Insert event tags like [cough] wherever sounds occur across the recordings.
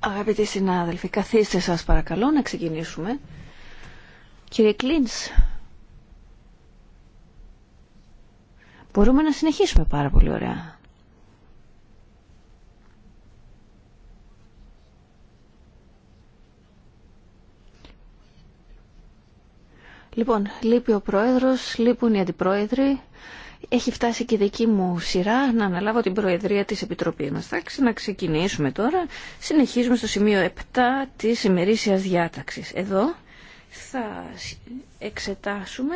Αγαπητοί συνάδελφοι, καθίστε σας παρακαλώ να ξεκινήσουμε. Κύριε Κλίντς, μπορούμε να συνεχίσουμε πάρα πολύ ωραία. Λοιπόν, λείπει ο Πρόεδρος, λείπουν οι Αντιπρόεδροι έχει φτάσει και η δική μου σειρά να αναλάβω την Προεδρία της Επιτροπής μας. Θα ξαναξεκινήσουμε τώρα. Συνεχίζουμε στο σημείο 7 της ημερήσιας διάταξης. Εδώ θα εξετάσουμε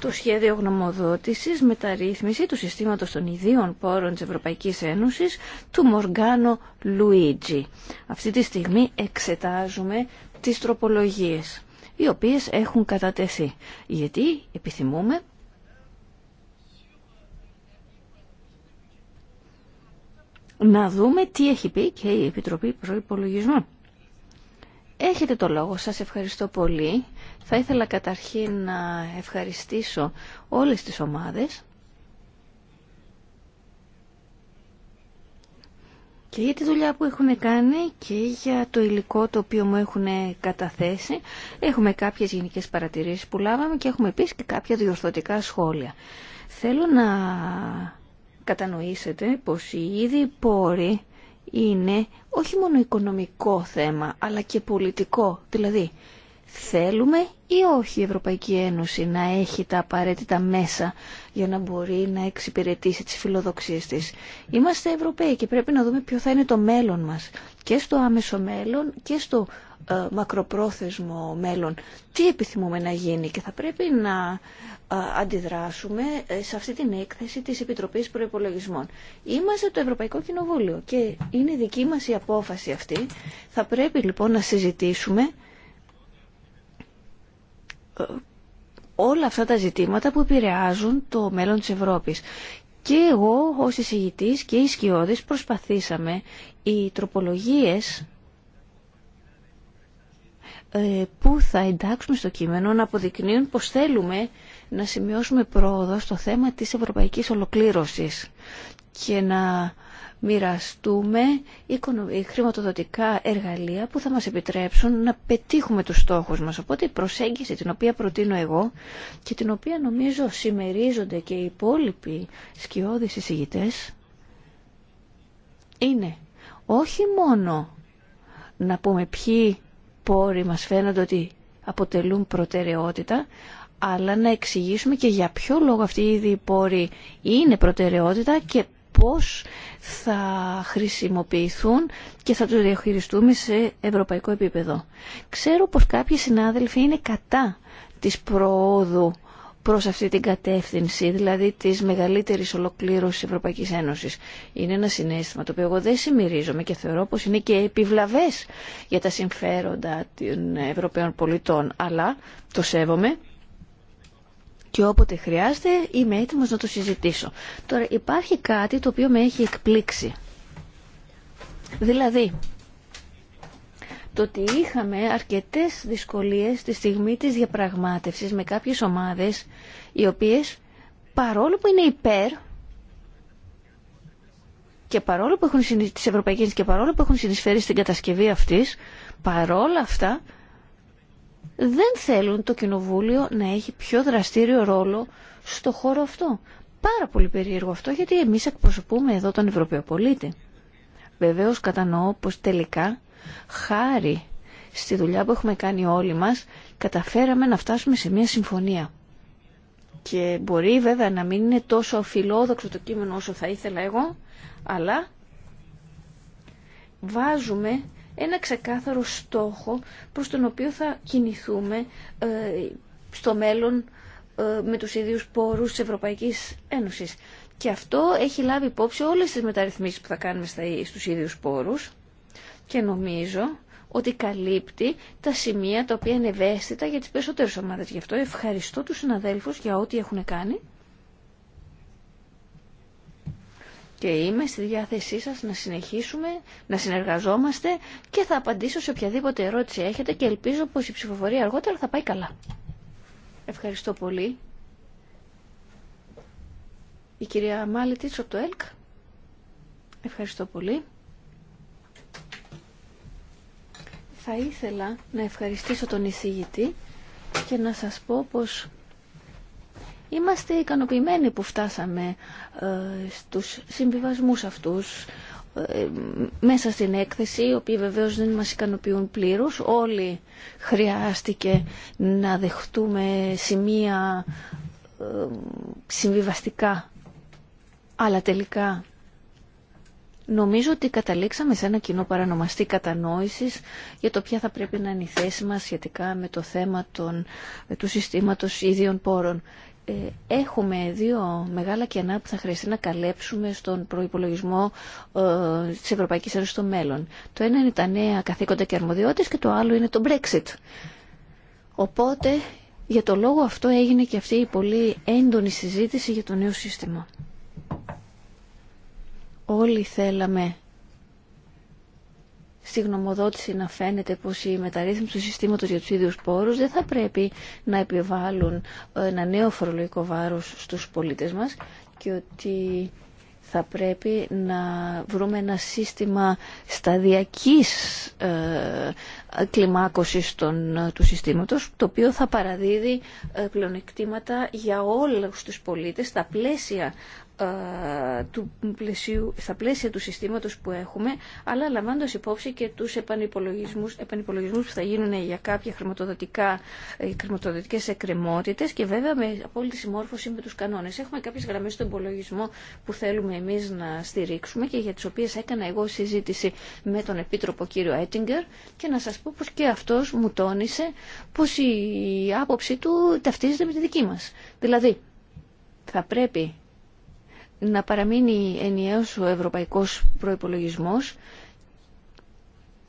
το σχέδιο γνωμοδότησης μεταρρύθμιση του συστήματος των ιδίων πόρων της Ευρωπαϊκής Ένωσης του Μοργάνο Λουίτζι. Αυτή τη στιγμή εξετάζουμε τις τροπολογίες οι οποίες έχουν κατατεθεί. Γιατί επιθυμούμε να δούμε τι έχει πει και η Επιτροπή Προϋπολογισμού. Έχετε το λόγο, σας ευχαριστώ πολύ. Θα ήθελα καταρχήν να ευχαριστήσω όλες τις ομάδες και για τη δουλειά που έχουν κάνει και για το υλικό το οποίο μου έχουν καταθέσει. Έχουμε κάποιες γενικές παρατηρήσεις που λάβαμε και έχουμε επίσης και κάποια διορθωτικά σχόλια. Θέλω να κατανοήσετε πως οι ίδιοι πόροι είναι όχι μόνο οικονομικό θέμα, αλλά και πολιτικό. Δηλαδή, θέλουμε ή όχι η Ευρωπαϊκή Ένωση να έχει τα απαραίτητα μέσα για να μπορεί να εξυπηρετήσει τις φιλοδοξίες της. Είμαστε Ευρωπαίοι και πρέπει να δούμε ποιο θα είναι το μέλλον μας και στο άμεσο μέλλον και στο ε, μακροπρόθεσμο μέλλον. Τι επιθυμούμε να γίνει και θα πρέπει να ε, αντιδράσουμε ε, σε αυτή την έκθεση της Επιτροπής Προϋπολογισμών. Είμαστε το Ευρωπαϊκό Κοινοβούλιο και είναι δική μας η απόφαση αυτή. Θα πρέπει λοιπόν να συζητήσουμε όλα αυτά τα ζητήματα που επηρεάζουν το μέλλον της Ευρώπης. Και εγώ ως εισηγητής και οι προσπαθήσαμε οι τροπολογίες ε, που θα εντάξουμε στο κείμενο να αποδεικνύουν πως θέλουμε να σημειώσουμε πρόοδο στο θέμα της ευρωπαϊκής ολοκλήρωσης και να μοιραστούμε ε, χρηματοδοτικά εργαλεία που θα μας επιτρέψουν να πετύχουμε τους στόχους μας. Οπότε η προσέγγιση την οποία προτείνω εγώ και την οποία νομίζω συμμερίζονται και οι υπόλοιποι σκιώδεις εισηγητές είναι όχι μόνο να πούμε ποιοι πόροι μας φαίνονται ότι αποτελούν προτεραιότητα, αλλά να εξηγήσουμε και για ποιο λόγο αυτοί η οι πόροι είναι προτεραιότητα και πώς θα χρησιμοποιηθούν και θα τους διαχειριστούμε σε ευρωπαϊκό επίπεδο. Ξέρω πως κάποιοι συνάδελφοι είναι κατά της προόδου προς αυτή την κατεύθυνση, δηλαδή της μεγαλύτερης ολοκλήρωσης της Ευρωπαϊκής Ένωσης. Είναι ένα συνέστημα το οποίο εγώ δεν συμμερίζομαι και θεωρώ πως είναι και επιβλαβές για τα συμφέροντα των Ευρωπαίων πολιτών, αλλά το σέβομαι και όποτε χρειάζεται είμαι έτοιμος να το συζητήσω. Τώρα υπάρχει κάτι το οποίο με έχει εκπλήξει. Δηλαδή, το ότι είχαμε αρκετές δυσκολίες στη στιγμή της διαπραγμάτευσης με κάποιες ομάδες οι οποίες παρόλο που είναι υπέρ και παρόλο που έχουν τις ευρωπαϊκές και παρόλο που έχουν συνεισφέρει στην κατασκευή αυτής παρόλα αυτά δεν θέλουν το κοινοβούλιο να έχει πιο δραστήριο ρόλο στο χώρο αυτό. Πάρα πολύ περίεργο αυτό γιατί εμείς εκπροσωπούμε εδώ τον Ευρωπαίο πολίτη. Βεβαίως κατανοώ πως τελικά χάρη στη δουλειά που έχουμε κάνει όλοι μας, καταφέραμε να φτάσουμε σε μια συμφωνία. Και μπορεί βέβαια να μην είναι τόσο φιλόδοξο το κείμενο όσο θα ήθελα εγώ, αλλά βάζουμε ένα ξεκάθαρο στόχο προς τον οποίο θα κινηθούμε ε, στο μέλλον ε, με τους ίδιους πόρους της Ευρωπαϊκής Ένωσης. Και αυτό έχει λάβει υπόψη όλες τις μεταρρυθμίσεις που θα κάνουμε στους ίδιους πόρους και νομίζω ότι καλύπτει τα σημεία τα οποία είναι ευαίσθητα για τις περισσότερες ομάδες. Γι' αυτό ευχαριστώ τους συναδέλφους για ό,τι έχουν κάνει και είμαι στη διάθεσή σας να συνεχίσουμε, να συνεργαζόμαστε και θα απαντήσω σε οποιαδήποτε ερώτηση έχετε και ελπίζω πως η ψηφοφορία αργότερα θα πάει καλά. Ευχαριστώ πολύ. Η κυρία Μάλη από το ΕΛΚ. Ευχαριστώ πολύ. Θα ήθελα να ευχαριστήσω τον εισηγητή και να σας πω πως είμαστε ικανοποιημένοι που φτάσαμε ε, στους συμβιβασμούς αυτούς ε, μέσα στην έκθεση, οι οποίοι βεβαίως δεν μας ικανοποιούν πλήρως. Όλοι χρειάστηκε να δεχτούμε σημεία ε, συμβιβαστικά, αλλά τελικά Νομίζω ότι καταλήξαμε σε ένα κοινό παρανομαστή κατανόησης για το ποια θα πρέπει να είναι η θέση μας σχετικά με το θέμα των, ε, του συστήματος ίδιων πόρων. Ε, έχουμε δύο μεγάλα κενά που θα χρειαστεί να καλέψουμε στον προϋπολογισμό ε, της Ευρωπαϊκής Ένωσης στο μέλλον. Το ένα είναι τα νέα καθήκοντα και αρμοδιότητες και το άλλο είναι το Brexit. Οπότε για το λόγο αυτό έγινε και αυτή η πολύ έντονη συζήτηση για το νέο σύστημα. Όλοι θέλαμε στη γνωμοδότηση να φαίνεται πως η μεταρρύθμιση του συστήματος για τους ίδιους πόρους δεν θα πρέπει να επιβάλλουν ένα νέο φορολογικό βάρος στους πολίτες μας και ότι θα πρέπει να βρούμε ένα σύστημα σταδιακής ε, κλιμάκωσης των, του συστήματος, το οποίο θα παραδίδει ε, πλεονεκτήματα για όλους τους πολίτες στα πλαίσια ε, του πλαισίου, στα πλαίσια του συστήματος που έχουμε, αλλά λαμβάνοντας υπόψη και τους επανυπολογισμούς, επανυπολογισμούς που θα γίνουν για κάποια χρηματοδοτικά, ε, χρηματοδοτικές εκκρεμότητες και βέβαια με απόλυτη συμμόρφωση με τους κανόνες. Έχουμε κάποιες γραμμές στον υπολογισμό που θέλουμε εμείς να στηρίξουμε και για τις οποίες έκανα εγώ συζήτηση με τον Επίτροπο κύριο Έτιγκερ και να σας πω πως και αυτός μου τόνισε πως η άποψη του ταυτίζεται με τη δική μας. Δηλαδή, θα πρέπει να παραμείνει ενιαίος ο ευρωπαϊκός προϋπολογισμός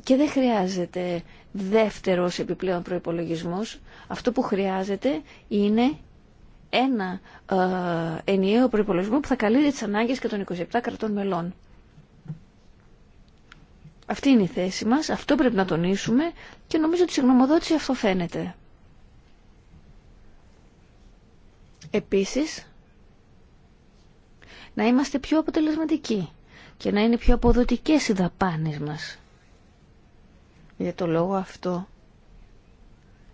και δεν χρειάζεται δεύτερος επιπλέον προϋπολογισμός. Αυτό που χρειάζεται είναι ένα ε, ενιαίο προϋπολογισμό που θα καλύπτει τις ανάγκες και των 27 κρατών μελών. Αυτή είναι η θέση μας, αυτό πρέπει να τονίσουμε και νομίζω ότι η συγγνωμοδότηση αυτό φαίνεται. Επίσης, να είμαστε πιο αποτελεσματικοί και να είναι πιο αποδοτικές οι δαπάνες μας. Για το λόγο αυτό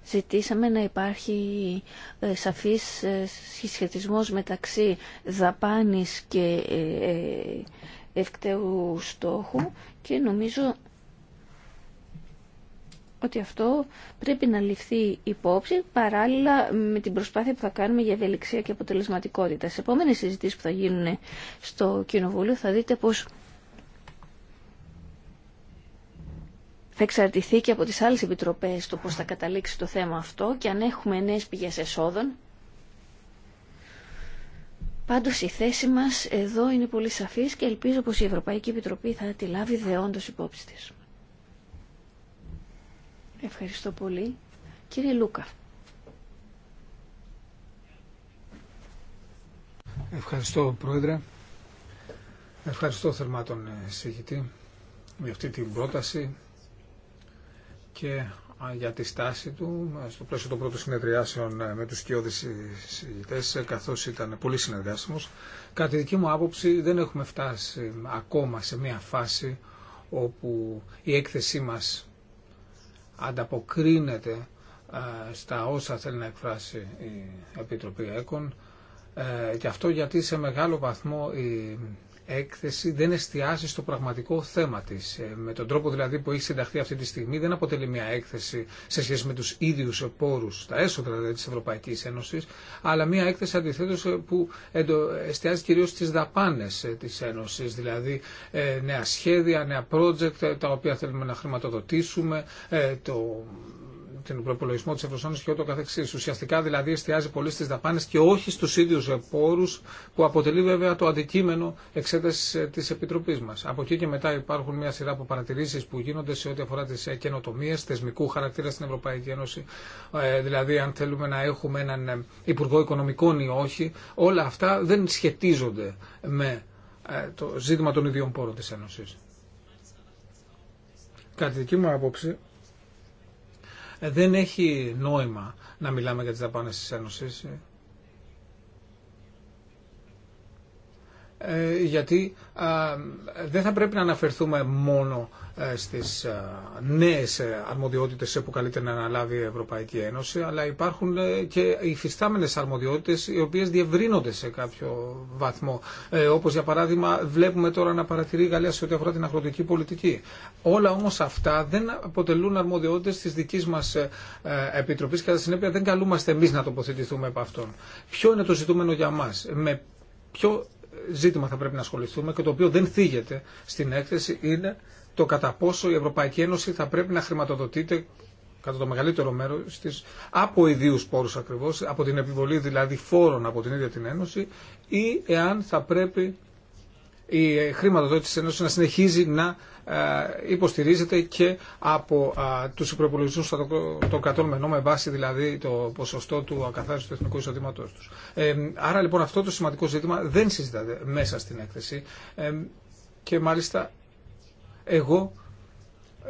ζητήσαμε να υπάρχει ε, σαφής ε, συσχετισμός μεταξύ δαπάνης και ε, ευκταίου στόχου και νομίζω ότι αυτό πρέπει να ληφθεί υπόψη παράλληλα με την προσπάθεια που θα κάνουμε για ευελιξία και αποτελεσματικότητα. Σε επόμενες συζητήσεις που θα γίνουν στο Κοινοβούλιο θα δείτε πως θα εξαρτηθεί και από τις άλλες επιτροπές το πώς θα καταλήξει το θέμα αυτό και αν έχουμε νέες πηγές εσόδων. Πάντως η θέση μας εδώ είναι πολύ σαφής και ελπίζω πως η Ευρωπαϊκή Επιτροπή θα τη λάβει δεόντως υπόψη της. Ευχαριστώ πολύ. Κύριε Λούκα. Ευχαριστώ, Πρόεδρε. Ευχαριστώ θερμά τον εισηγητή για αυτή την πρόταση και για τη στάση του στο πλαίσιο των πρώτων συνεδριάσεων ε, με τους κοιόδης συζητητές ε, καθώς ήταν πολύ συνεδριάσιμος. Κατά τη δική μου άποψη δεν έχουμε φτάσει ακόμα σε μια φάση όπου η έκθεσή μας ανταποκρίνεται ε, στα όσα θέλει να εκφράσει η Επιτροπή ΕΚΟΝ ε, και αυτό γιατί σε μεγάλο βαθμό έκθεση δεν εστιάζει στο πραγματικό θέμα της. Ε, με τον τρόπο δηλαδή που έχει συνταχθεί αυτή τη στιγμή δεν αποτελεί μια έκθεση σε σχέση με τους ίδιους πόρου τα έσοδα δηλαδή της Ευρωπαϊκής Ένωσης, αλλά μια έκθεση αντιθέτω ε, που εστιάζει κυρίως στις δαπάνες ε, της Ένωσης, δηλαδή νέα σχέδια, νέα project τα οποία θέλουμε να χρηματοδοτήσουμε, το την προπολογισμό τη Ευρωζώνη και ούτω καθεξή. Ουσιαστικά δηλαδή εστιάζει πολύ στι δαπάνε και όχι στου ίδιου πόρου που αποτελεί βέβαια το αντικείμενο εξέταση ε, τη Επιτροπή μα. Από εκεί και μετά υπάρχουν μια σειρά από παρατηρήσει που γίνονται σε ό,τι αφορά τι ε, καινοτομίε, θεσμικού χαρακτήρα στην Ευρωπαϊκή Ένωση, ε, δηλαδή αν θέλουμε να έχουμε έναν Υπουργό Οικονομικών ή όχι, όλα αυτά δεν σχετίζονται με το ζήτημα των ιδιών πόρων της Ένωσης. Κατά δική μου άποψη, ε, δεν έχει νόημα να μιλάμε για τις δαπάνες της Ένωσης. Ε, γιατί δεν θα πρέπει να αναφερθούμε μόνο ε, στις ε, νέες ε, αρμοδιότητες που καλείται να αναλάβει η Ευρωπαϊκή Ένωση, αλλά υπάρχουν και υφιστάμενες αρμοδιότητες οι οποίες διευρύνονται σε κάποιο βαθμό. Όπως για παράδειγμα βλέπουμε τώρα να παρατηρεί η Γαλλία σε ό,τι αφορά την αγροτική πολιτική. Όλα όμως αυτά δεν αποτελούν αρμοδιότητες της δικής μας Επιτροπής, κατά συνέπεια δεν καλούμαστε εμείς να τοποθετηθούμε από αυτόν. Ποιο είναι το ζητούμενο για μας, με ποιο ζήτημα θα πρέπει να ασχοληθούμε και το οποίο δεν θίγεται στην έκθεση είναι το κατά πόσο η Ευρωπαϊκή Ένωση θα πρέπει να χρηματοδοτείται κατά το μεγαλύτερο μέρο τη από ιδίου πόρου ακριβώ, από την επιβολή δηλαδή φόρων από την ίδια την Ένωση, ή εάν θα πρέπει η χρηματοδότηση τη Ένωση να συνεχίζει να ε, υποστηρίζεται και από του υπολογισμού των κρατών μενών με βάση δηλαδή το ποσοστό του ακαθάριστου του εθνικού εισοδήματό του. Ε, άρα λοιπόν αυτό το σημαντικό ζήτημα δεν συζητάται μέσα στην έκθεση. Ε, και μάλιστα εγώ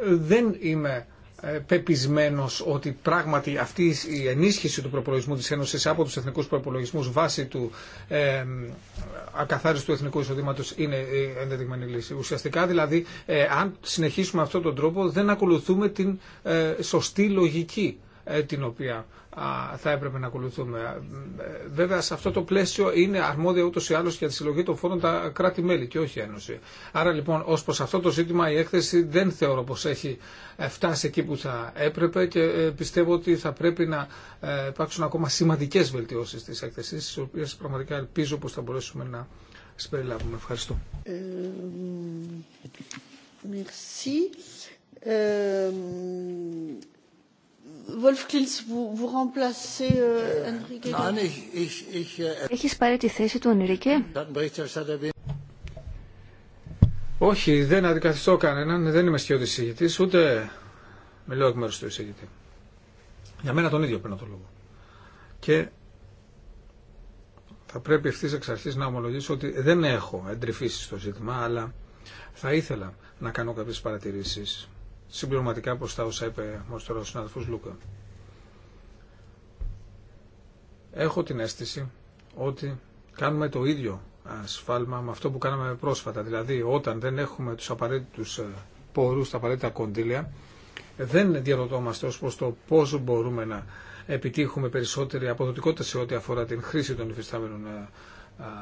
ε, δεν είμαι ε, πεπισμένος ότι πράγματι αυτή η ενίσχυση του προπολογισμού της Ένωσης από τους εθνικούς προπολογισμούς βάσει του ε, ακαθάριστου εθνικού εισοδήματος είναι η ενδεδειγμένη λύση. Ουσιαστικά δηλαδή αν συνεχίσουμε αυτόν τον τρόπο δεν ακολουθούμε την σωστή λογική την οποία θα έπρεπε να ακολουθούμε. Βέβαια, σε αυτό το πλαίσιο είναι αρμόδια ούτω ή άλλω για τη συλλογή των φόρων τα κράτη-μέλη και όχι η Ένωση. Άρα λοιπόν, ω προ αυτό το ζήτημα, η έκθεση δεν θεωρώ πω έχει ε, φτάσει εκεί που θα έπρεπε και ε, πιστεύω ότι θα πρέπει να ε, υπάρξουν ακόμα σημαντικέ βελτιώσει τη έκθεση, τι οποίε πραγματικά ελπίζω πω θα μπορέσουμε να συμπεριλάβουμε. Ευχαριστώ. merci. Wolf euh, äh, äh, Έχεις πάρει τη θέση του Ενρίκε. Όχι, δεν αντικαθιστώ κανέναν, δεν είμαι σχεδόν εισηγητή, ούτε μιλώ εκ μέρου του εισηγητή. Για μένα τον ίδιο παίρνω το λόγο. Και θα πρέπει ευθύ εξ αρχή να ομολογήσω ότι δεν έχω εντρυφήσει στο ζήτημα, αλλά θα ήθελα να κάνω κάποιε παρατηρήσει συμπληρωματικά προς τα όσα είπε ο συνάδελφος Λούκα. Έχω την αίσθηση ότι κάνουμε το ίδιο ασφάλμα με αυτό που κάναμε πρόσφατα. Δηλαδή όταν δεν έχουμε τους απαραίτητους ε, πόρους, τα απαραίτητα κονδύλια, δεν διαρωτώμαστε ως προς το πώς μπορούμε να επιτύχουμε περισσότερη αποδοτικότητα σε ό,τι αφορά την χρήση των υφιστάμενων ε,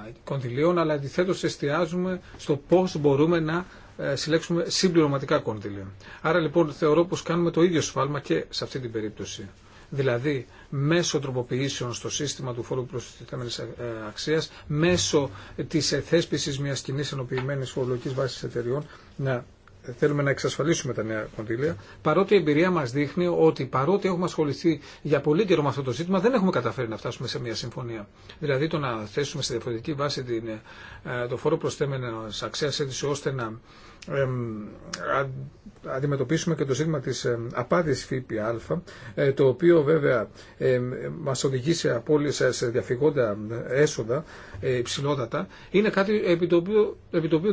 ε, κονδυλίων, αλλά αντιθέτω εστιάζουμε στο πώς μπορούμε να ε, συλλέξουμε συμπληρωματικά κονδύλια. Άρα λοιπόν θεωρώ πως κάνουμε το ίδιο σφάλμα και σε αυτή την περίπτωση. Δηλαδή μέσω τροποποιήσεων στο σύστημα του φόρου προστιθέμενης ε, αξίας, μέσω της θέσπισης μιας κοινή ενοποιημένης φορολογικής βάσης εταιριών, να θέλουμε να εξασφαλίσουμε τα νέα κονδύλια, παρότι η εμπειρία μας δείχνει ότι παρότι έχουμε ασχοληθεί για πολύ καιρό με αυτό το ζήτημα, δεν έχουμε καταφέρει να φτάσουμε σε μια συμφωνία. Δηλαδή το να θέσουμε σε διαφορετική βάση την, ε, το φόρο προστέμενας αξίας έτσι ώστε να αντιμετωπίσουμε και το ζήτημα της απάτης ΦΠΑ, ε, το οποίο βέβαια μας οδηγεί σε απόλυες, σε διαφυγόντα ε, έσοδα ε, υψηλότατα, είναι κάτι επί το, οποίο,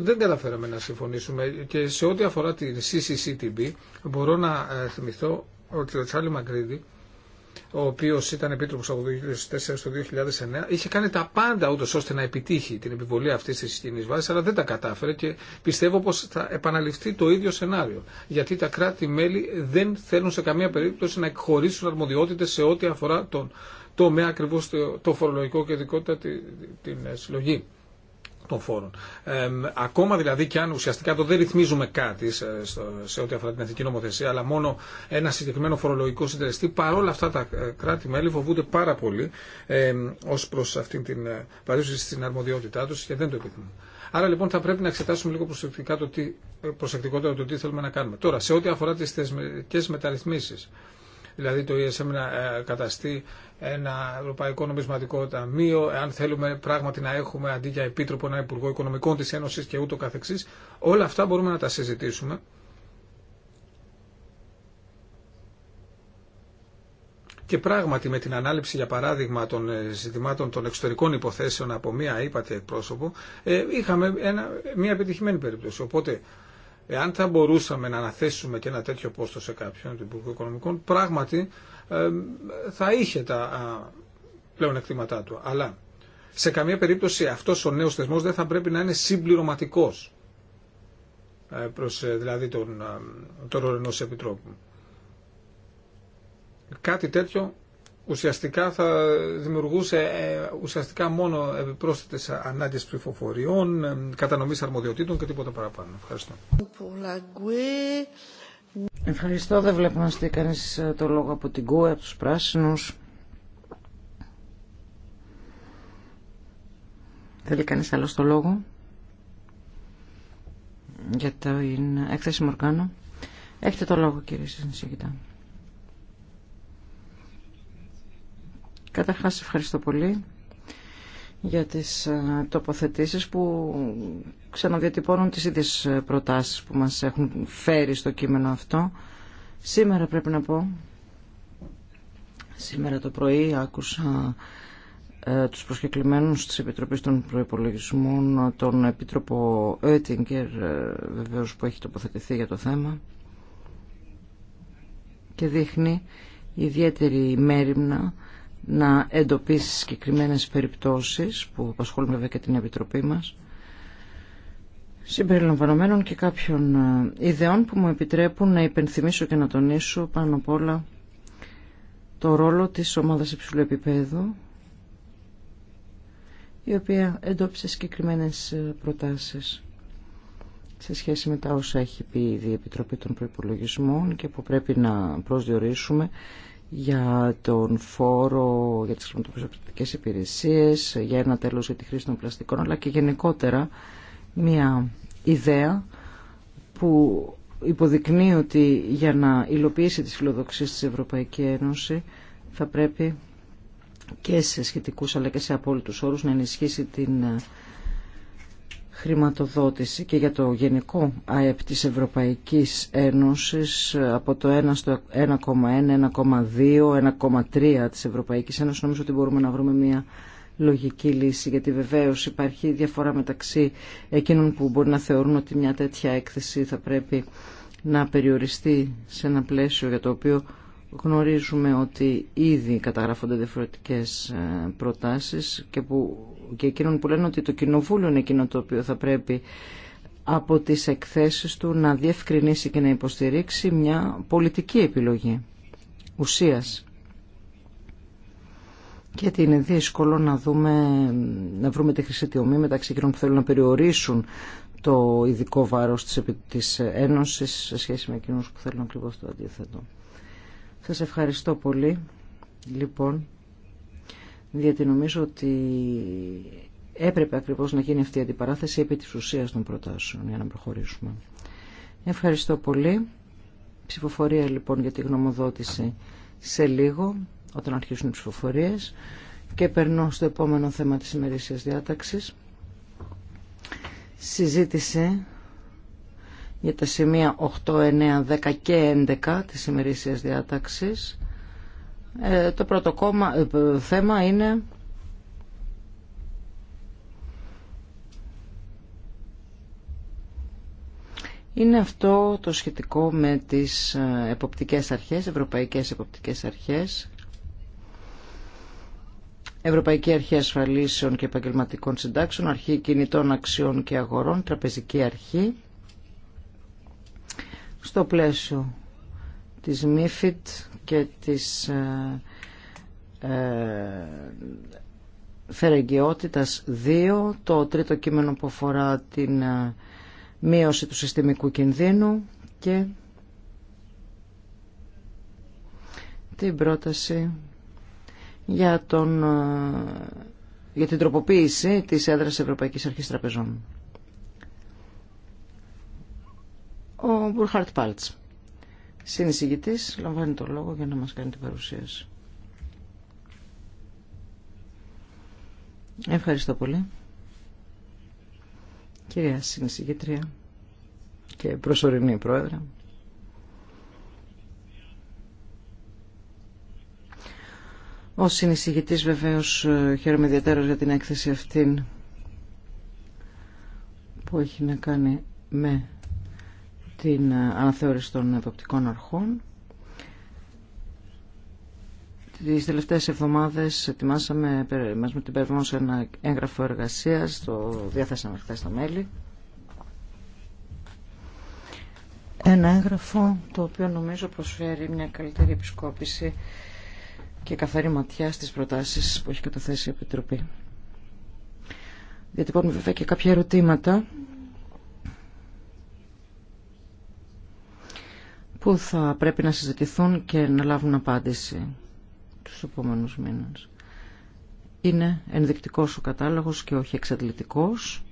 δεν καταφέραμε να συμφωνήσουμε και σε ό,τι αφορά την CCCTB μπορώ να θυμηθώ ότι ο Τσάλι Μαγκρίδη ο οποίος ήταν επίτροπος από το 2004 στο 2009, είχε κάνει τα πάντα ούτως ώστε να επιτύχει την επιβολή αυτής της κοινή βάση, αλλά δεν τα κατάφερε και πιστεύω πως θα επαναληφθεί το ίδιο σενάριο. Γιατί τα κράτη-μέλη δεν θέλουν σε καμία περίπτωση να εκχωρήσουν αρμοδιότητες σε ό,τι αφορά τον τομέα ακριβώ το, φορολογικό και ειδικότητα την, την ε, συλλογή των φόρων. Ε, ακόμα δηλαδή και αν ουσιαστικά το δεν ρυθμίζουμε κάτι σε, σε ό,τι αφορά την εθνική νομοθεσία, αλλά μόνο ένα συγκεκριμένο φορολογικό συντελεστή, παρόλα αυτά τα ε, κράτη-μέλη φοβούνται πάρα πολύ ε, ω προ αυτή την παρουσίαση στην αρμοδιότητά του και δεν το επιθυμούν. Άρα λοιπόν θα πρέπει να εξετάσουμε λίγο προσεκτικά το τι, ε, προσεκτικότερα το τι θέλουμε να κάνουμε. Τώρα, σε ό,τι αφορά τι θεσμικέ μεταρρυθμίσει, δηλαδή το ESM να ε, καταστεί ένα Ευρωπαϊκό Νομισματικό Ταμείο, αν θέλουμε πράγματι να έχουμε αντί για επίτροπο ένα Υπουργό Οικονομικών τη Ένωση και ούτω καθεξής, όλα αυτά μπορούμε να τα συζητήσουμε. Και πράγματι με την ανάληψη για παράδειγμα των ε, ζητημάτων των εξωτερικών υποθέσεων από μία είπατε εκπρόσωπο ε, είχαμε ένα, μία επιτυχημένη περίπτωση. Οπότε εάν θα μπορούσαμε να αναθέσουμε και ένα τέτοιο πόστο σε κάποιον τον Υπουργού Οικονομικών πράγματι θα είχε τα πλέον εκτιμάτά του. Αλλά σε καμία περίπτωση αυτός ο νέος θεσμός δεν θα πρέπει να είναι συμπληρωματικός ε, προς ε, δηλαδή τον, τον επιτρόπου. Κάτι τέτοιο ουσιαστικά θα δημιουργούσε ε, ουσιαστικά μόνο επιπρόσθετες ανάγκες ψηφοφοριών, κατανομής αρμοδιοτήτων και τίποτα παραπάνω. Ευχαριστώ. Ευχαριστώ. Δεν βλέπω να στείλει κανεί ε, το λόγο από την ΚΟΕ, από του πράσινου. Θέλει κανεί άλλο το λόγο για την έκθεση Μορκάνο. Έχετε το λόγο, κύριε Συνσηγητά. Καταρχάς, ευχαριστώ πολύ για τις ε, τοποθετήσεις που ξαναδιατυπώνουν τις ίδιες ε, προτάσεις που μας έχουν φέρει στο κείμενο αυτό. Σήμερα πρέπει να πω, σήμερα το πρωί άκουσα ε, τους προσκεκλημένους της Επιτροπής των Προϋπολογισμών, τον Επίτροπο Oettinger βεβαίως που έχει τοποθετηθεί για το θέμα και δείχνει ιδιαίτερη μέρημνα να εντοπίσει συγκεκριμένες περιπτώσεις που απασχολούν βέβαια και την Επιτροπή μας συμπεριλαμβανομένων και κάποιων ε, ιδεών που μου επιτρέπουν να υπενθυμίσω και να τονίσω πάνω απ' όλα το ρόλο της ομάδας υψηλού επίπεδου η οποία εντόπισε συγκεκριμένε ε, προτάσεις σε σχέση με τα όσα έχει πει η Επιτροπή των Προϋπολογισμών και που πρέπει να προσδιορίσουμε για τον φόρο για τις χρηματοπιστωτικές υπηρεσίες, για ένα τέλος για τη χρήση των πλαστικών, αλλά και γενικότερα μια ιδέα που υποδεικνύει ότι για να υλοποιήσει τις φιλοδοξίες της Ευρωπαϊκή Ένωση θα πρέπει και σε σχετικούς αλλά και σε απόλυτους όρους να ενισχύσει την χρηματοδότηση και για το γενικό ΑΕΠ της Ευρωπαϊκής Ένωσης από το 1 στο 1,1, 1,2, 1,3 της Ευρωπαϊκής Ένωσης νομίζω ότι μπορούμε να βρούμε μια λογική λύση γιατί βεβαίως υπάρχει διαφορά μεταξύ εκείνων που μπορεί να θεωρούν ότι μια τέτοια έκθεση θα πρέπει να περιοριστεί σε ένα πλαίσιο για το οποίο γνωρίζουμε ότι ήδη καταγράφονται διαφορετικές ε, προτάσεις και που και εκείνων που λένε ότι το κοινοβούλιο είναι εκείνο το οποίο θα πρέπει από τις εκθέσεις του να διευκρινίσει και να υποστηρίξει μια πολιτική επιλογή ουσίας. Γιατί είναι δύσκολο να, δούμε, να βρούμε τη χρυσή τιωμή μεταξύ εκείνων που θέλουν να περιορίσουν το ειδικό βάρος της, της Ένωσης σε σχέση με εκείνους που θέλουν ακριβώς το αντίθετο. Σας ευχαριστώ πολύ. Λοιπόν, διότι νομίζω ότι έπρεπε ακριβώς να γίνει αυτή η αντιπαράθεση επί της ουσίας των προτάσεων για να προχωρήσουμε. Ευχαριστώ πολύ. Ψηφοφορία λοιπόν για τη γνωμοδότηση σε λίγο όταν αρχίσουν οι ψηφοφορίες και περνώ στο επόμενο θέμα της ημερήσιας διάταξης. Συζήτηση για τα σημεία 8, 9, 10 και 11 της ημερήσιας διάταξης ε, το πρώτο ε, θέμα είναι είναι αυτό το σχετικό με τις ε, εποπτικές αρχές, ευρωπαϊκές εποπτικές αρχές, Ευρωπαϊκή Αρχή Ασφαλίσεων και Επαγγελματικών Συντάξεων, Αρχή Κινητών Αξιών και Αγορών, Τραπεζική Αρχή, στο πλαίσιο της ΜΥΦΙΤ και της ε, ε 2, το τρίτο κείμενο που αφορά την ε, μείωση του συστημικού κινδύνου και την πρόταση για, τον, ε, για την τροποποίηση της έδρας Ευρωπαϊκής Αρχής Τραπεζών. Ο Μπουρχαρτ Πάλτς συνεισηγητής λαμβάνει το λόγο για να μας κάνει την παρουσίαση. Ευχαριστώ πολύ. Κυρία συνεισηγητρία και προσωρινή πρόεδρε. Ο συνεισηγητής βεβαίως χαίρομαι ιδιαίτερα για την έκθεση αυτήν που έχει να κάνει με την αναθεώρηση των εποπτικών αρχών. Τις τελευταίες εβδομάδες ετοιμάσαμε μας με την σε ένα έγγραφο εργασίας, το διαθέσαμε χθε στα μέλη. Ένα έγγραφο το οποίο νομίζω προσφέρει μια καλύτερη επισκόπηση και καθαρή ματιά στις προτάσεις που έχει καταθέσει η Επιτροπή. Διατυπώνουμε βέβαια και κάποια ερωτήματα που θα πρέπει να συζητηθούν και να λάβουν απάντηση τους επόμενους μήνες. Είναι ενδεικτικός ο κατάλογος και όχι εξαντλητικός.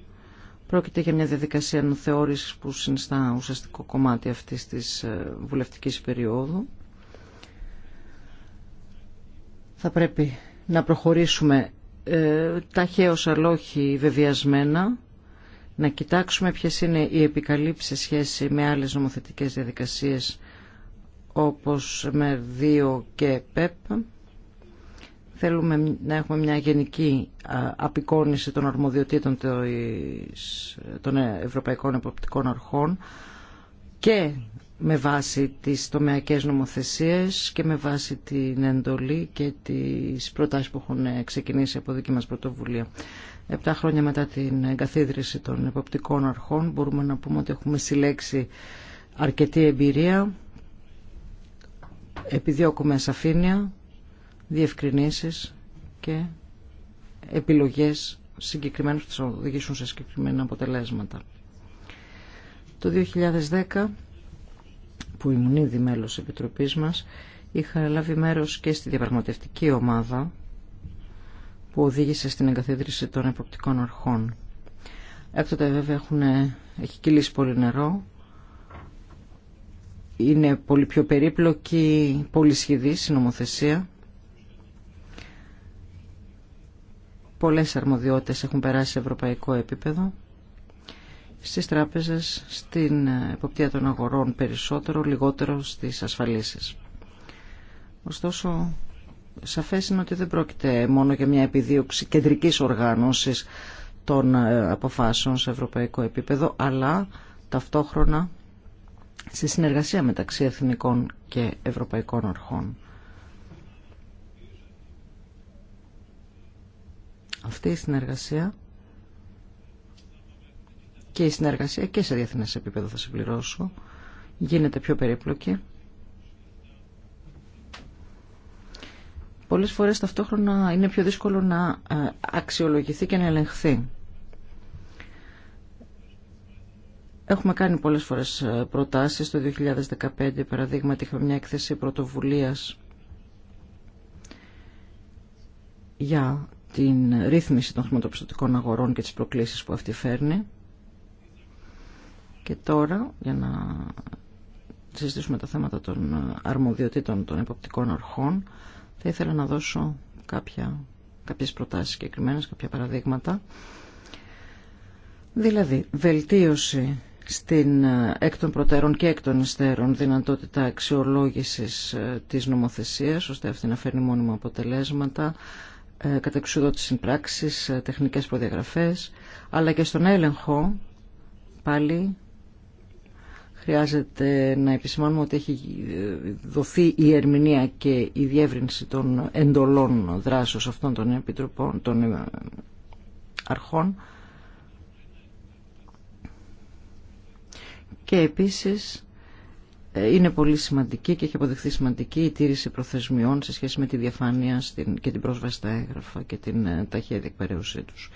Πρόκειται για μια διαδικασία νοθεώρησης που συνιστά ουσιαστικό κομμάτι αυτής της ε, βουλευτικής περίοδου. Θα πρέπει να προχωρήσουμε ε, ταχαίως αλλά όχι βεβαιασμένα, να κοιτάξουμε ποιες είναι οι επικαλύψεις σε σχέση με άλλες νομοθετικές διαδικασίες όπως με δύο και ΠΕΠ. Θέλουμε να έχουμε μια γενική απεικόνηση των αρμοδιοτήτων των Ευρωπαϊκών Εποπτικών Αρχών και με βάση τις τομεακές νομοθεσίες και με βάση την εντολή και τις προτάσεις που έχουν ξεκινήσει από δική μας πρωτοβουλία. Επτά χρόνια μετά την εγκαθίδρυση των εποπτικών αρχών μπορούμε να πούμε ότι έχουμε συλλέξει αρκετή εμπειρία Επιδιώκουμε σαφήνεια, διευκρινήσεις και επιλογές συγκεκριμένε που θα οδηγήσουν σε συγκεκριμένα αποτελέσματα. Το 2010, που ήμουν ήδη μέλος της Επιτροπής μας, είχα λάβει μέρος και στη διαπραγματευτική ομάδα που οδήγησε στην εγκαθίδρυση των εποπτικών αρχών. Έκτοτε βέβαια έχουν, έχει κυλήσει πολύ νερό είναι πολύ πιο περίπλοκη, πολύ η νομοθεσία. Πολλές αρμοδιότητες έχουν περάσει σε ευρωπαϊκό επίπεδο. Στις τράπεζες, στην εποπτεία των αγορών περισσότερο, λιγότερο στις ασφαλίσεις. Ωστόσο, σαφές είναι ότι δεν πρόκειται μόνο για μια επιδίωξη κεντρικής οργάνωσης των ε, αποφάσεων σε ευρωπαϊκό επίπεδο, αλλά ταυτόχρονα στη συνεργασία μεταξύ εθνικών και ευρωπαϊκών αρχών. Αυτή η συνεργασία και η συνεργασία και σε διεθνές επίπεδο θα συμπληρώσω γίνεται πιο περίπλοκη. Πολλές φορές ταυτόχρονα είναι πιο δύσκολο να ε, αξιολογηθεί και να ελεγχθεί. Έχουμε κάνει πολλές φορές ε, προτάσεις. Το 2015, παραδείγματι, είχαμε μια έκθεση πρωτοβουλίας για την ρύθμιση των χρηματοπιστωτικών αγορών και τις προκλήσεις που αυτή φέρνει. Και τώρα, για να συζητήσουμε τα θέματα των ε, αρμοδιοτήτων των εποπτικών αρχών, θα ήθελα να δώσω κάποια, κάποιες προτάσεις συγκεκριμένε, κάποια παραδείγματα. Δηλαδή, βελτίωση στην ε, εκ των προτέρων και εκ των υστέρων δυνατότητα αξιολόγησης ε, της νομοθεσίας, ώστε αυτή να φέρνει μόνιμα αποτελέσματα, ε, κατεξουδότηση συμπράξης, τεχνικές προδιαγραφές, αλλά και στον έλεγχο πάλι χρειάζεται να επισημάνουμε ότι έχει δοθεί η ερμηνεία και η διεύρυνση των εντολών δράσεως αυτών των επιτροπών, των αρχών, και επίσης ε, είναι πολύ σημαντική και έχει αποδεχθεί σημαντική η τήρηση προθεσμιών σε σχέση με τη διαφάνεια και την πρόσβαση στα έγγραφα και την ε, ταχεία διεκπαιρέωσή τους.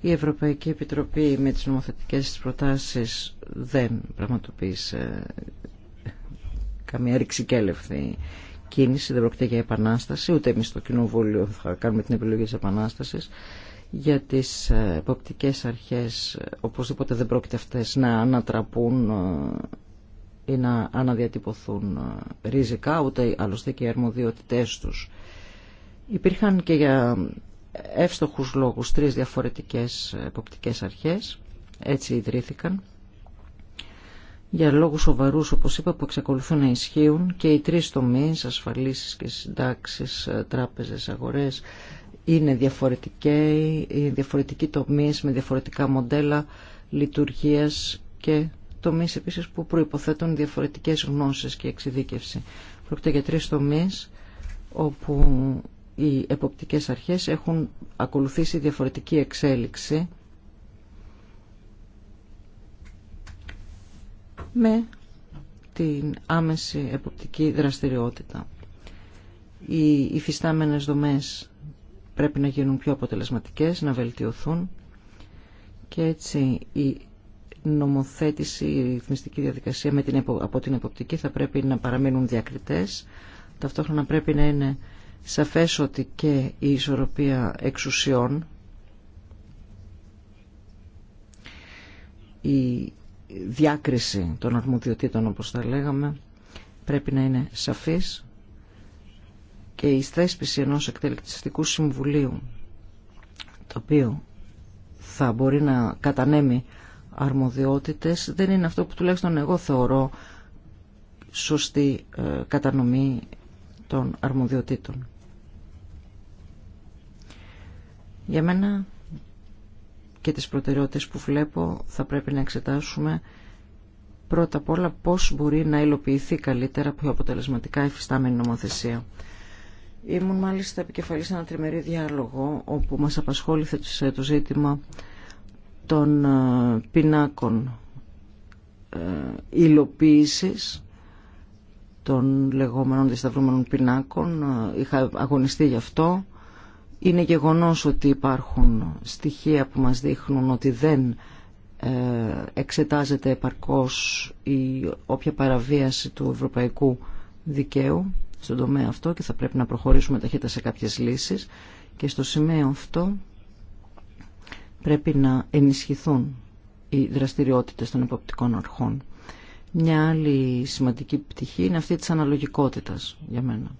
Η Ευρωπαϊκή Επιτροπή με τις νομοθετικές της προτάσεις δεν πραγματοποίησε ε, καμία ρηξικέλευθη κίνηση, δεν πρόκειται για επανάσταση, ούτε εμείς στο Κοινοβούλιο θα κάνουμε την επιλογή της επανάστασης για τις ε, εποπτικές αρχές οπωσδήποτε δεν πρόκειται αυτές να ανατραπούν ε, ή να αναδιατυπωθούν ε, ριζικά ούτε άλλωστε και οι αρμοδιότητές τους. Υπήρχαν και για εύστοχους λόγους τρεις διαφορετικές εποπτικές αρχές έτσι ιδρύθηκαν για λόγους σοβαρούς όπως είπα που εξακολουθούν να ισχύουν και οι τρεις τομείς ασφαλίσεις και συντάξεις, τράπεζες, αγορές είναι διαφορετικοί, διαφορετικοί τομείς με διαφορετικά μοντέλα λειτουργίας και τομείς επίσης που προϋποθέτουν διαφορετικές γνώσεις και εξειδίκευση. Πρόκειται για τρεις τομείς όπου οι εποπτικές αρχές έχουν ακολουθήσει διαφορετική εξέλιξη με την άμεση εποπτική δραστηριότητα. Οι υφιστάμενες δομές πρέπει να γίνουν πιο αποτελεσματικές, να βελτιωθούν και έτσι η νομοθέτηση, η ρυθμιστική διαδικασία με την, από την εποπτική θα πρέπει να παραμείνουν διακριτές. Ταυτόχρονα πρέπει να είναι σαφές ότι και η ισορροπία εξουσιών η διάκριση των αρμοδιοτήτων όπως τα λέγαμε πρέπει να είναι σαφής και η θέσπιση ενός εκτελεκτιστικού συμβουλίου το οποίο θα μπορεί να κατανέμει αρμοδιότητες δεν είναι αυτό που τουλάχιστον εγώ θεωρώ σωστή ε, κατανομή των αρμοδιοτήτων. Για μένα και τις προτεραιότητες που βλέπω θα πρέπει να εξετάσουμε πρώτα απ' όλα πώς μπορεί να υλοποιηθεί καλύτερα πιο αποτελεσματικά η νομοθεσία. Ήμουν μάλιστα επικεφαλής σε ένα τριμερή διάλογο όπου μας απασχόληθε ε, το ζήτημα των ε, πινάκων ε, υλοποίησης των λεγόμενων δισταυρούμενων πινάκων. Είχα αγωνιστεί γι' αυτό. Είναι γεγονός ότι υπάρχουν στοιχεία που μας δείχνουν ότι δεν εξετάζεται επαρκώς η όποια παραβίαση του ευρωπαϊκού δικαίου στον τομέα αυτό και θα πρέπει να προχωρήσουμε ταχύτητα σε κάποιες λύσεις και στο σημείο αυτό πρέπει να ενισχυθούν οι δραστηριότητες των υποπτικών αρχών. Μια άλλη σημαντική πτυχή είναι αυτή της αναλογικότητας για μένα.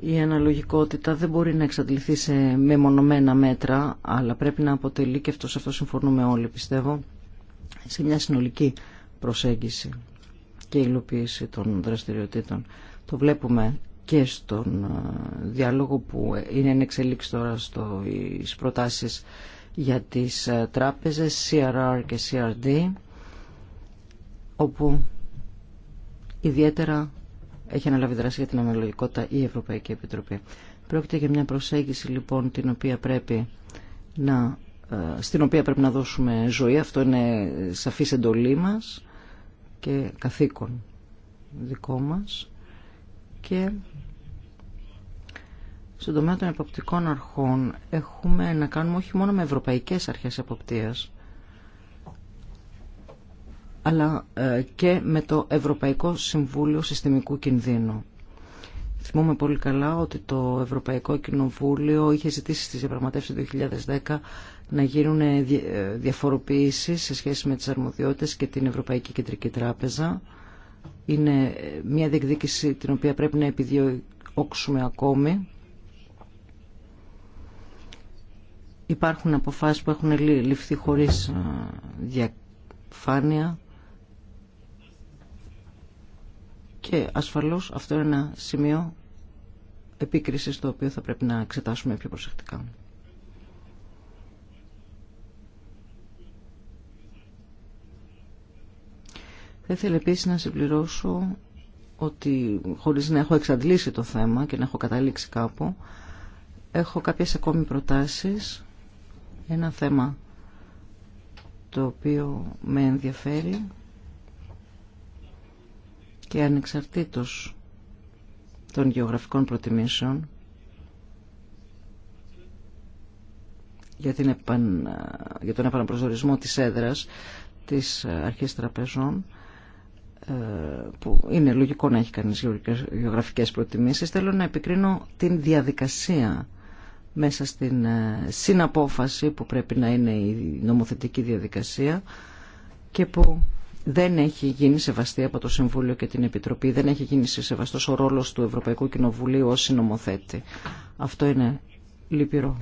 Η αναλογικότητα δεν μπορεί να εξαντληθεί σε μεμονωμένα μέτρα, αλλά πρέπει να αποτελεί και αυτό σε αυτό συμφωνούμε όλοι πιστεύω σε μια συνολική προσέγγιση και υλοποίηση των δραστηριοτήτων. Το βλέπουμε και στον ε, διάλογο που είναι εν εξελίξη τώρα στις προτάσεις για τις ε, τράπεζες CRR και CRD όπου ιδιαίτερα έχει αναλάβει δράση για την ομολογικότητα η Ευρωπαϊκή Επιτροπή. Πρόκειται για μια προσέγγιση λοιπόν την οποία πρέπει να ε, στην οποία πρέπει να δώσουμε ζωή. Αυτό είναι σαφής εντολή μας και καθήκον δικό μας. Και στον τομέα των εποπτικών αρχών έχουμε να κάνουμε όχι μόνο με ευρωπαϊκές αρχές εποπτείας, αλλά ε, και με το Ευρωπαϊκό Συμβούλιο Συστημικού Κινδύνου. Θυμούμε πολύ καλά ότι το Ευρωπαϊκό Κοινοβούλιο είχε ζητήσει στις διαπραγματεύσεις του 2010 να γίνουν ε, ε, διαφοροποιήσεις σε σχέση με τις αρμοδιότητες και την Ευρωπαϊκή Κεντρική Τράπεζα. Είναι ε, μια διεκδίκηση την οποία πρέπει να επιδιώξουμε ακόμη. Υπάρχουν αποφάσεις που έχουν ληφθεί χωρίς διαφάνεια και ασφαλώς αυτό είναι ένα σημείο επίκρισης το οποίο θα πρέπει να εξετάσουμε πιο προσεκτικά. Θα ήθελα επίσης να συμπληρώσω ότι χωρίς να έχω εξαντλήσει το θέμα και να έχω καταλήξει κάπου, έχω κάποιες ακόμη προτάσεις. Ένα θέμα το οποίο με ενδιαφέρει και ανεξαρτήτως των γεωγραφικών προτιμήσεων για, την επαν... για τον επαναπροσδορισμό της έδρας της αρχής τραπεζών που είναι λογικό να έχει κανείς γεωγραφικές προτιμήσεις, θέλω να επικρίνω την διαδικασία μέσα στην ε, συναπόφαση που πρέπει να είναι η νομοθετική διαδικασία και που δεν έχει γίνει σεβαστή από το Συμβούλιο και την Επιτροπή, δεν έχει γίνει σεβαστός ο ρόλος του Ευρωπαϊκού Κοινοβουλίου ως συνομοθέτη. Αυτό είναι λυπηρό.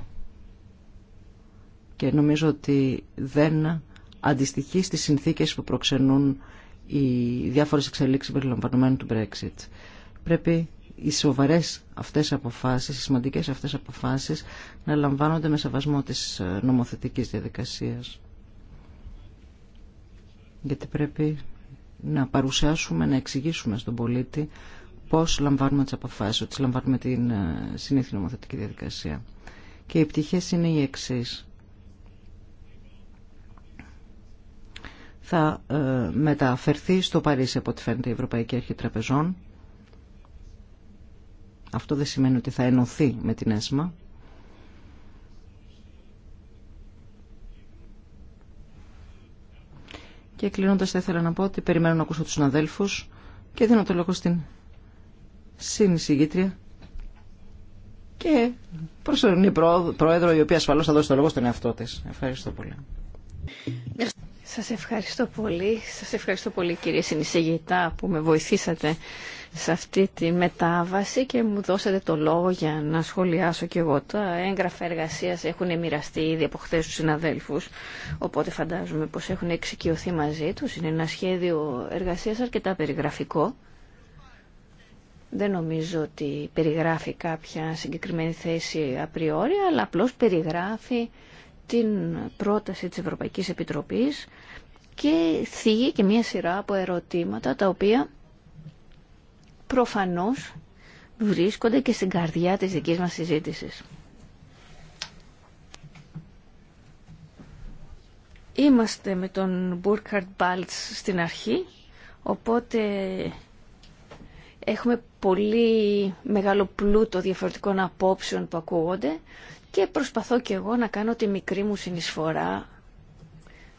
Και νομίζω ότι δεν αντιστοιχεί στις συνθήκες που προξενούν οι διάφορες εξελίξεις περιλαμβανομένου του Brexit. Πρέπει οι σοβαρές αυτές αποφάσεις, οι σημαντικές αυτές αποφάσεις να λαμβάνονται με σεβασμό της ε, νομοθετικής διαδικασίας. Γιατί πρέπει να παρουσιάσουμε, να εξηγήσουμε στον πολίτη πώς λαμβάνουμε τις αποφάσεις, ότι λαμβάνουμε την ε, συνήθινη νομοθετική διαδικασία. Και οι πτυχές είναι οι εξής. θα ε, μεταφερθεί στο Παρίσι από ό,τι φαίνεται η Ευρωπαϊκή Αρχή Τραπεζών. Αυτό δεν σημαίνει ότι θα ενωθεί με την ΕΣΜΑ. Και κλείνοντας θα ήθελα να πω ότι περιμένω να ακούσω τους συναδέλφους και δίνω το λόγο στην συνεισηγήτρια και προσωρινή πρόεδρο η οποία ασφαλώς θα δώσει το λόγο στον εαυτό της. Ευχαριστώ πολύ. Σας ευχαριστώ πολύ. Σας ευχαριστώ πολύ κύριε συνεισηγητά που με βοηθήσατε σε αυτή τη μετάβαση και μου δώσατε το λόγο για να σχολιάσω και εγώ. Τα έγγραφα εργασίας έχουν μοιραστεί ήδη από χθε τους συναδέλφους, οπότε φαντάζομαι πως έχουν εξοικειωθεί μαζί τους. Είναι ένα σχέδιο εργασίας αρκετά περιγραφικό. Δεν νομίζω ότι περιγράφει κάποια συγκεκριμένη θέση απριόρια, αλλά απλώς περιγράφει την πρόταση της Ευρωπαϊκής Επιτροπής και θίγει και μία σειρά από ερωτήματα τα οποία προφανώς βρίσκονται και στην καρδιά της δικής μας συζήτησης. Είμαστε με τον Μπούρκαρτ Μπάλτς στην αρχή, οπότε έχουμε πολύ μεγάλο πλούτο διαφορετικών απόψεων που ακούγονται και προσπαθώ και εγώ να κάνω τη μικρή μου συνεισφορά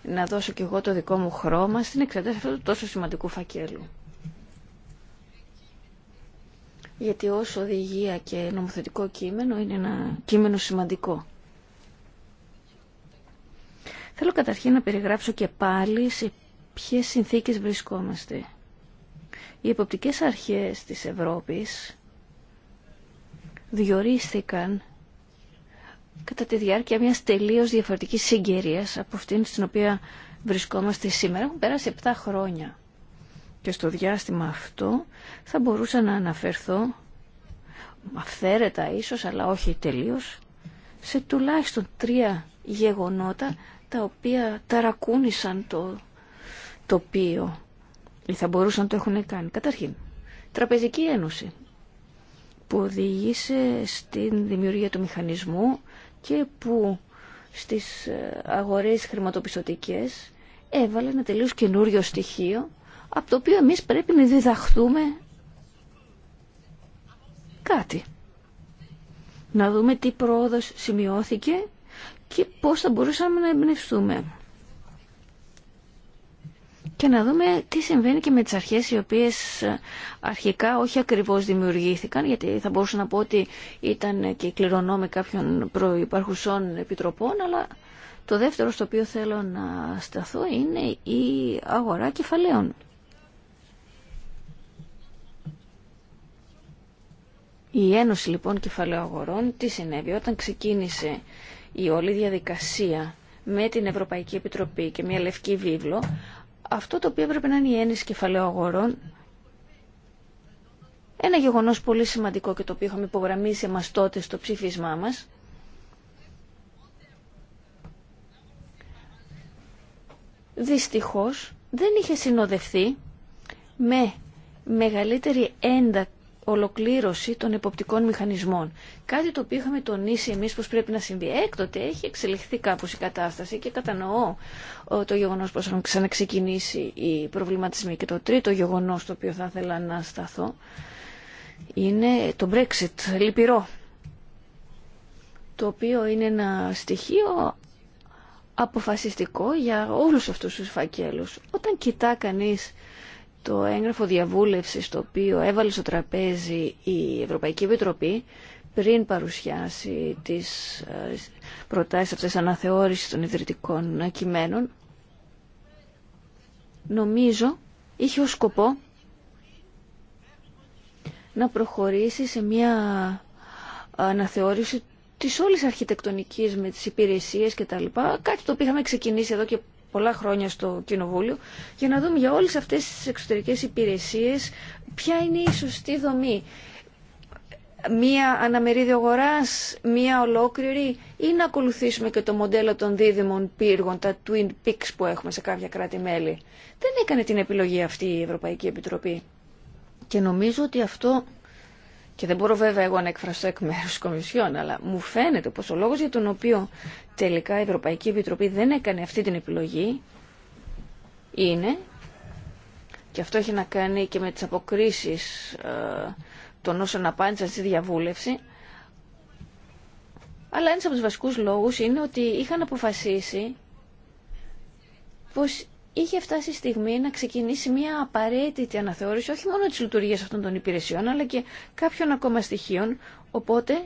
να δώσω και εγώ το δικό μου χρώμα στην εξέταση αυτού του τόσο σημαντικού φακέλου. Γιατί όσο οδηγία και νομοθετικό κείμενο είναι ένα κείμενο σημαντικό. Θέλω καταρχήν να περιγράψω και πάλι σε ποιες συνθήκες βρισκόμαστε. Οι εποπτικές αρχές της Ευρώπης διορίστηκαν κατά τη διάρκεια μια τελείω διαφορετική συγκυρία από αυτήν στην οποία βρισκόμαστε σήμερα. Έχουν περάσει 7 χρόνια και στο διάστημα αυτό θα μπορούσα να αναφερθώ αυθαίρετα ίσως αλλά όχι τελείως σε τουλάχιστον τρία γεγονότα τα οποία ταρακούνησαν το τοπίο ή θα μπορούσαν να το έχουν κάνει. Καταρχήν, Τραπεζική Ένωση που οδήγησε στην δημιουργία του μηχανισμού και που στις ε, αγορές χρηματοπιστωτικές έβαλε ένα τελείως καινούριο στοιχείο από το οποίο εμείς πρέπει να διδαχθούμε κάτι. Να δούμε τι πρόοδος σημειώθηκε και πώς θα μπορούσαμε να εμπνευστούμε και να δούμε τι συμβαίνει και με τις αρχές οι οποίες ε, αρχικά όχι ακριβώς δημιουργήθηκαν γιατί θα μπορούσα να πω ότι ήταν και κληρονόμοι κάποιων προϋπαρχουσών επιτροπών αλλά το δεύτερο στο οποίο θέλω να σταθώ είναι η αγορά κεφαλαίων. Η Ένωση λοιπόν Κεφαλαίου Αγορών τι συνέβη όταν ξεκίνησε η όλη διαδικασία με την Ευρωπαϊκή Επιτροπή και μια λευκή βίβλο αυτό το οποίο έπρεπε να είναι η έννοια κεφαλαίου αγορών, ένα γεγονός πολύ σημαντικό και το οποίο είχαμε υπογραμμίσει εμάς τότε στο ψήφισμά μας, δυστυχώς δεν είχε συνοδευτεί με μεγαλύτερη ένταξη ολοκλήρωση των εποπτικών μηχανισμών. Κάτι το οποίο είχαμε τονίσει εμείς πως πρέπει να συμβεί. Έκτοτε έχει εξελιχθεί κάπως η κατάσταση και κατανοώ ε, το γεγονός πως έχουν ξαναξεκινήσει οι προβληματισμοί. Και το τρίτο γεγονός το οποίο θα ήθελα να σταθώ είναι το Brexit, λυπηρό. Το οποίο είναι ένα στοιχείο αποφασιστικό για όλους αυτούς τους φακέλους. Όταν κοιτά κανείς το έγγραφο διαβούλευσης το οποίο έβαλε στο τραπέζι η Ευρωπαϊκή Επιτροπή πριν παρουσιάσει τις ε, προτάσεις αυτές αναθεώρησης των ιδρυτικών κειμένων νομίζω είχε ως σκοπό να προχωρήσει σε μια αναθεώρηση της όλης αρχιτεκτονικής με τις υπηρεσίες και τα λοιπά, κάτι το οποίο είχαμε ξεκινήσει εδώ και πολλά χρόνια στο Κοινοβούλιο για να δούμε για όλες αυτές τις εξωτερικές υπηρεσίες ποια είναι η σωστή δομή. Μία αναμερίδιο αγορά, μία ολόκληρη ή να ακολουθήσουμε και το μοντέλο των δίδυμων πύργων, τα twin peaks που έχουμε σε κάποια κράτη-μέλη. Δεν έκανε την επιλογή αυτή η Ευρωπαϊκή Επιτροπή. Και νομίζω ότι αυτό και δεν μπορώ βέβαια εγώ να εκφραστώ εκ μέρους της Κομισιόν, αλλά μου φαίνεται πως ο λόγος για τον οποίο τελικά η Ευρωπαϊκή Επιτροπή δεν έκανε αυτή την επιλογή είναι, και αυτό έχει να κάνει και με τις αποκρίσεις ε, των όσων απάντησαν στη διαβούλευση, αλλά ένας από τους βασικούς λόγους είναι ότι είχαν αποφασίσει πως είχε φτάσει η στιγμή να ξεκινήσει μια απαραίτητη αναθεώρηση όχι μόνο της λειτουργίας αυτών των υπηρεσιών αλλά και κάποιων ακόμα στοιχείων οπότε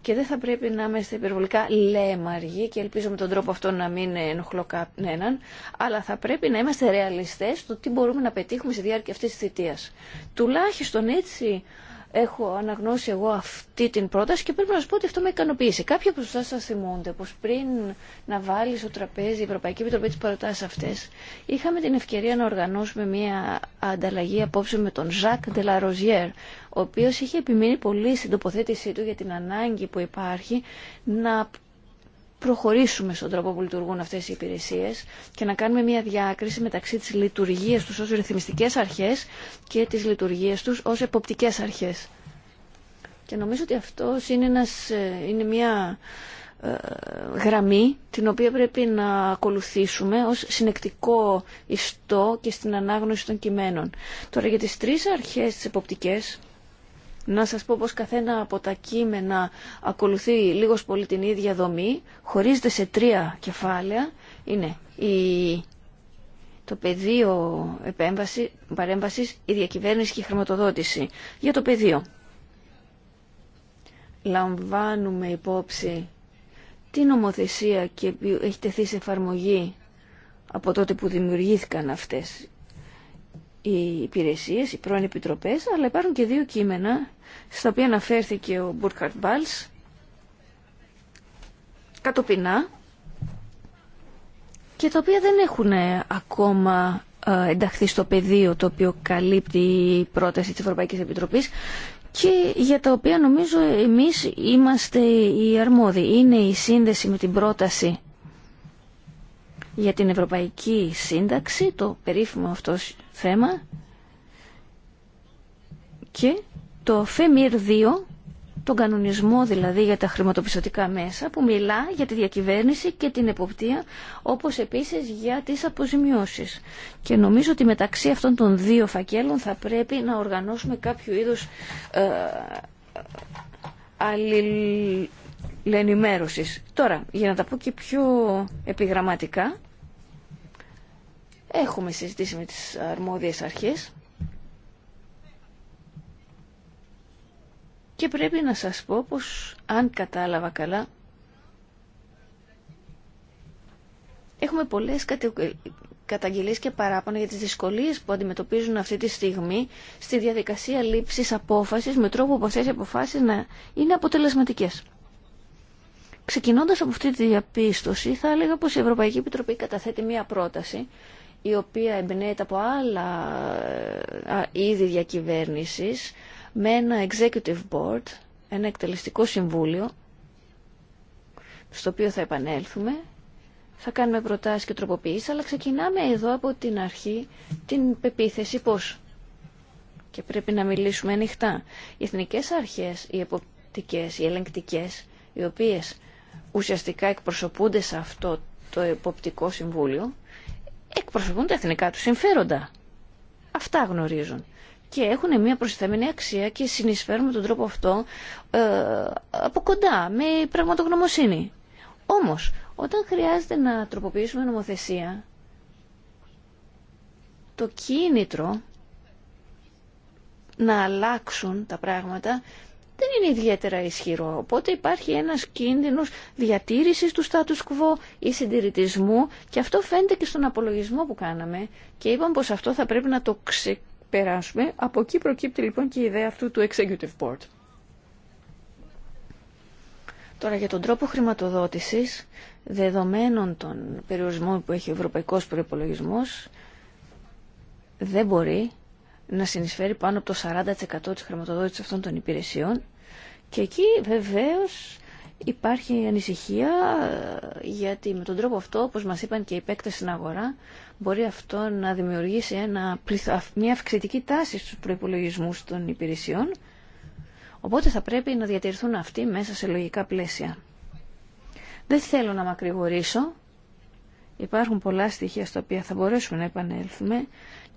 και δεν θα πρέπει να είμαστε υπερβολικά λέμαργοι και ελπίζω με τον τρόπο αυτό να μην ενοχλώ κανέναν, αλλά θα πρέπει να είμαστε ρεαλιστές στο τι μπορούμε να πετύχουμε στη διάρκεια αυτής της θητείας. Τουλάχιστον έτσι έχω αναγνώσει εγώ αυτή την πρόταση και πρέπει να σα πω ότι αυτό με ικανοποίησε. Κάποιοι από εσά θα θυμούνται πω πριν να βάλει στο τραπέζι η Ευρωπαϊκή Επιτροπή τι προτάσει αυτέ, είχαμε την ευκαιρία να οργανώσουμε μια ανταλλαγή απόψε με τον Ζακ Ντελαροζιέρ, ο οποίο είχε επιμείνει πολύ στην τοποθέτησή του για την ανάγκη που υπάρχει να προχωρήσουμε στον τρόπο που λειτουργούν αυτές οι υπηρεσίε και να κάνουμε μια διάκριση μεταξύ της λειτουργίας του ω ρυθμιστικέ αρχές και της λειτουργίας τους ως εποπτικέ αρχές. Και νομίζω ότι αυτό είναι, ε, είναι μια ε, γραμμή την οποία πρέπει να ακολουθήσουμε ως συνεκτικό ιστό και στην ανάγνωση των κειμένων. Τώρα για τις τρεις αρχές τις εποπτικές να σας πω πως καθένα από τα κείμενα ακολουθεί λίγος πολύ την ίδια δομή, χωρίζεται σε τρία κεφάλαια. Είναι η... το πεδίο επέμβαση, παρέμβασης, η διακυβέρνηση και η χρηματοδότηση. Για το πεδίο. Λαμβάνουμε υπόψη τι νομοθεσία και έχει τεθεί σε εφαρμογή από τότε που δημιουργήθηκαν αυτές οι υπηρεσίες, οι πρώην επιτροπές, αλλά υπάρχουν και δύο κείμενα στα οποία αναφέρθηκε ο Μπουρκαρτ Μπάλς, κατοπινά και τα οποία δεν έχουν ε, ακόμα ε, ενταχθεί στο πεδίο το οποίο καλύπτει η πρόταση της Ευρωπαϊκής Επιτροπής και για τα οποία νομίζω εμείς είμαστε οι αρμόδιοι. Είναι η σύνδεση με την πρόταση για την Ευρωπαϊκή Σύνταξη, το περίφημο αυτό θέμα και το ΦΕΜΙΡ 2, τον κανονισμό δηλαδή για τα χρηματοπιστωτικά μέσα, που μιλά για τη διακυβέρνηση και την εποπτεία, όπως επίσης για τις αποζημιώσεις. Και νομίζω ότι μεταξύ αυτών των δύο φακέλων θα πρέπει να οργανώσουμε κάποιο είδους ε, αλληλενημέρωσης. Τώρα, για να τα πω και πιο επιγραμματικά, έχουμε συζητήσει με τις αρμόδιες αρχές Και πρέπει να σας πω πως, αν κατάλαβα καλά, έχουμε πολλές καταγγελίες και παράπονα για τις δυσκολίες που αντιμετωπίζουν αυτή τη στιγμή στη διαδικασία λήψης απόφασης με τρόπο που αυτές οι αποφάσεις να είναι αποτελεσματικές. Ξεκινώντας από αυτή τη διαπίστωση, θα έλεγα πως η Ευρωπαϊκή Επιτροπή καταθέτει μία πρόταση η οποία εμπνέεται από άλλα ε, είδη διακυβέρνησης με ένα executive board, ένα εκτελεστικό συμβούλιο, στο οποίο θα επανέλθουμε. Θα κάνουμε προτάσεις και τροποποιήσεις, αλλά ξεκινάμε εδώ από την αρχή την πεποίθηση πώς. Και πρέπει να μιλήσουμε ανοιχτά. Οι εθνικές αρχές, οι εποπτικές, οι ελεγκτικές, οι οποίες ουσιαστικά εκπροσωπούνται σε αυτό το εποπτικό συμβούλιο, εκπροσωπούν τα εθνικά του συμφέροντα. Αυτά γνωρίζουν και έχουν μια προσθεμένη αξία και συνεισφέρουν με τον τρόπο αυτό ε, από κοντά, με πραγματογνωμοσύνη. Όμως, όταν χρειάζεται να τροποποιήσουμε νομοθεσία, το κίνητρο να αλλάξουν τα πράγματα δεν είναι ιδιαίτερα ισχυρό. Οπότε υπάρχει ένας κίνδυνος διατήρησης του status quo ή συντηρητισμού και αυτό φαίνεται και στον απολογισμό που κάναμε και είπαμε πως αυτό θα πρέπει να το ξεκινήσουμε περάσουμε. Από εκεί προκύπτει λοιπόν και η ιδέα αυτού του Executive Board. Τώρα για τον τρόπο χρηματοδότησης, δεδομένων των περιορισμών που έχει ο ευρωπαϊκός προϋπολογισμός, δεν μπορεί να συνεισφέρει πάνω από το 40% της χρηματοδότησης αυτών των υπηρεσιών και εκεί βεβαίως υπάρχει ανησυχία γιατί με τον τρόπο αυτό, όπως μας είπαν και οι παίκτες στην αγορά, μπορεί αυτό να δημιουργήσει ένα, μια αυξητική τάση στους προϋπολογισμούς των υπηρεσιών, οπότε θα πρέπει να διατηρηθούν αυτοί μέσα σε λογικά πλαίσια. Δεν θέλω να μακρηγορήσω. Υπάρχουν πολλά στοιχεία στα οποία θα μπορέσουμε να επανέλθουμε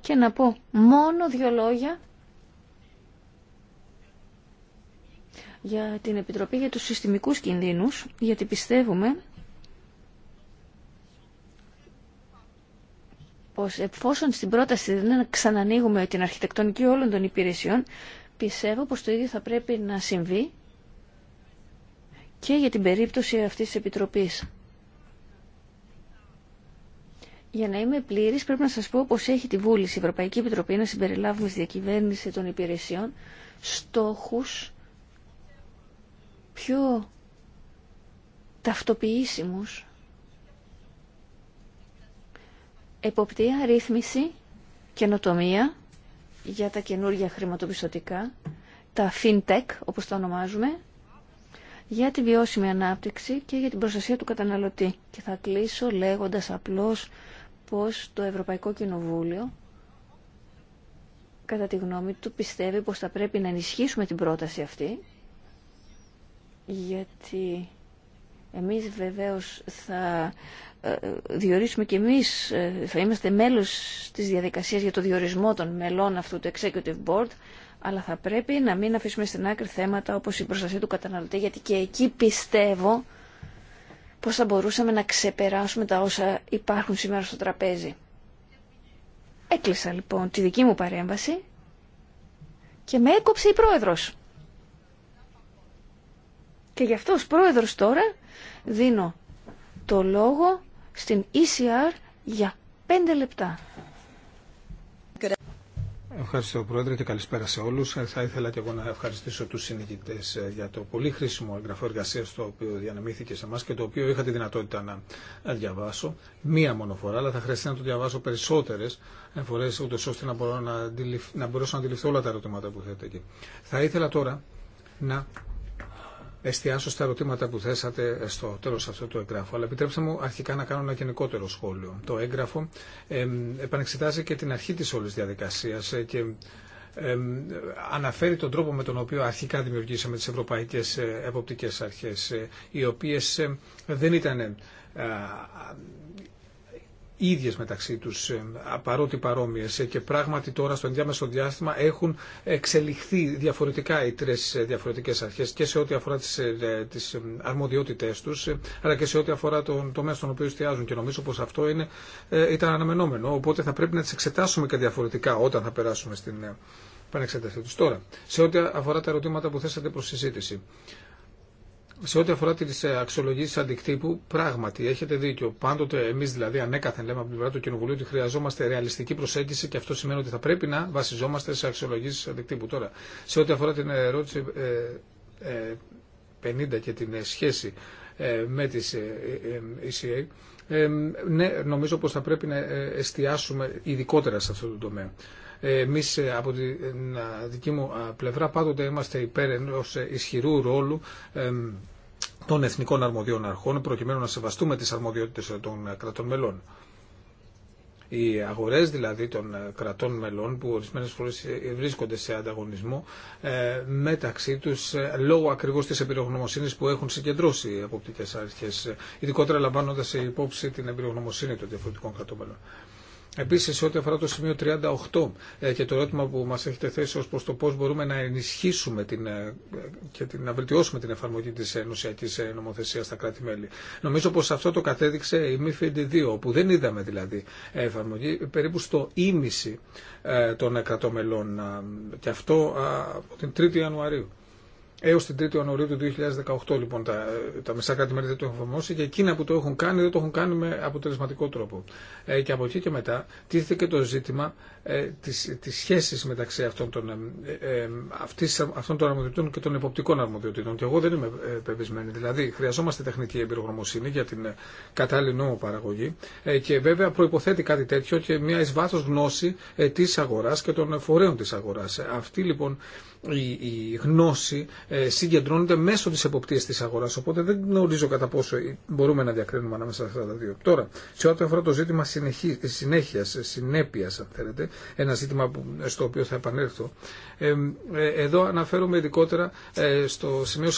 και να πω μόνο δύο λόγια για την Επιτροπή για τους Συστημικούς Κινδύνους, γιατί πιστεύουμε εφόσον στην πρόταση δεν ξανανοίγουμε την αρχιτεκτονική όλων των υπηρεσιών, πιστεύω πως το ίδιο θα πρέπει να συμβεί και για την περίπτωση αυτής της Επιτροπής. Για να είμαι πλήρης πρέπει να σας πω πως έχει τη βούληση η Ευρωπαϊκή Επιτροπή να συμπεριλάβουμε στη διακυβέρνηση των υπηρεσιών στόχους πιο ταυτοποιήσιμους Εποπτεία, ρύθμιση, καινοτομία για τα καινούργια χρηματοπιστωτικά, τα fintech όπως τα ονομάζουμε, για τη βιώσιμη ανάπτυξη και για την προστασία του καταναλωτή. Και θα κλείσω λέγοντας απλώς πως το Ευρωπαϊκό Κοινοβούλιο κατά τη γνώμη του πιστεύει πως θα πρέπει να ενισχύσουμε την πρόταση αυτή γιατί εμείς βεβαίως θα ε, διορίσουμε και εμείς, ε, θα είμαστε μέλος της διαδικασίας για το διορισμό των μελών αυτού του Executive Board, αλλά θα πρέπει να μην αφήσουμε στην άκρη θέματα όπως η προστασία του καταναλωτή, γιατί και εκεί πιστεύω πώς θα μπορούσαμε να ξεπεράσουμε τα όσα υπάρχουν σήμερα στο τραπέζι. Έκλεισα λοιπόν τη δική μου παρέμβαση και με έκοψε η πρόεδρος. Και γι' αυτό ως πρόεδρος τώρα δίνω το λόγο στην ECR για πέντε λεπτά. Ευχαριστώ Πρόεδρε και καλησπέρα σε όλους. Ε, θα ήθελα και εγώ να ευχαριστήσω τους συνηγητές ε, για το πολύ χρήσιμο εγγραφό εργασία το οποίο διανεμήθηκε σε εμά και το οποίο είχα τη δυνατότητα να ε, διαβάσω μία μόνο φορά, αλλά θα χρειαστεί να το διαβάσω περισσότερες φορές ούτως ώστε να, μπορώ να, να μπορέσω να αντιληφθώ όλα τα ερωτήματα που θέλετε εκεί. Θα ήθελα τώρα να εστιάσω στα ερωτήματα που θέσατε στο τέλος αυτού του εγγράφου. Αλλά επιτρέψτε μου αρχικά να κάνω ένα γενικότερο σχόλιο. Το έγγραφο επανεξετάζει και την αρχή της όλης διαδικασίας ε, και αναφέρει τον τρόπο με τον οποίο αρχικά δημιουργήσαμε τις ευρωπαϊκές ε, εποπτικές αρχές, ε, οι οποίες δεν ήταν ίδιες μεταξύ τους, ε, παρότι παρόμοιες ε, και πράγματι τώρα στο ενδιάμεσο διάστημα έχουν εξελιχθεί διαφορετικά οι τρεις ε, διαφορετικές αρχές και σε ό,τι αφορά τις, τις αρμοδιότητές τους, αλλά και σε ό,τι αφορά τον τομέα στον οποίο εστιάζουν και νομίζω πως αυτό είναι, ήταν αναμενόμενο, οπότε θα πρέπει να τις εξετάσουμε και διαφορετικά όταν θα περάσουμε στην πανεξέταση τους. Τώρα, σε ό,τι αφορά τα ερωτήματα που θέσατε προς συζήτηση σε ό,τι αφορά τι ε, αξιολογήσει αντικτύπου, πράγματι έχετε δίκιο. Πάντοτε εμεί δηλαδή ανέκαθεν λέμε από την πλευρά του Κοινοβουλίου ότι χρειαζόμαστε ρεαλιστική προσέγγιση και αυτό σημαίνει ότι θα πρέπει να βασιζόμαστε σε αξιολογήσει αντικτύπου. Τώρα, σε ό,τι αφορά την ε, ερώτηση ε, 50 ε, και την σχέση με τις ECA, ναι, νομίζω πω θα πρέπει να εστιάσουμε ειδικότερα σε αυτό το τομέα. Ε, Εμεί ε, από τη ε, δική μου πλευρά πάντοτε είμαστε υπέρ ενό ισχυρού ρόλου των εθνικών αρμοδίων αρχών προκειμένου να σεβαστούμε τις αρμοδιότητες των κρατών μελών. Οι αγορές δηλαδή των κρατών μελών που ορισμένες φορές βρίσκονται σε ανταγωνισμό μεταξύ τους λόγω ακριβώς της εμπειρογνωμοσύνης που έχουν συγκεντρώσει οι αποπτικές αρχές, ειδικότερα λαμβάνοντας υπόψη την εμπειρογνωμοσύνη των διαφορετικών κρατών μελών. Επίση, ό,τι αφορά το σημείο 38 ε, και το ερώτημα που μα έχετε θέσει ω προ το πώ μπορούμε να ενισχύσουμε την, ε, και την, να βελτιώσουμε την εφαρμογή τη ενωσιακή ε, νομοθεσία στα κράτη-μέλη. Νομίζω πω αυτό το κατέδειξε η MIFID 2, όπου δεν είδαμε δηλαδή εφαρμογή περίπου στο ίμιση των κρατομελών και αυτό από την 3η Ιανουαρίου. Έω την 3η Ιανουαρίου του 2018 λοιπόν τα, τα μισα κάτι κράτη-μέλη δεν το έχουν εφαρμόσει και εκείνα που το έχουν κάνει δεν το έχουν κάνει με αποτελεσματικό τρόπο. Ε, και από εκεί και μετά τίθεται το ζήτημα ε, της, της σχέσης μεταξύ αυτών των, ε, ε, ε αυτών των αρμοδιοτήτων και των εποπτικών αρμοδιοτήτων. Και εγώ δεν είμαι πεπισμένη. Δηλαδή χρειαζόμαστε τεχνική εμπειρογνωμοσύνη για την κατάλληλη νόμο παραγωγή και βέβαια προϋποθέτει κάτι τέτοιο και μια εις βάθος γνώση ε, της αγοράς και των φορέων της αγοράς. αυτή λοιπόν η, γνώση ε, συγκεντρώνεται μέσω της εποπτείας της αγοράς, οπότε δεν γνωρίζω κατά πόσο μπορούμε να διακρίνουμε ανάμεσα σε αυτά τα δύο. Τώρα, σε ό,τι αφορά το ζήτημα συνέχεια, συνέχειας, συνέπειας αν θέλετε, ένα ζήτημα που, στο οποίο θα επανέλθω, ε, εδώ αναφέρομαι ειδικότερα ε, στο σημείο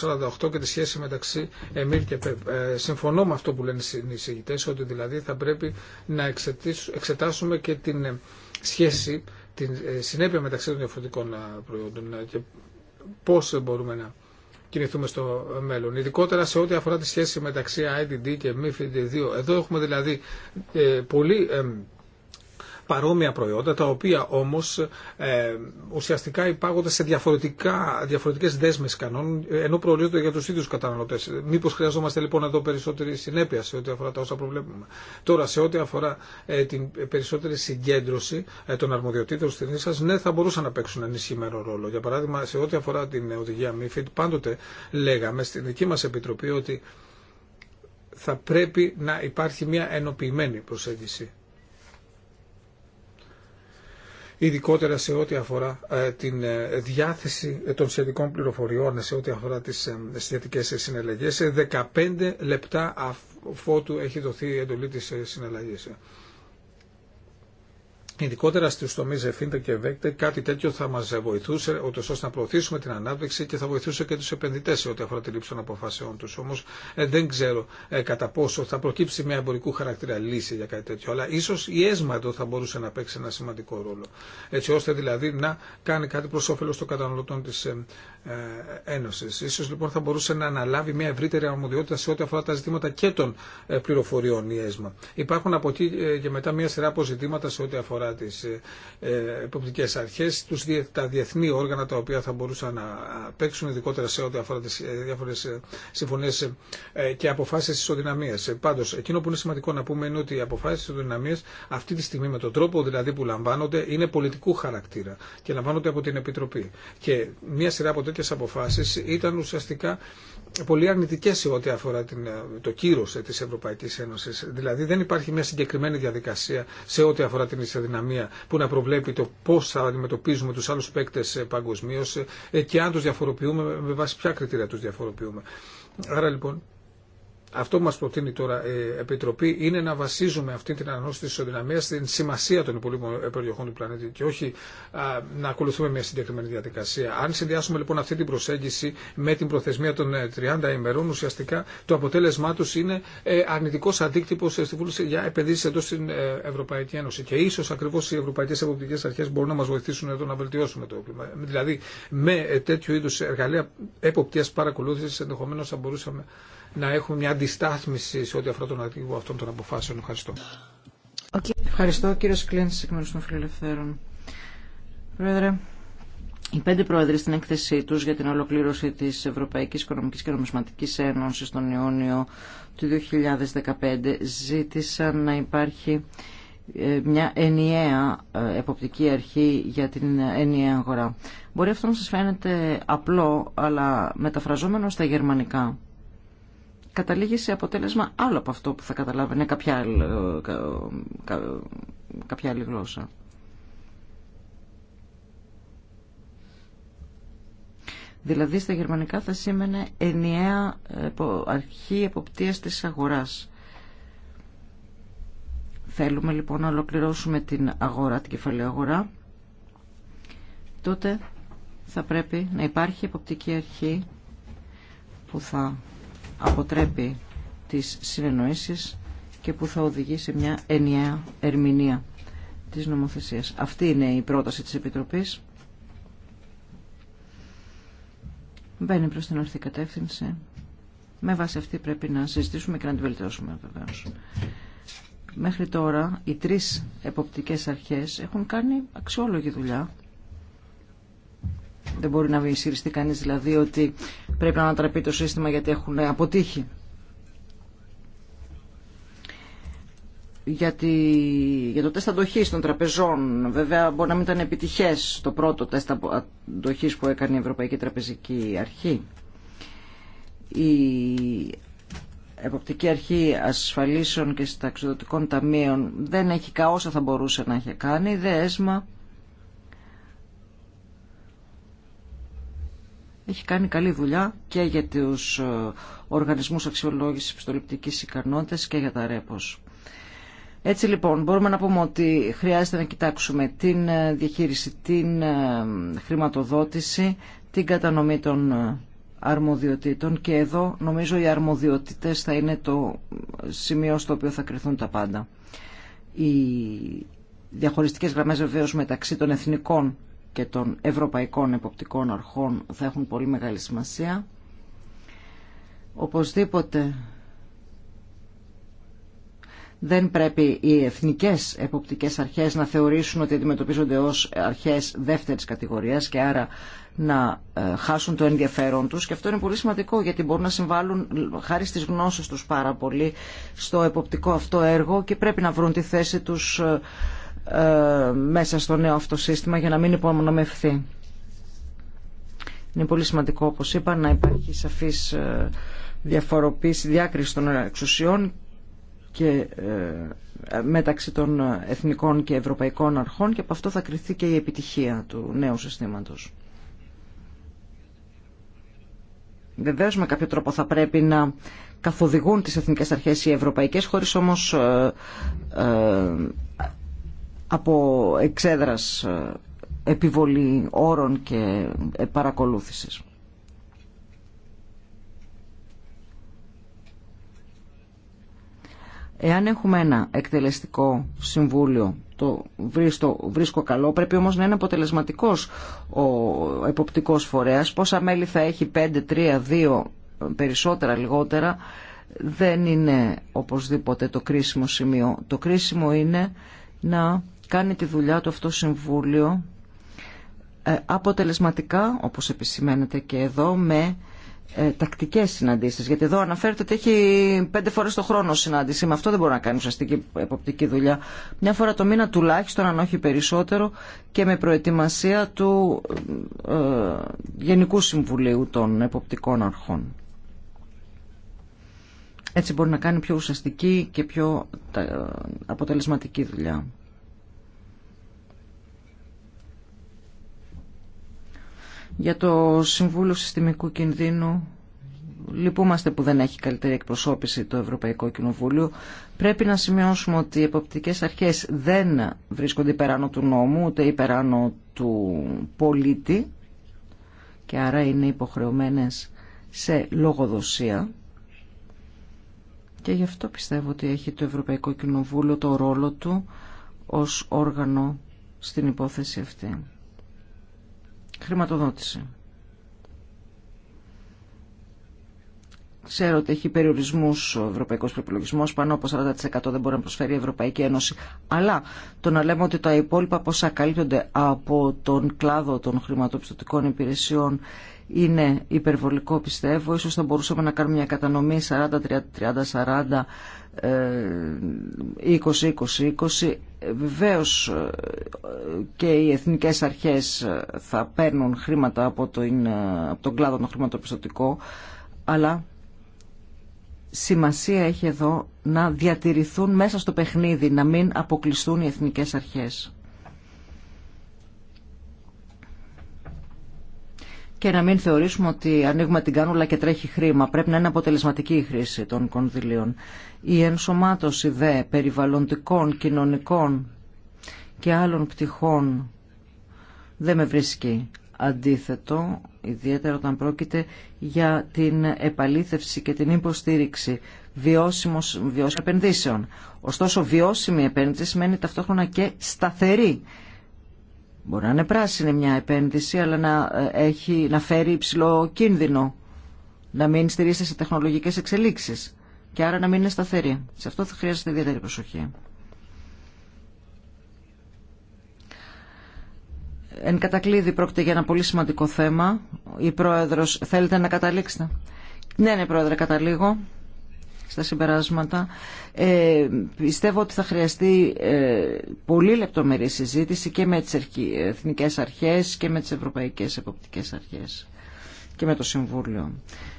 48 και τη σχέση μεταξύ ΕΜΙΡ και ΠΕΠ. συμφωνώ με αυτό που λένε οι συγητές, ότι δηλαδή θα πρέπει να εξετάσουμε και την σχέση την ε, συνέπεια μεταξύ των διαφορετικών ε, προϊόντων ε, και πώ μπορούμε να κινηθούμε στο μέλλον. Ειδικότερα σε ό,τι αφορά τη σχέση μεταξύ IDD και MIFID 2. Εδώ έχουμε δηλαδή πολύ παρόμοια προϊόντα, τα οποία όμως ε, ουσιαστικά υπάγονται σε διαφορετικά, διαφορετικές δέσμες κανόνων, ενώ προορίζονται για τους ίδιους καταναλωτές. Μήπως χρειαζόμαστε λοιπόν εδώ περισσότερη συνέπεια σε ό,τι αφορά τα όσα προβλέπουμε. Τώρα, σε ό,τι αφορά ε, την περισσότερη συγκέντρωση ε, των αρμοδιοτήτων στην σας, ναι, θα μπορούσαν να παίξουν ενισχυμένο ρόλο. Για παράδειγμα, σε ό,τι αφορά την οδηγία MIFID, πάντοτε λέγαμε στην δική μας Επιτροπή ότι θα πρέπει να υπάρχει μια ενοποιημένη προσέγγιση ειδικότερα σε ό,τι αφορά ε, την ε, διάθεση των σχετικών πληροφοριών, σε ό,τι αφορά τις ε, σχετικές συναλλαγές. Σε 15 λεπτά αφότου έχει δοθεί η εντολή της ειδικότερα στους τομείς ΕΦΙΝΤΑ και VECTEC, κάτι τέτοιο θα μας βοηθούσε, ούτως ώστε να προωθήσουμε την ανάπτυξη και θα βοηθούσε και τους επενδυτές σε ό,τι αφορά τη λήψη των αποφάσεών τους. Όμως ε, δεν ξέρω ε, κατά πόσο θα προκύψει μια εμπορικού χαρακτήρα λύση για κάτι τέτοιο, αλλά ίσως η ΕΣΜΑ εδώ θα μπορούσε να παίξει ένα σημαντικό ρόλο, έτσι ώστε δηλαδή να κάνει κάτι προς όφελος των καταναλωτών της ε, Ένωσης. Ίσως λοιπόν θα μπορούσε να αναλάβει μια ευρύτερη αρμοδιότητα σε ό,τι αφορά τα ζητήματα και των πληροφοριών η ΕΣΜΑ. Υπάρχουν από εκεί και μετά μια σειρά αποζητήματα σε ό,τι αφορά τι τις ε, εποπτικές αρχές, τα διεθνή όργανα τα οποία θα μπορούσαν να παίξουν, ειδικότερα σε ό,τι αφορά τις ε, διάφορες ε, συμφωνίες και αποφάσεις ισοδυναμίας. Πάντως, εκείνο που είναι σημαντικό να πούμε είναι ότι οι αποφάσεις ισοδυναμίας αυτή τη στιγμή με τον τρόπο δηλαδή που λαμβάνονται είναι πολιτικού χαρακτήρα και λαμβάνονται από την Επιτροπή. Και μια σειρά από τέτοιες αποφάσεις ήταν ουσιαστικά πολύ αρνητικέ σε ό,τι αφορά την, το κύρο τη Ευρωπαϊκή Ένωση. Δηλαδή δεν υπάρχει μια συγκεκριμένη διαδικασία σε ό,τι αφορά την που να προβλέπει το πώ θα αντιμετωπίζουμε του άλλου παίκτε παγκοσμίω ε, και αν του διαφοροποιούμε, με βάση ποια κριτήρια του διαφοροποιούμε. Άρα λοιπόν αυτό που μας προτείνει τώρα η ε, Επιτροπή είναι να βασίζουμε αυτή την αναγνώριση της ισοδυναμίας στην σημασία των υπολείπων ε, περιοχών του πλανήτη και όχι να ακολουθούμε μια συγκεκριμένη διαδικασία. Αν συνδυάσουμε λοιπόν αυτή την προσέγγιση με την προθεσμία των 30 ε, ημερών, ουσιαστικά το αποτέλεσμά του είναι αρνητικός αντίκτυπος στη για επενδύσεις εντός στην Ευρωπαϊκή Ένωση. Και ίσως ακριβώς οι ευρωπαϊκές εποπτικές αρχές μπορούν να μας βοηθήσουν εδώ να βελτιώσουμε το κλίμα. Δηλαδή με τέτοιου είδου εργαλεία εποπτείας παρακολούθησης ενδεχομένως θα μπορούσαμε να έχουμε μια αντιστάθμιση σε ό,τι αφορά τον αρχηγό αυτών των αποφάσεων. Ευχαριστώ. Ευχαριστώ κύριο Κλίντ, εκ μέρου των Φιλελευθέρων. Πρόεδρε, οι πέντε πρόεδροι στην έκθεσή του για την ολοκλήρωση τη Ευρωπαϊκή Οικονομική και Νομισματική Ένωση τον Ιούνιο του 2015 ζήτησαν να υπάρχει ε, μια ενιαία ε, εποπτική αρχή για την ενιαία αγορά. Μπορεί αυτό να σας φαίνεται απλό, αλλά μεταφραζόμενο στα γερμανικά καταλήγει σε αποτέλεσμα άλλο από αυτό που θα καταλάβαινε κάποια άλλη, κάποια άλλη γλώσσα. Δηλαδή στα γερμανικά θα σήμαινε ενιαία αρχή εποπτείας της αγοράς. Θέλουμε λοιπόν να ολοκληρώσουμε την αγορά, την κεφαλαία αγορά. Τότε θα πρέπει να υπάρχει εποπτική αρχή που θα αποτρέπει τις συνεννοήσεις και που θα οδηγεί σε μια ενιαία ερμηνεία της νομοθεσίας. Αυτή είναι η πρόταση της Επιτροπής. Μπαίνει προς την ορθή κατεύθυνση. Με βάση αυτή πρέπει να συζητήσουμε και να την βελτιώσουμε βεβαίω. Μέχρι τώρα οι τρεις εποπτικές αρχές έχουν κάνει αξιόλογη δουλειά δεν μπορεί να ισχυριστεί κανεί δηλαδή ότι πρέπει να ανατραπεί το σύστημα γιατί έχουν αποτύχει. Για, για το τεστ αντοχή των τραπεζών, βέβαια μπορεί να μην ήταν επιτυχέ το πρώτο τεστ αντοχή που έκανε η Ευρωπαϊκή Τραπεζική Αρχή. Η Εποπτική Αρχή Ασφαλίσεων και Συνταξιδοτικών Ταμείων δεν έχει καόσα θα μπορούσε να έχει κάνει. ΔΕΣΜΑ έχει κάνει καλή δουλειά και για τους ε, οργανισμούς αξιολόγησης επιστολυπτικής ικανότητας και για τα ρέπος. Έτσι λοιπόν μπορούμε να πούμε ότι χρειάζεται να κοιτάξουμε την ε, διαχείριση, την ε, χρηματοδότηση, την κατανομή των αρμοδιοτήτων και εδώ νομίζω οι αρμοδιοτήτες θα είναι το σημείο στο οποίο θα κρυθούν τα πάντα. Οι διαχωριστικές γραμμές βεβαίω μεταξύ των εθνικών και των Ευρωπαϊκών Εποπτικών Αρχών θα έχουν πολύ μεγάλη σημασία. Οπωσδήποτε δεν πρέπει οι εθνικές εποπτικές αρχές να θεωρήσουν ότι αντιμετωπίζονται ως αρχές δεύτερης κατηγορίας και άρα να ε, χάσουν το ενδιαφέρον τους και αυτό είναι πολύ σημαντικό γιατί μπορούν να συμβάλλουν χάρη στις γνώσεις τους πάρα πολύ στο εποπτικό αυτό έργο και πρέπει να βρουν τη θέση τους ε, ε, μέσα στο νέο αυτό σύστημα για να μην υπομονωμευθεί. Είναι πολύ σημαντικό, όπως είπα, να υπάρχει σαφής ε, διαφοροποίηση, διάκριση των εξουσιών και ε, μεταξύ των εθνικών και ευρωπαϊκών αρχών και από αυτό θα κριθεί και η επιτυχία του νέου συστήματος. Βεβαίως με κάποιο τρόπο θα πρέπει να καθοδηγούν τις εθνικές αρχές οι ευρωπαϊκές χωρίς όμως από εξέδρας ε, επιβολή όρων και ε, παρακολούθησης. Εάν έχουμε ένα εκτελεστικό συμβούλιο, το βρίσκω, βρίσκω καλό, πρέπει όμως να είναι αποτελεσματικός ο εποπτικός φορέας. Πόσα μέλη θα έχει, 5, 3, 2, περισσότερα, λιγότερα, δεν είναι οπωσδήποτε το κρίσιμο σημείο. Το κρίσιμο είναι να κάνει τη δουλειά του αυτό το Συμβούλιο ε, αποτελεσματικά, όπως επισημαίνεται και εδώ, με ε, τακτικέ συναντήσει. Γιατί εδώ αναφέρεται ότι έχει πέντε φορές το χρόνο συνάντηση. Με αυτό δεν μπορεί να κάνει ουσιαστική εποπτική δουλειά. Μια φορά το μήνα τουλάχιστον, αν όχι περισσότερο, και με προετοιμασία του ε, Γενικού Συμβουλίου των Εποπτικών Αρχών. Έτσι μπορεί να κάνει πιο ουσιαστική και πιο αποτελεσματική δουλειά. Για το Συμβούλιο Συστημικού Κινδύνου λυπούμαστε που δεν έχει καλύτερη εκπροσώπηση το Ευρωπαϊκό Κοινοβούλιο. Πρέπει να σημειώσουμε ότι οι εποπτικές αρχές δεν βρίσκονται υπεράνω του νόμου, ούτε υπεράνω του πολίτη και άρα είναι υποχρεωμένες σε λογοδοσία. Και γι' αυτό πιστεύω ότι έχει το Ευρωπαϊκό Κοινοβούλιο το ρόλο του ως όργανο στην υπόθεση αυτή. Χρηματοδότηση. Ξέρω ότι έχει περιορισμού ο Ευρωπαϊκό Προπολογισμό, πάνω από 40% δεν μπορεί να προσφέρει η Ευρωπαϊκή Ένωση. Αλλά το να λέμε ότι τα υπόλοιπα πόσα καλύπτονται από τον κλάδο των χρηματοπιστωτικών υπηρεσιών είναι υπερβολικό πιστεύω. Ίσως θα μπορούσαμε να κάνουμε μια κατανομή 40-30-40 20-20-20 βεβαιως και οι εθνικές αρχές θα παίρνουν χρήματα από, τον, από τον κλάδο το χρηματοπιστωτικό αλλά σημασία έχει εδώ να διατηρηθούν μέσα στο παιχνίδι να μην αποκλειστούν οι εθνικές αρχές και να μην θεωρήσουμε ότι ανοίγουμε την κάνουλα και τρέχει χρήμα. Πρέπει να είναι αποτελεσματική η χρήση των κονδυλίων. Η ενσωμάτωση δε περιβαλλοντικών, κοινωνικών και άλλων πτυχών δεν με βρίσκει αντίθετο, ιδιαίτερα όταν πρόκειται για την επαλήθευση και την υποστήριξη βιώσιμων επενδύσεων. Ωστόσο, βιώσιμη επένδυση σημαίνει ταυτόχρονα και σταθερή Μπορεί να είναι πράσινη μια επένδυση, αλλά να, ε, έχει, να φέρει υψηλό κίνδυνο. Να μην στηρίζεται σε τεχνολογικές εξελίξεις και άρα να μην είναι σταθερή. Σε αυτό θα χρειάζεται ιδιαίτερη προσοχή. Εν κατακλείδη πρόκειται για ένα πολύ σημαντικό θέμα. Η Πρόεδρος, θέλετε να καταλήξετε. Ναι, ναι, Πρόεδρε, καταλήγω στα συμπεράσματα. Ε, πιστεύω ότι θα χρειαστεί ε, πολύ λεπτομερή συζήτηση και με τις εθνικές αρχές και με τις ευρωπαϊκές εποπτικές αρχές και με το Συμβούλιο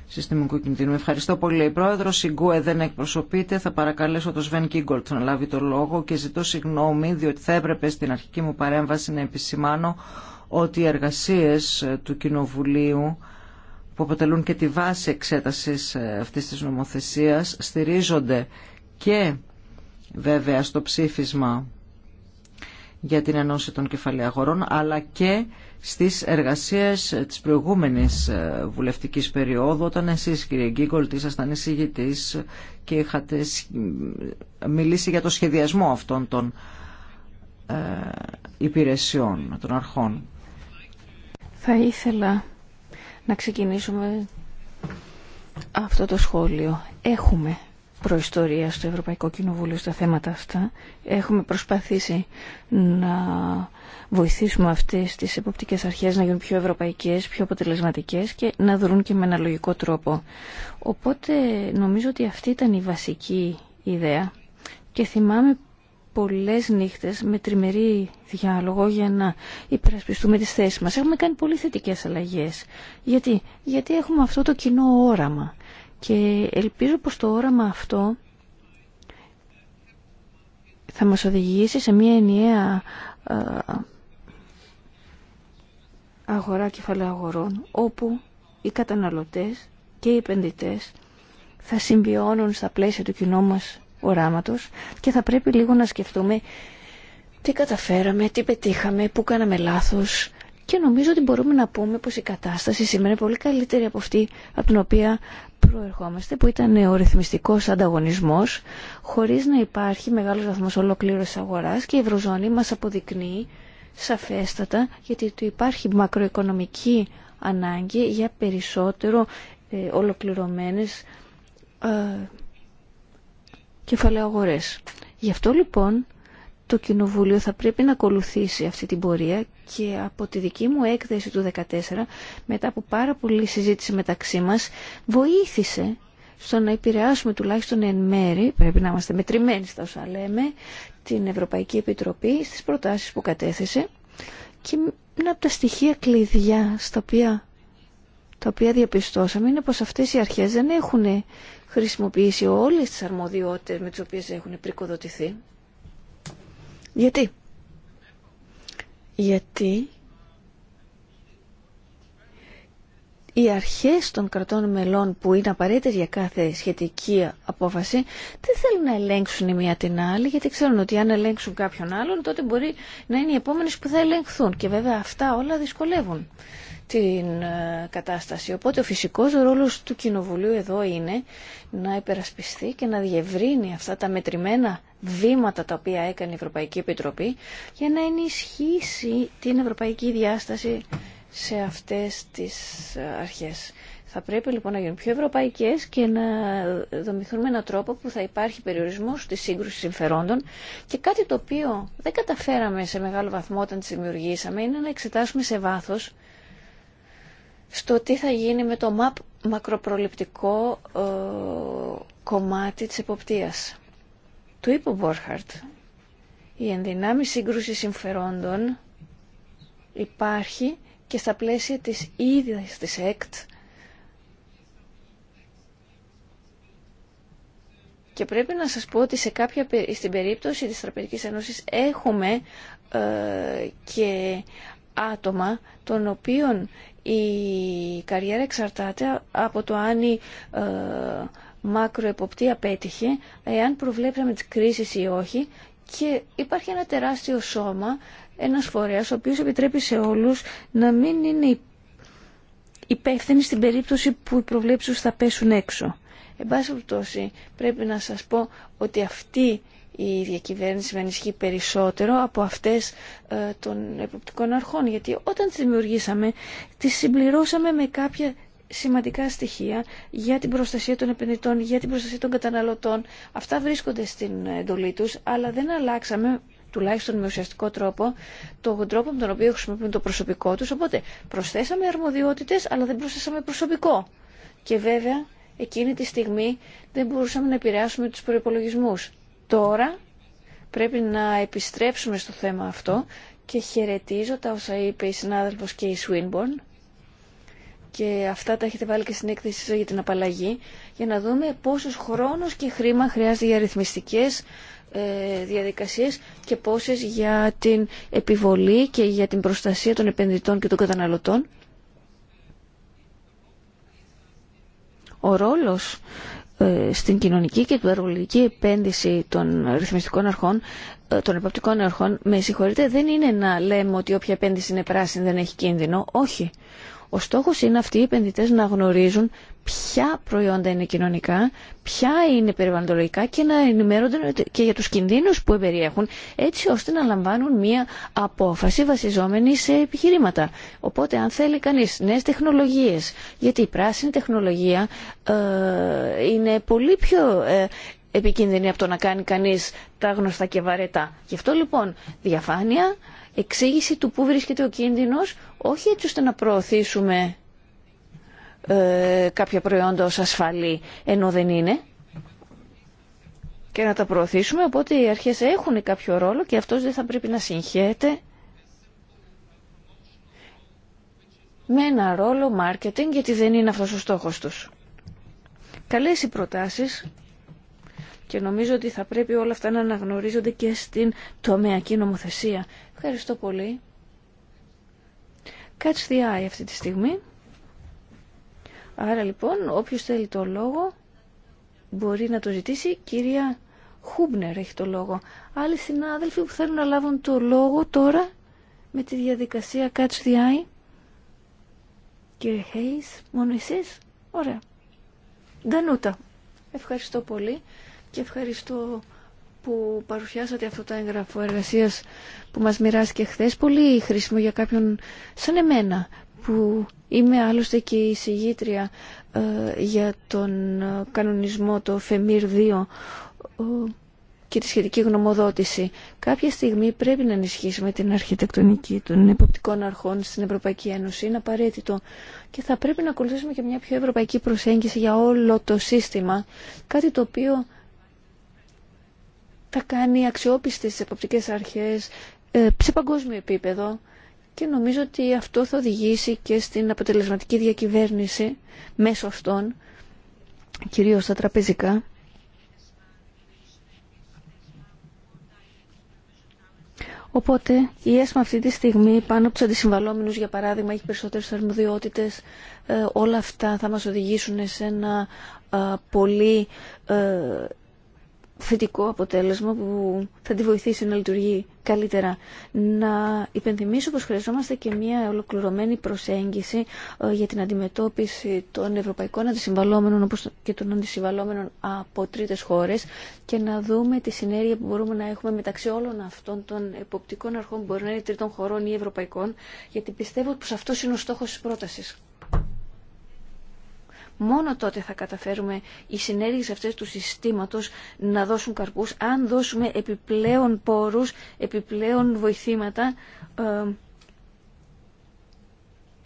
Συστημικού Κινδύνου. Ευχαριστώ πολύ. Η πρόεδρο Συγκούε, δεν εκπροσωπείται. Θα παρακαλέσω τον Σβέν Κίγκολτ να λάβει το λόγο και ζητώ συγγνώμη διότι θα έπρεπε στην αρχική μου παρέμβαση να επισημάνω ότι οι εργασίες του Κοινοβουλίου που αποτελούν και τη βάση εξέτασης ε, αυτής της νομοθεσίας στηρίζονται και βέβαια στο ψήφισμα για την ενώση των κεφαλαίων αλλά και στις εργασίες της προηγούμενης ε, βουλευτικής περίοδου όταν εσείς κύριε Γκίγκολτ ήσασταν εισηγητής και είχατε μιλήσει για το σχεδιασμό αυτών των ε, υπηρεσιών, των αρχών. Θα ήθελα να ξεκινήσουμε αυτό το σχόλιο. Έχουμε προϊστορία στο Ευρωπαϊκό Κοινοβούλιο στα θέματα αυτά. Έχουμε προσπαθήσει να βοηθήσουμε αυτές τις εποπτικές αρχές να γίνουν πιο ευρωπαϊκές, πιο αποτελεσματικές και να δρουν και με ένα λογικό τρόπο. Οπότε νομίζω ότι αυτή ήταν η βασική ιδέα και θυμάμαι πολλές νύχτες με τριμερή διάλογο για να υπερασπιστούμε τις θέσεις μας. Έχουμε κάνει πολύ θετικές αλλαγές. Γιατί, Γιατί έχουμε αυτό το κοινό όραμα. Και ελπίζω πως το όραμα αυτό θα μας οδηγήσει σε μια ενιαία αγορά κεφαλαίου αγορών όπου οι καταναλωτές και οι επενδυτές θα συμβιώνουν στα πλαίσια του κοινού μας οράματος και θα πρέπει λίγο να σκεφτούμε τι καταφέραμε, τι πετύχαμε, πού κάναμε λάθος και νομίζω ότι μπορούμε να πούμε πως η κατάσταση σήμερα είναι πολύ καλύτερη από αυτή από την οποία προερχόμαστε που ήταν ο ρυθμιστικός ανταγωνισμός χωρίς να υπάρχει μεγάλος βαθμός ολοκλήρωσης αγοράς και η Ευρωζώνη μας αποδεικνύει σαφέστατα γιατί του υπάρχει μακροοικονομική ανάγκη για περισσότερο ε, ολοκληρωμένες ε, κεφαλαίου Γι' αυτό λοιπόν το Κοινοβούλιο θα πρέπει να ακολουθήσει αυτή την πορεία και από τη δική μου έκθεση του 2014, μετά από πάρα πολλή συζήτηση μεταξύ μας, βοήθησε στο να επηρεάσουμε τουλάχιστον εν μέρη, πρέπει να είμαστε μετρημένοι στα όσα λέμε, την Ευρωπαϊκή Επιτροπή στις προτάσεις που κατέθεσε και ένα από τα στοιχεία κλειδιά στα οποία, τα οποία διαπιστώσαμε είναι πως αυτές οι αρχές δεν έχουν χρησιμοποιήσει όλες τις αρμοδιότητες με τις οποίες έχουν πρικοδοτηθεί. Γιατί. Γιατί οι αρχές των κρατών μελών που είναι απαραίτητες για κάθε σχετική απόφαση δεν θέλουν να ελέγξουν η μία την άλλη γιατί ξέρουν ότι αν ελέγξουν κάποιον άλλον τότε μπορεί να είναι οι επόμενες που θα ελεγχθούν και βέβαια αυτά όλα δυσκολεύουν την ε, κατάσταση. Οπότε ο φυσικός ρόλος του Κοινοβουλίου εδώ είναι να υπερασπιστεί και να διευρύνει αυτά τα μετρημένα βήματα τα οποία έκανε η Ευρωπαϊκή Επιτροπή για να ενισχύσει την ευρωπαϊκή διάσταση σε αυτές τις ε, αρχές. Θα πρέπει λοιπόν να γίνουν πιο ευρωπαϊκές και να δομηθούν με έναν τρόπο που θα υπάρχει περιορισμός στη σύγκρουση συμφερόντων και κάτι το οποίο δεν καταφέραμε σε μεγάλο βαθμό όταν τις δημιουργήσαμε είναι να εξετάσουμε σε βάθος στο τι θα γίνει με το μακροπροληπτικό ε, κομμάτι της εποπτείας. Του είπε ο Μπόρχαρτ, η ενδυνάμει σύγκρουση συμφερόντων υπάρχει και στα πλαίσια της ίδιας της ΕΚΤ και πρέπει να σας πω ότι σε κάποια, στην περίπτωση της Τραπεζικής Ένωσης έχουμε ε, και άτομα των οποίων η καριέρα εξαρτάται από το αν η ε, μακροεποπτεία πέτυχε, εάν προβλέψαμε τις κρίσεις ή όχι και υπάρχει ένα τεράστιο σώμα, ένας φορέας, ο οποίος επιτρέπει σε όλους να μην είναι υπεύθυνοι στην περίπτωση που οι προβλέψεις θα πέσουν έξω. Εν πάση πρέπει να σας πω ότι αυτή η διακυβέρνηση να ανισχύει περισσότερο από αυτές ε, των εποπτικών αρχών. Γιατί όταν τις δημιουργήσαμε, τις συμπληρώσαμε με κάποια σημαντικά στοιχεία για την προστασία των επενδυτών, για την προστασία των καταναλωτών. Αυτά βρίσκονται στην εντολή τους, αλλά δεν αλλάξαμε τουλάχιστον με ουσιαστικό τρόπο, τον τρόπο με τον οποίο χρησιμοποιούν το προσωπικό τους. Οπότε προσθέσαμε αρμοδιότητες, αλλά δεν προσθέσαμε προσωπικό. Και βέβαια, εκείνη τη στιγμή δεν μπορούσαμε να επηρεάσουμε τους προϋπολογισμούς. Τώρα πρέπει να επιστρέψουμε στο θέμα αυτό και χαιρετίζω τα όσα είπε η συνάδελφος και η Σουίνμπορν και αυτά τα έχετε βάλει και στην έκθεσή για την απαλλαγή για να δούμε πόσος χρόνος και χρήμα χρειάζεται για ρυθμιστικές ε, διαδικασίες και πόσες για την επιβολή και για την προστασία των επενδυτών και των καταναλωτών. Ο ρόλος ε, στην κοινωνική και του εργολογική επένδυση των ρυθμιστικών αρχών, ε, των εποπτικών αρχών, με συγχωρείτε, δεν είναι να λέμε ότι όποια επένδυση είναι πράσινη δεν έχει κίνδυνο. Όχι. Ο στόχος είναι αυτοί οι επενδυτές να γνωρίζουν ποια προϊόντα είναι κοινωνικά, ποια είναι περιβαλλοντολογικά και να ενημερώνονται και για τους κινδύνους που περιέχουν έτσι ώστε να λαμβάνουν μία απόφαση βασιζόμενη σε επιχειρήματα. Οπότε αν θέλει κανείς νέες τεχνολογίες, γιατί η πράσινη τεχνολογία ε, είναι πολύ πιο ε, επικίνδυνη από το να κάνει κανείς τα γνωστά και βαρετά. Γι' αυτό λοιπόν διαφάνεια, εξήγηση του πού βρίσκεται ο κίνδυνος, όχι έτσι ώστε να προωθήσουμε ε, κάποια προϊόντα ως ασφαλή, ενώ δεν είναι, και να τα προωθήσουμε, οπότε οι αρχές έχουν κάποιο ρόλο και αυτός δεν θα πρέπει να συγχαίεται με ένα ρόλο marketing, γιατί δεν είναι αυτός ο στόχος τους. Καλές οι προτάσεις και νομίζω ότι θα πρέπει όλα αυτά να αναγνωρίζονται και στην τομεακή νομοθεσία. Ευχαριστώ πολύ. Catch the eye αυτή τη στιγμή. Άρα λοιπόν, όποιος θέλει το λόγο μπορεί να το ζητήσει. Κυρία Χούμπνερ έχει το λόγο. Άλλοι συνάδελφοι που θέλουν να λάβουν το λόγο τώρα με τη διαδικασία Catch the Eye. Κύριε Χέις, μόνο εσείς. Ωραία. Ντανούτα. Ευχαριστώ πολύ και ευχαριστώ που παρουσιάσατε αυτό το έγγραφο εργασία που μας μοιράστηκε χθε. Πολύ χρήσιμο για κάποιον σαν εμένα που είμαι άλλωστε και η συγγήτρια ε, για τον ε, κανονισμό το ΦΕΜΙΡ 2 ε, και τη σχετική γνωμοδότηση. Κάποια στιγμή πρέπει να ενισχύσουμε την αρχιτεκτονική των εποπτικών αρχών στην Ευρωπαϊκή Ένωση. Είναι απαραίτητο. Και θα πρέπει να ακολουθήσουμε και μια πιο ευρωπαϊκή προσέγγιση για όλο το σύστημα. Κάτι το οποίο θα κάνει αξιόπιστες εποπτικές αρχές ε, σε παγκόσμιο επίπεδο και νομίζω ότι αυτό θα οδηγήσει και στην αποτελεσματική διακυβέρνηση μέσω αυτών, κυρίως στα τραπεζικά. Οπότε η ΕΣΜΑ αυτή τη στιγμή πάνω από του αντισυμβαλόμενους για παράδειγμα έχει περισσότερες αρμοδιότητες. Ε, όλα αυτά θα μας οδηγήσουν σε ένα ε, πολύ θετικό αποτέλεσμα που θα τη βοηθήσει να λειτουργεί καλύτερα. Να υπενθυμίσω πως χρειαζόμαστε και μια ολοκληρωμένη προσέγγιση ε, για την αντιμετώπιση των ευρωπαϊκών αντισυμβαλόμενων όπως και των αντισυμβαλόμενων από τρίτες χώρες και να δούμε τη συνέργεια που μπορούμε να έχουμε μεταξύ όλων αυτών των εποπτικών αρχών που μπορεί να είναι τρίτων χωρών ή ευρωπαϊκών γιατί πιστεύω πως αυτό είναι ο στόχος της πρότασης. Μόνο τότε θα καταφέρουμε οι συνέργειες αυτές του συστήματος να δώσουν καρπούς, αν δώσουμε επιπλέον πόρους, επιπλέον βοηθήματα. Ε,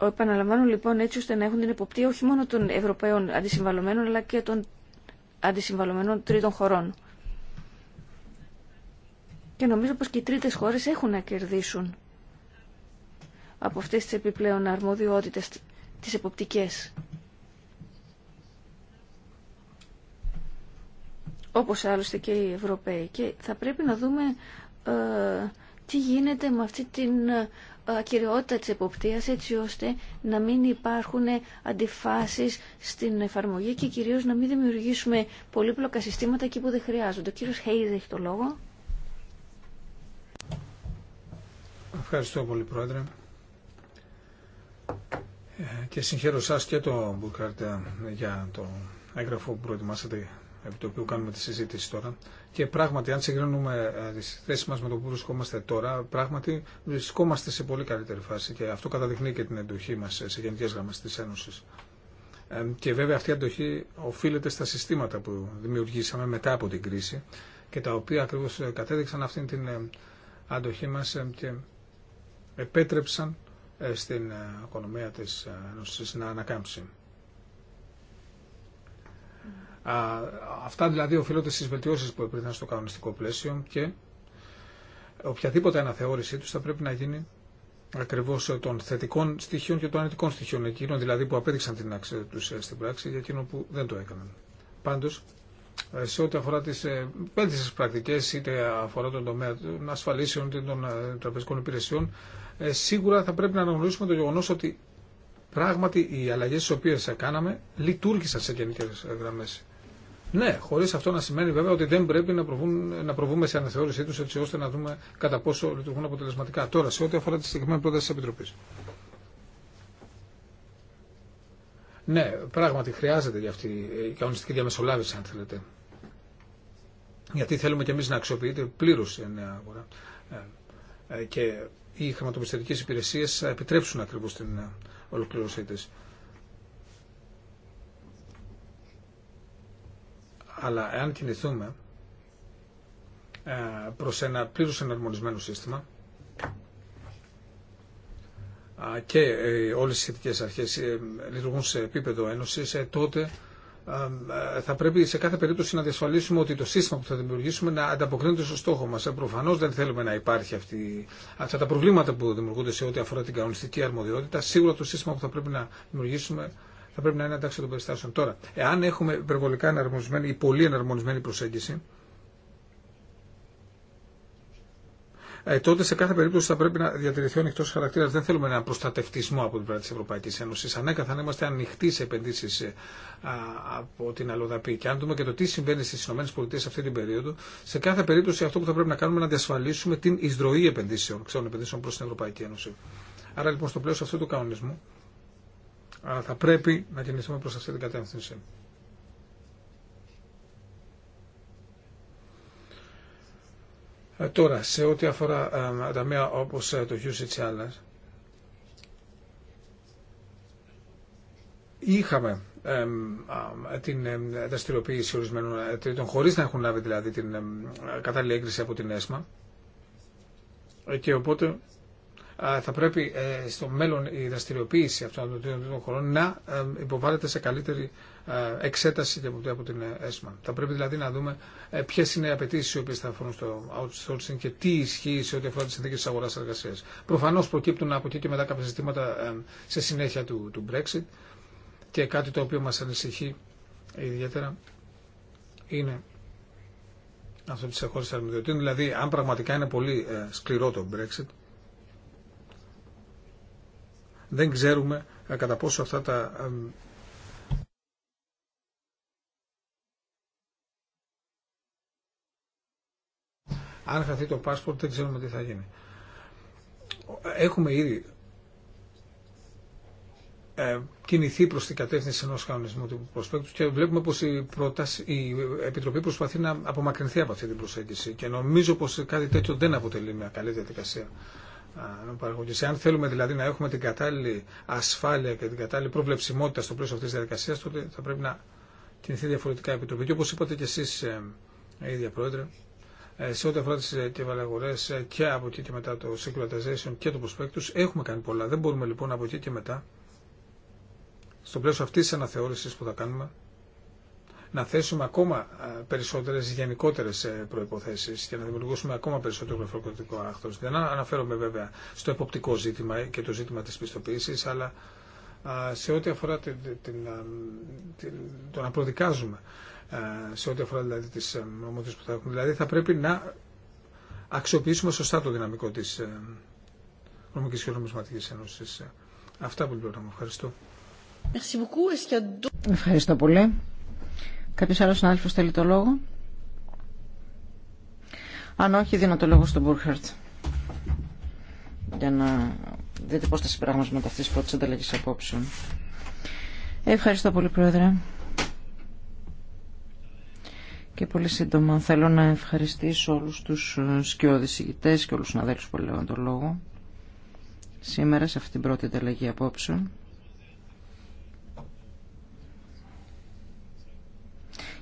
επαναλαμβάνω λοιπόν έτσι ώστε να έχουν την εποπτεία όχι μόνο των Ευρωπαίων αντισυμβαλωμένων αλλά και των αντισυμβαλωμένων τρίτων χωρών. Και νομίζω πως και οι τρίτες χώρες έχουν να κερδίσουν από αυτές τις επιπλέον αρμοδιότητες τις εποπτικές. όπως άλλωστε και οι Ευρωπαίοι. Και θα πρέπει να δούμε ε, τι γίνεται με αυτή την ε, ακυριότητα της εποπτείας έτσι ώστε να μην υπάρχουν αντιφάσεις στην εφαρμογή και κυρίως να μην δημιουργήσουμε πολύπλοκα συστήματα εκεί που δεν χρειάζονται. Ο κύριος Χέιζ έχει το λόγο. Ευχαριστώ πολύ Πρόεδρε. Ε, και συγχαίρω σας και το μπουκάρτε για το έγγραφο που προετοιμάσατε επί το οποίο κάνουμε τη συζήτηση τώρα. Και πράγματι, αν συγκρίνουμε ε, τι θέσει μα με το που βρισκόμαστε τώρα, πράγματι βρισκόμαστε σε πολύ καλύτερη φάση και αυτό καταδεικνύει και την εντοχή μα ε, σε γενικέ γραμμέ τη Ένωση. Ε, και βέβαια αυτή η εντοχή οφείλεται στα συστήματα που δημιουργήσαμε μετά από την κρίση και τα οποία ακριβώς κατέδειξαν αυτή την αντοχή μας και επέτρεψαν στην οικονομία της Ένωσης να ανακάμψει. Αυτά δηλαδή οφείλονται στι βελτιώσεις που επήρθαν στο κανονιστικό πλαίσιο και οποιαδήποτε αναθεώρησή του θα πρέπει να γίνει ακριβώ των θετικών στοιχείων και των αρνητικών στοιχείων εκείνων, δηλαδή που απέδειξαν την αξία του ε, στην πράξη για εκείνο που δεν το έκαναν. Πάντω, ε, σε ό,τι αφορά τι πέντε ε, πρακτικέ, είτε αφορά τον τομέα των ασφαλίσεων είτε των τραπεζικών υπηρεσιών, σίγουρα θα πρέπει να αναγνωρίσουμε το γεγονό ότι πράγματι οι αλλαγέ τι οποίε κάναμε λειτουργήσαν σε γενικέ γραμμέ. Ναι, χωρί αυτό να σημαίνει βέβαια ότι δεν πρέπει να, προβούν, να προβούμε σε αναθεώρησή του έτσι ώστε να δούμε κατά πόσο λειτουργούν αποτελεσματικά. Τώρα, σε ό,τι αφορά τη συγκεκριμένη πρόταση τη Επιτροπή. Ναι, πράγματι χρειάζεται για αυτή η κανονιστική διαμεσολάβηση, αν θέλετε. Γιατί θέλουμε και εμεί να αξιοποιείται πλήρω η νέα αγορά. Ε, ε, και οι χρηματοπιστωτικέ υπηρεσίε επιτρέψουν ακριβώ την ε, ολοκλήρωσή τη. αλλά εάν κινηθούμε ε, προς ένα πλήρως εναρμονισμένο σύστημα και ε, όλες οι σχετικές αρχές ε, λειτουργούν σε επίπεδο ένωσης, τότε θα πρέπει σε κάθε περίπτωση να διασφαλίσουμε ότι το σύστημα που θα δημιουργήσουμε να ανταποκρίνεται στο στόχο μας. Προφανώς δεν θέλουμε να υπάρχει αυτή, αυτά τα προβλήματα που δημιουργούνται σε ό,τι αφορά την κανονιστική αρμοδιότητα. Σίγουρα το σύστημα που θα πρέπει να δημιουργήσουμε θα πρέπει να είναι εντάξει των περιστάσεων. Τώρα, εάν έχουμε υπερβολικά εναρμονισμένη ή πολύ εναρμονισμένη προσέγγιση, ε, τότε σε κάθε περίπτωση θα πρέπει να διατηρηθεί ο ανοιχτό χαρακτήρα. Δεν θέλουμε έναν προστατευτισμό από την πλευρά τη Ευρωπαϊκή Ένωση. Ανέκαθαν είμαστε ανοιχτοί σε επενδύσει ε, από την Αλοδαπή. Και αν δούμε και το τι συμβαίνει στι ΗΠΑ σε αυτή την περίοδο, σε κάθε περίπτωση αυτό που θα πρέπει να κάνουμε είναι να διασφαλίσουμε την εισδροή επενδύσεων, ξένων επενδύσεων προ την Ευρωπαϊκή Ένωση. Άρα λοιπόν στο πλαίσιο αυτού του κανονισμού αλλά θα πρέπει να κινηθούμε προς αυτή την κατεύθυνση. Ε, τώρα, σε ό,τι αφορά ε, ταμεία όπως ε, το και άλλα, είχαμε την δραστηριοποίηση ορισμένων τρίτων χωρίς να έχουν λάβει δηλαδή την κατάλληλη έγκριση από την ΕΣΜΑ και οπότε θα πρέπει ε, στο μέλλον η δραστηριοποίηση αυτών των χωρών να ε, υποβάλλεται σε καλύτερη ε, εξέταση και από την ΕΣΜΑ. Θα πρέπει δηλαδή να δούμε ποιε είναι οι απαιτήσει οι οποίε θα αφορούν στο outsourcing και τι ισχύει σε ό,τι αφορά τι συνθήκε τη αγορά εργασία. Προφανώ προκύπτουν από εκεί και μετά κάποια ζητήματα σε συνέχεια του, του Brexit και κάτι το οποίο μα ανησυχεί ιδιαίτερα είναι αυτό τη εγχώρηση αρμοδιοτήτων. Δηλαδή, αν πραγματικά είναι πολύ σκληρό το Brexit, δεν ξέρουμε ε, κατά πόσο αυτά τα αν χαθεί το πάσπορτ δεν ξέρουμε τι θα γίνει. Έχουμε ήδη ε, κινηθεί προς την κατεύθυνση ενός κανονισμού του προσπέκτου και βλέπουμε πως η, πρόταση, η Επιτροπή προσπαθεί να απομακρυνθεί από αυτή την προσέγγιση και νομίζω πως κάτι τέτοιο δεν αποτελεί μια καλή διαδικασία παραγωγής. Αν θέλουμε δηλαδή να έχουμε την κατάλληλη ασφάλεια και την κατάλληλη προβλεψιμότητα στο πλαίσιο αυτής της διαδικασίας, τότε θα πρέπει να κινηθεί διαφορετικά η Επιτροπή. Και όπως είπατε και εσείς, ε, ίδια Πρόεδρε, ε, σε ό,τι αφορά τι ε, κεβαλαγορέ ε, και από εκεί και μετά το securitization και το prospectus, έχουμε κάνει πολλά. Δεν μπορούμε λοιπόν από εκεί και μετά, στο πλαίσιο αυτή τη αναθεώρηση που θα κάνουμε, να θέσουμε ακόμα ε, περισσότερε γενικότερε ε, προποθέσει και να δημιουργήσουμε ακόμα περισσότερο γραφειοκρατικό άχθο. Δεν αναφέρομαι βέβαια στο εποπτικό ζήτημα και το ζήτημα τη πιστοποίηση, αλλά σε ό,τι αφορά την, την, την, το να προδικάζουμε, σε ό,τι αφορά δηλαδή τις ε, ομότητες που θα έχουμε. Δηλαδή θα πρέπει να αξιοποιήσουμε σωστά το δυναμικό της νομικής και νομισματικής ένωσης. Αυτά που λέω να μου ευχαριστώ. Ευχαριστώ πολύ. Κάποιος άλλος συνάδελφος θέλει το λόγο. Αν όχι, δίνω το λόγο στον Μπούρχαρτ. Για να δείτε πώς θα συμπράγμαται αυτής της πρώτης ανταλλαγή απόψεων. Ευχαριστώ πολύ, Πρόεδρε. Και πολύ σύντομα θέλω να ευχαριστήσω όλους τους ε, σκιώδης ηγητές και όλους τους συναδέλφους που έλεγαν το λόγο σήμερα σε αυτή την πρώτη ανταλλαγή απόψεων.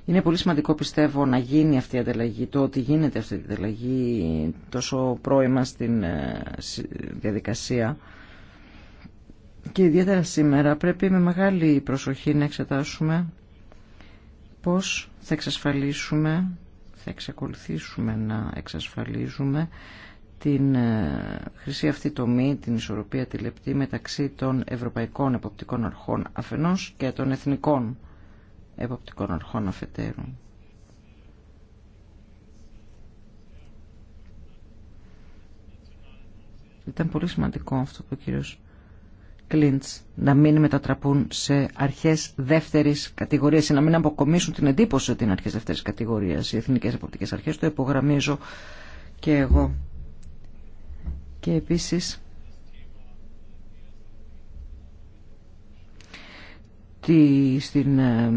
Είναι πολύ σημαντικό πιστεύω να γίνει αυτή η ανταλλαγή, το ότι γίνεται αυτή η ανταλλαγή τόσο πρώιμα στην ε, διαδικασία. Και ιδιαίτερα σήμερα πρέπει με μεγάλη προσοχή να εξετάσουμε πώς θα εξασφαλίσουμε, θα εξακολουθήσουμε να εξασφαλίζουμε την ε, χρυσή αυτή τομή, την ισορροπία τη λεπτή μεταξύ των ευρωπαϊκών εποπτικών αρχών αφενός και των εθνικών εποπτικών αρχών αφετέρου. Ήταν πολύ σημαντικό αυτό που ο κύριος Κλίντς να μην μετατραπούν σε αρχές δεύτερης κατηγορίας ή να μην αποκομίσουν την εντύπωση ότι είναι αρχές δεύτερης κατηγορίας οι εθνικές εποπτικές αρχές. Το υπογραμμίζω και εγώ. Και επίσης στη, στην ε,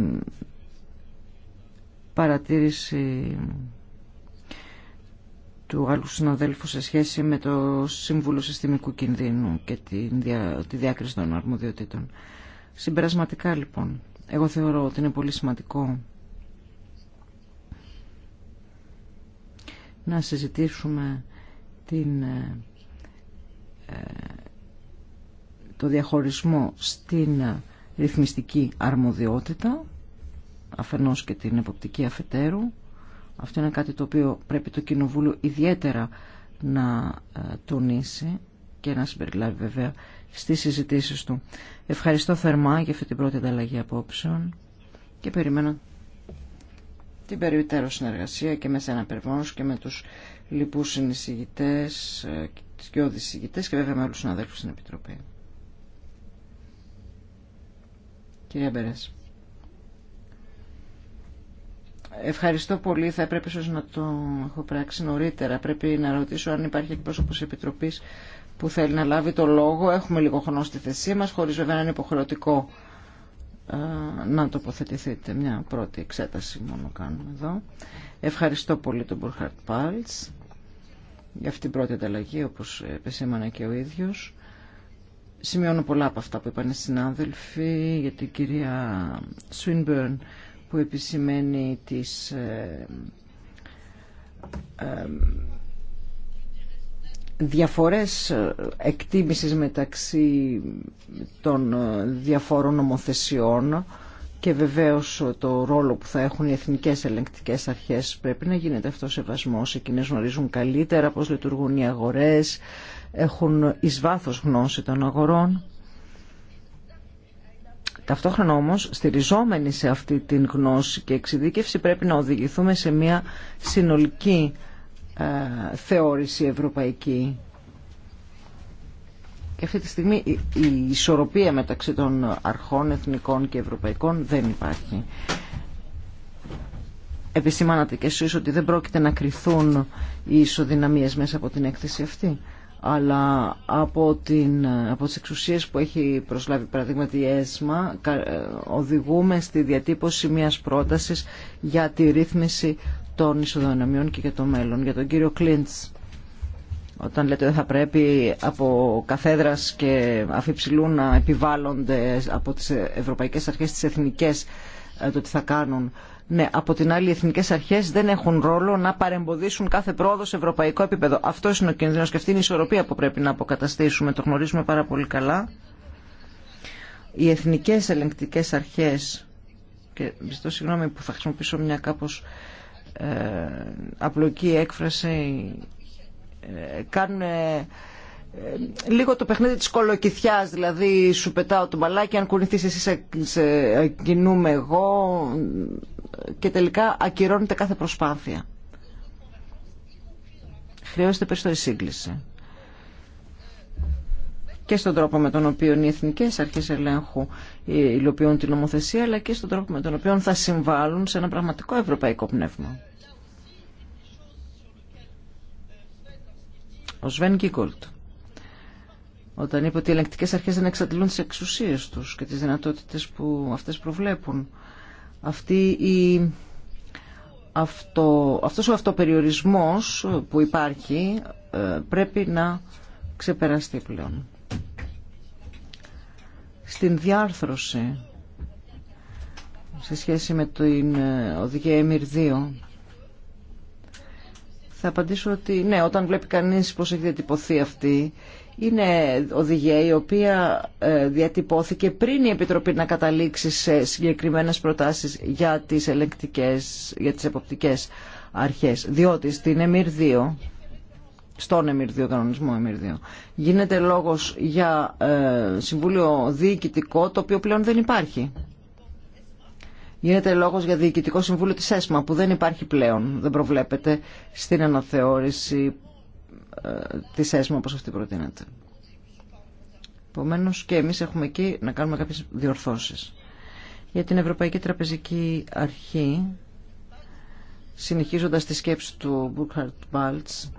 παρατήρηση του άλλου συναδέλφου σε σχέση με το Σύμβουλο Συστημικού Κινδύνου και τη, διάκριση των αρμοδιοτήτων. Συμπερασματικά λοιπόν, εγώ θεωρώ ότι είναι πολύ σημαντικό να συζητήσουμε την, ε, ε, το διαχωρισμό στην ρυθμιστική αρμοδιότητα, αφενός και την εποπτική αφετέρου. Αυτό είναι κάτι το οποίο πρέπει το Κοινοβούλιο ιδιαίτερα να ε, τονίσει και να συμπεριλάβει βέβαια στις συζητήσεις του. Ευχαριστώ θερμά για αυτή την πρώτη ανταλλαγή απόψεων και περιμένω την περιουτέρω συνεργασία και με σένα περιμένως και με τους λοιπούς συνεισηγητές ε, και οδησηγητές και βέβαια με τους συναδέλφους στην Επιτροπή. Κυρία Μπερές. Ευχαριστώ πολύ. Θα έπρεπε ίσως να το έχω πράξει νωρίτερα. Πρέπει να ρωτήσω αν υπάρχει εκπρόσωπος Επιτροπής που θέλει να λάβει το λόγο. Έχουμε λίγο χρόνο στη θεσή μας, χωρίς βέβαια να είναι υποχρεωτικό ε, να τοποθετηθείτε. Μια πρώτη εξέταση μόνο κάνουμε εδώ. Ευχαριστώ πολύ τον Μπουρχαρτ Πάλτς για αυτήν την πρώτη ανταλλαγή, όπως επισήμανε και ο ίδιος. Σημειώνω πολλά από αυτά που είπαν οι συνάδελφοι για την κυρία Σουίνμπερν που επισημαίνει τις ε, ε, διαφορές ε, εκτίμησης μεταξύ των ε, διαφόρων νομοθεσιών και βεβαίως το ρόλο που θα έχουν οι εθνικές ελεγκτικές αρχές πρέπει να γίνεται αυτό σεβασμός. Εκείνες γνωρίζουν καλύτερα πώς λειτουργούν οι αγορές, έχουν εις βάθος γνώση των αγορών. Ταυτόχρονα όμως, στηριζόμενοι σε αυτή την γνώση και εξειδίκευση, πρέπει να οδηγηθούμε σε μια συνολική ε, θεώρηση ευρωπαϊκή. Και αυτή τη στιγμή η ισορροπία μεταξύ των αρχών εθνικών και ευρωπαϊκών δεν υπάρχει. Επισημάνατε και εσείς ότι δεν πρόκειται να κρυθούν οι ισοδυναμίες μέσα από την έκθεση αυτή αλλά από, την, από τις εξουσίες που έχει προσλάβει παραδείγματι η ΕΣΜΑ ε, οδηγούμε στη διατύπωση μιας πρότασης για τη ρύθμιση των ισοδυναμιών και για το μέλλον. Για τον κύριο Κλίντς, όταν λέτε ότι θα πρέπει από καθέδρας και αφιψηλού να επιβάλλονται από τις ευρωπαϊκές αρχές τις εθνικές ε, το τι θα κάνουν ναι, από την άλλη οι εθνικές αρχές δεν έχουν ρόλο να παρεμποδίσουν κάθε πρόοδο σε ευρωπαϊκό επίπεδο. Αυτό είναι ο κίνδυνο και αυτή είναι η ισορροπία που πρέπει να αποκαταστήσουμε. Το γνωρίζουμε πάρα πολύ καλά. Οι εθνικές ελεγκτικές αρχές και ζητώ συγγνώμη που θα χρησιμοποιήσω μια κάπως ε, απλοκή έκφραση ε, κάνουν ε, ε, λίγο το παιχνίδι της κολοκυθιάς, δηλαδή σου πετάω το μπαλάκι, αν κουνηθείς εσύ σε, σε, ε, εγώ, και τελικά ακυρώνεται κάθε προσπάθεια. Χρειάζεται περισσότερη σύγκληση. Και στον τρόπο με τον οποίο οι εθνικέ αρχές ελέγχου υλοποιούν την νομοθεσία, αλλά και στον τρόπο με τον οποίο θα συμβάλλουν σε ένα πραγματικό ευρωπαϊκό πνεύμα. Ο Σβέν Γκίγκολτ, όταν είπε ότι οι ελεγκτικέ αρχές δεν εξαντλούν τι εξουσίες του και τι δυνατότητε που αυτέ προβλέπουν, αυτή η, αυτό, αυτός ο αυτοπεριορισμός που υπάρχει ε, πρέπει να ξεπεραστεί πλέον. Στην διάρθρωση σε σχέση με την ε, οδηγία ΕΜΙΡ θα απαντήσω ότι ναι, όταν βλέπει κανείς πώς έχει διατυπωθεί αυτή είναι οδηγία η οποία ε, διατυπώθηκε πριν η Επιτροπή να καταλήξει σε συγκεκριμένες προτάσεις για τις ελεκτικές, για τις εποπτικές αρχές. Διότι στην ΕΜΙΡ 2, στον ΕΜΙΡ 2, κανονισμό ΕΜΙΡ 2, γίνεται λόγος για ε, συμβούλιο διοικητικό το οποίο πλέον δεν υπάρχει. Γίνεται λόγος για διοικητικό συμβούλιο της ΕΣΜΑ που δεν υπάρχει πλέον, δεν προβλέπεται στην αναθεώρηση ε, τη ΕΣΜΑ όπως αυτή προτείνεται. Επομένω και εμείς έχουμε εκεί να κάνουμε κάποιες διορθώσεις. Για την Ευρωπαϊκή Τραπεζική Αρχή, συνεχίζοντας τη σκέψη του Μπουρκάρτ Μπάλτς,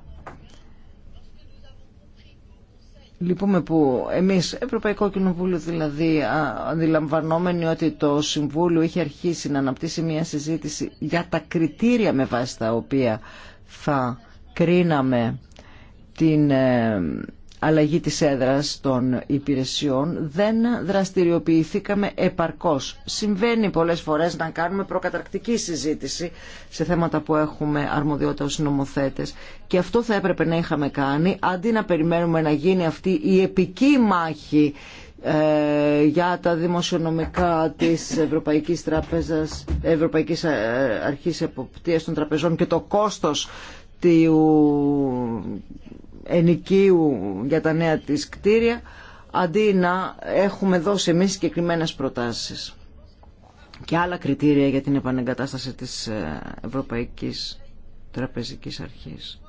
Λυπούμε που εμείς, Ευρωπαϊκό Κοινοβούλιο δηλαδή, αντιλαμβανόμενοι ότι το Συμβούλιο είχε αρχίσει να αναπτύσσει μια συζήτηση για τα κριτήρια με βάση τα οποία θα κρίναμε την ε, αλλαγή της έδρας των υπηρεσιών δεν δραστηριοποιηθήκαμε επαρκώς. Συμβαίνει πολλές φορές να κάνουμε προκαταρκτική συζήτηση σε θέματα που έχουμε αρμοδιότητα ως νομοθέτες και αυτό θα έπρεπε να είχαμε κάνει αντί να περιμένουμε να γίνει αυτή η επική μάχη ε, για τα δημοσιονομικά της Ευρωπαϊκής, Τράπεζας, Ευρωπαϊκής ε, Αρχής Εποπτείας των Τραπεζών και το κόστος του ενοικίου για τα νέα της κτίρια αντί να έχουμε δώσει εμείς συγκεκριμένε προτάσεις και άλλα κριτήρια για την επανεγκατάσταση της ε, Ευρωπαϊκής Τραπεζικής Αρχής.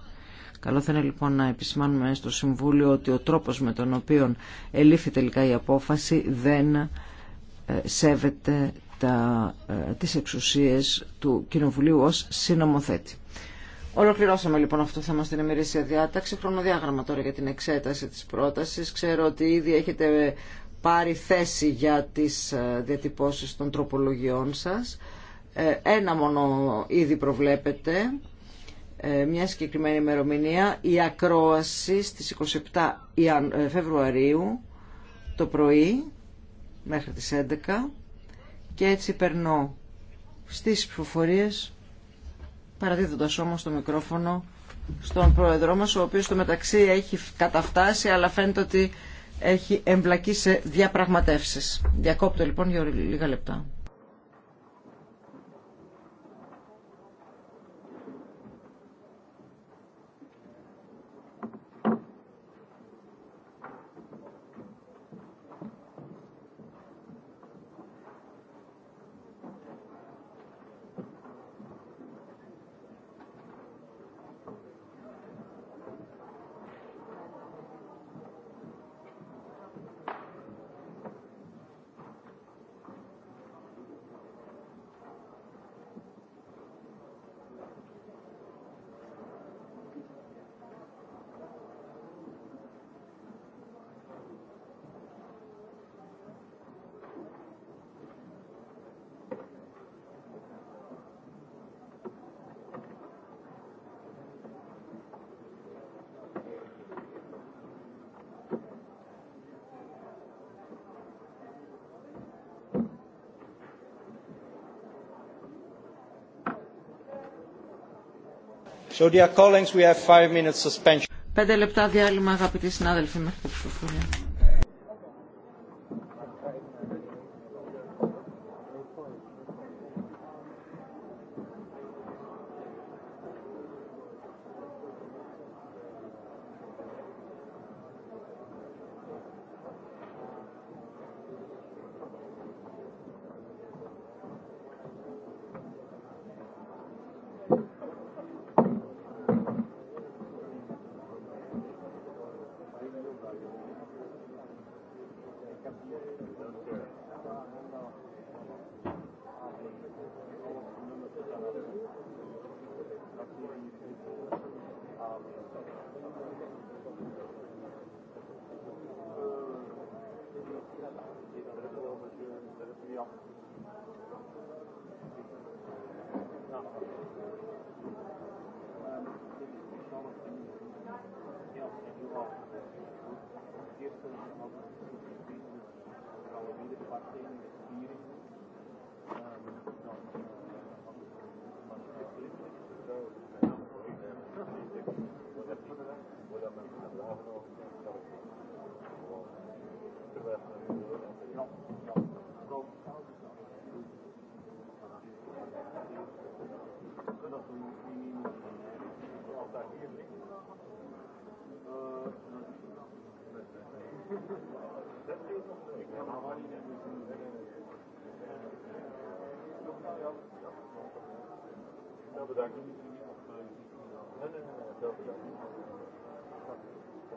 Καλό θα είναι λοιπόν να επισημάνουμε στο Συμβούλιο ότι ο τρόπος με τον οποίο ελήφθη τελικά η απόφαση δεν ε, σέβεται τα, ε, τις εξουσίες του Κοινοβουλίου ως συνομοθέτη. Ολοκληρώσαμε λοιπόν αυτό το θέμα στην ημερήσια διάταξη. Χρονοδιάγραμμα τώρα για την εξέταση της πρότασης. Ξέρω ότι ήδη έχετε πάρει θέση για τις ε, διατυπώσεις των τροπολογιών σας. Ε, ένα μόνο ήδη προβλέπετε, μια συγκεκριμένη ημερομηνία, η ακρόαση στις 27 ε, Φεβρουαρίου το πρωί μέχρι τις 11 και έτσι περνώ στις ψηφοφορίες παραδίδοντας όμως το μικρόφωνο στον πρόεδρό μας, ο οποίος στο μεταξύ έχει καταφτάσει, αλλά φαίνεται ότι έχει εμπλακεί σε διαπραγματεύσεις. Διακόπτω λοιπόν για λίγα λεπτά. So, colleagues, we Πέντε λεπτά διάλειμμα, αγαπητοί συνάδελφοι, μέχρι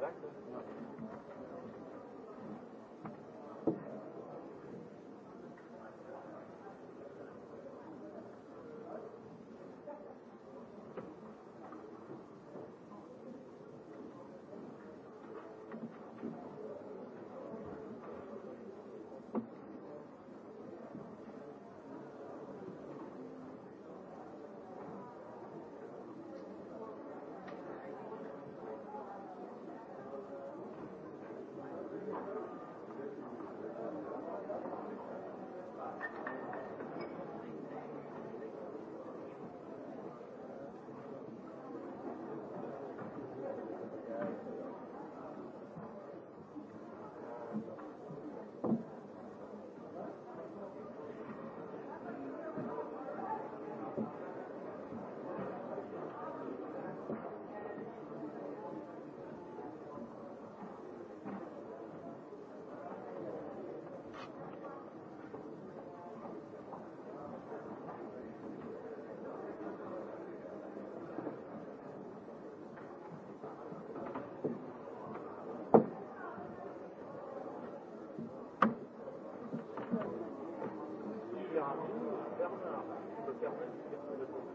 Exactly.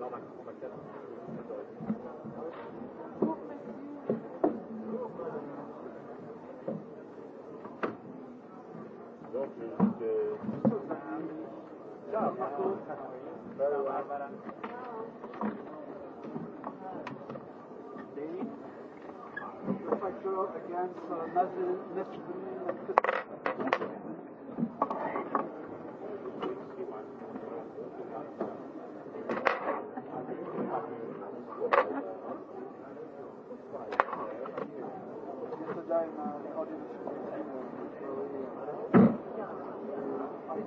Ciao, fatto. Ciao, Barbara. Professor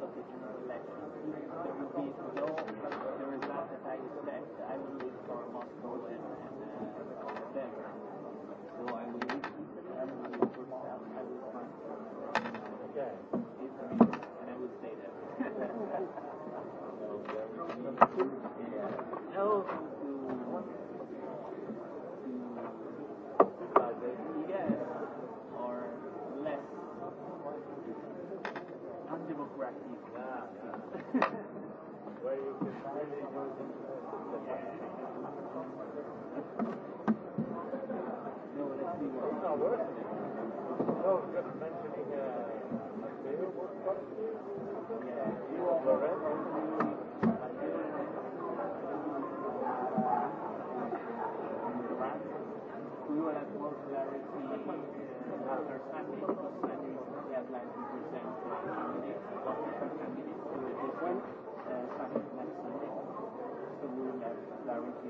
There would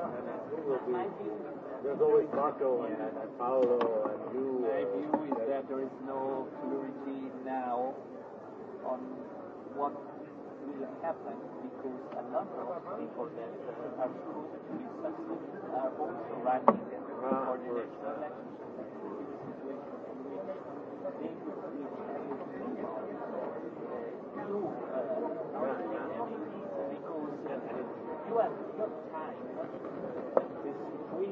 There's always Marco and, and, Paolo and you. My view is that there is no clarity now on what will happen because a number of people that are proved to be successful are also running for the next election. They could be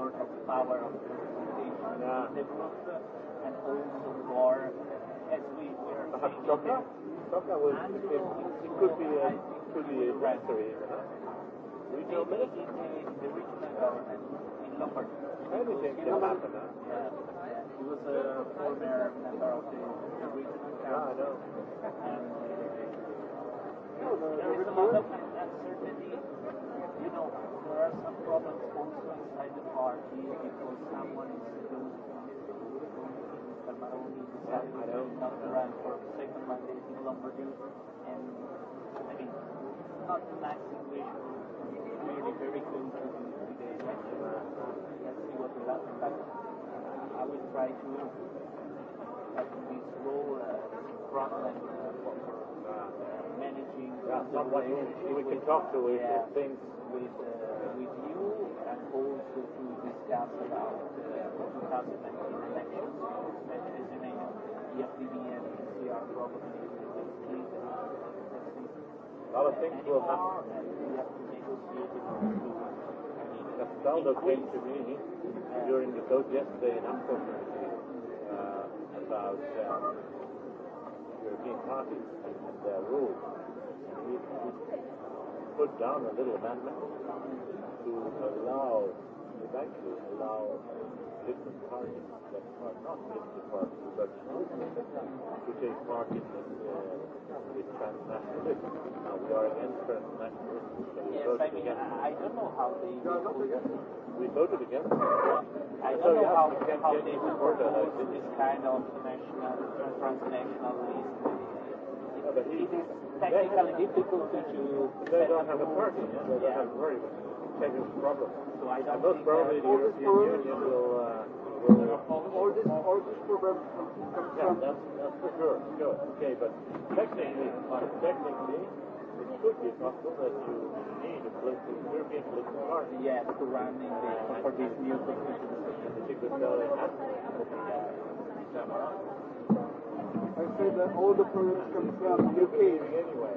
sort of power of the organization. Yeah. uh, and also war as we were Perhaps Chopra? Chopra was and it, it, it could be a could be a brasserie. Regional minister? The, regional government in Lombard. Anything can happen. huh? Yeah. He was a former member of the regional council. I know. And uh, there is a lot of uncertainty. You know, are some problems also inside the party because someone is doing Maroni decided not to run for second mandate in Lombardy and I mean not the nice situation really very close to the election let's see what will happen but I will try to like this role front for managing yeah, someone we can talk to with things with also to discuss about the 2019 elections, especially as you and PCR probably A lot of things will happen. We have to negotiate in order to. Castaldo came to me during the vote yesterday in unfortunately uh, about um, European parties and their rules. we put down a little amendment to allow, eventually allow different parties that are not political parties, but to take part in this, uh, transnationalism. Now, we are against transnationalism. yes, voted I mean, against I don't know how they... No, not against We voted against it. I don't so, know yeah, how, how they support like this kind of national, transnational list. It is technically difficult to... They don't have a party. They don't have a party. Technical problem. So I don't most probably the European Union will. All this, all this problem comes from. That's, that's for sure. Sure. Okay, but technically, technically, it could be possible that you need a political European political party. Yes, to run in the for these new positions. I say that all the problems come from UK anyway.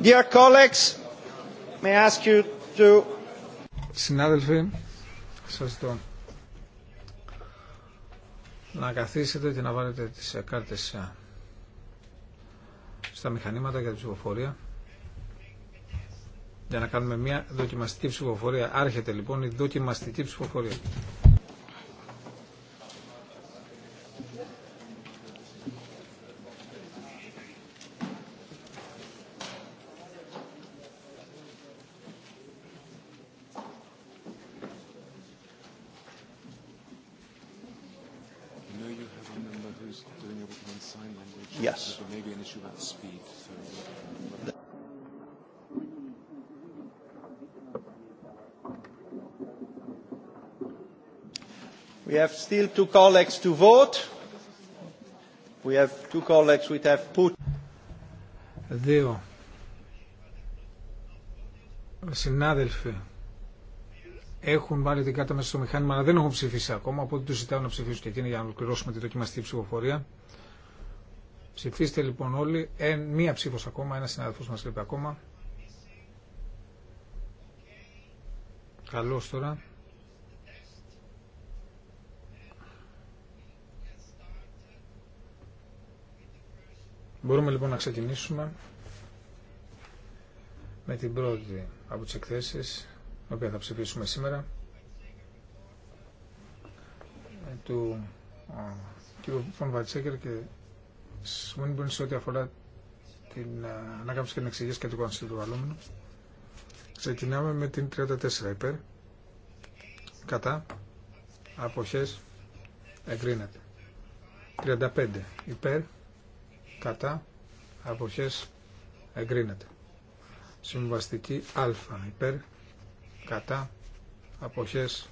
Dear colleagues, may I ask you to Συνάδελφοι, σας το να καθίσετε και να βάλετε τις ε, κάρτες ε, στα μηχανήματα για την ψηφοφορία για να κάνουμε μια δοκιμαστική ψηφοφορία. Άρχεται λοιπόν η δοκιμαστική ψηφοφορία. still two colleagues to vote. We have two colleagues which have put. Δύο. Συνάδελφοι έχουν βάλει την κάρτα μέσα στο μηχάνημα, αλλά δεν έχουν ψηφίσει ακόμα, οπότε του ζητάω να ψηφίσουν και εκείνοι για να ολοκληρώσουμε τη δοκιμαστή ψηφοφορία. Ψηφίστε λοιπόν όλοι. Ε, μία ψήφο ακόμα, ένα συνάδελφο μα λείπει ακόμα. Καλώ τώρα. Μπορούμε λοιπόν να ξεκινήσουμε με την πρώτη από τις εκθέσεις, την οποία θα ψηφίσουμε σήμερα, ε, του κ. Φων Βατσέκερ και Σμούνιμπον σε ό,τι αφορά την ε, ανάκαμψη και την εξηγήση και του αλούμινου. Ξεκινάμε με την 34 υπέρ, κατά, αποχές, εγκρίνεται. 35 υπέρ, κατά αποχές εγκρίνεται. Συμβαστική α υπέρ κατά αποχές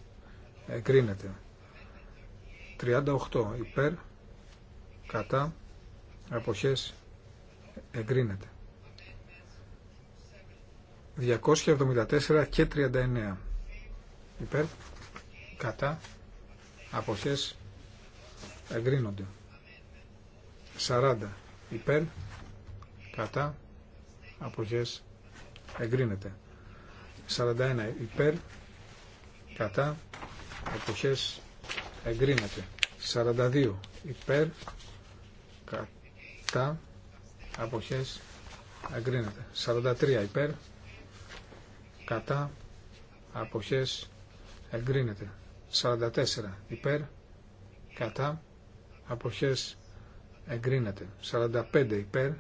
εγκρίνεται. 38 υπέρ κατά αποχές εγκρίνεται. 274 και 39 υπέρ κατά αποχές εγκρίνονται. 40 υπέρ, κατά, αποχές, εγκρίνεται. 41 υπέρ, κατά, αποχές, εγκρίνεται. 42 υπέρ, κατά, αποχές, εγκρίνεται. 43 υπέρ, κατά, αποχές, εγκρίνεται. 44 υπέρ, κατά, αποχές, εγκρίνεται 45 υπέρ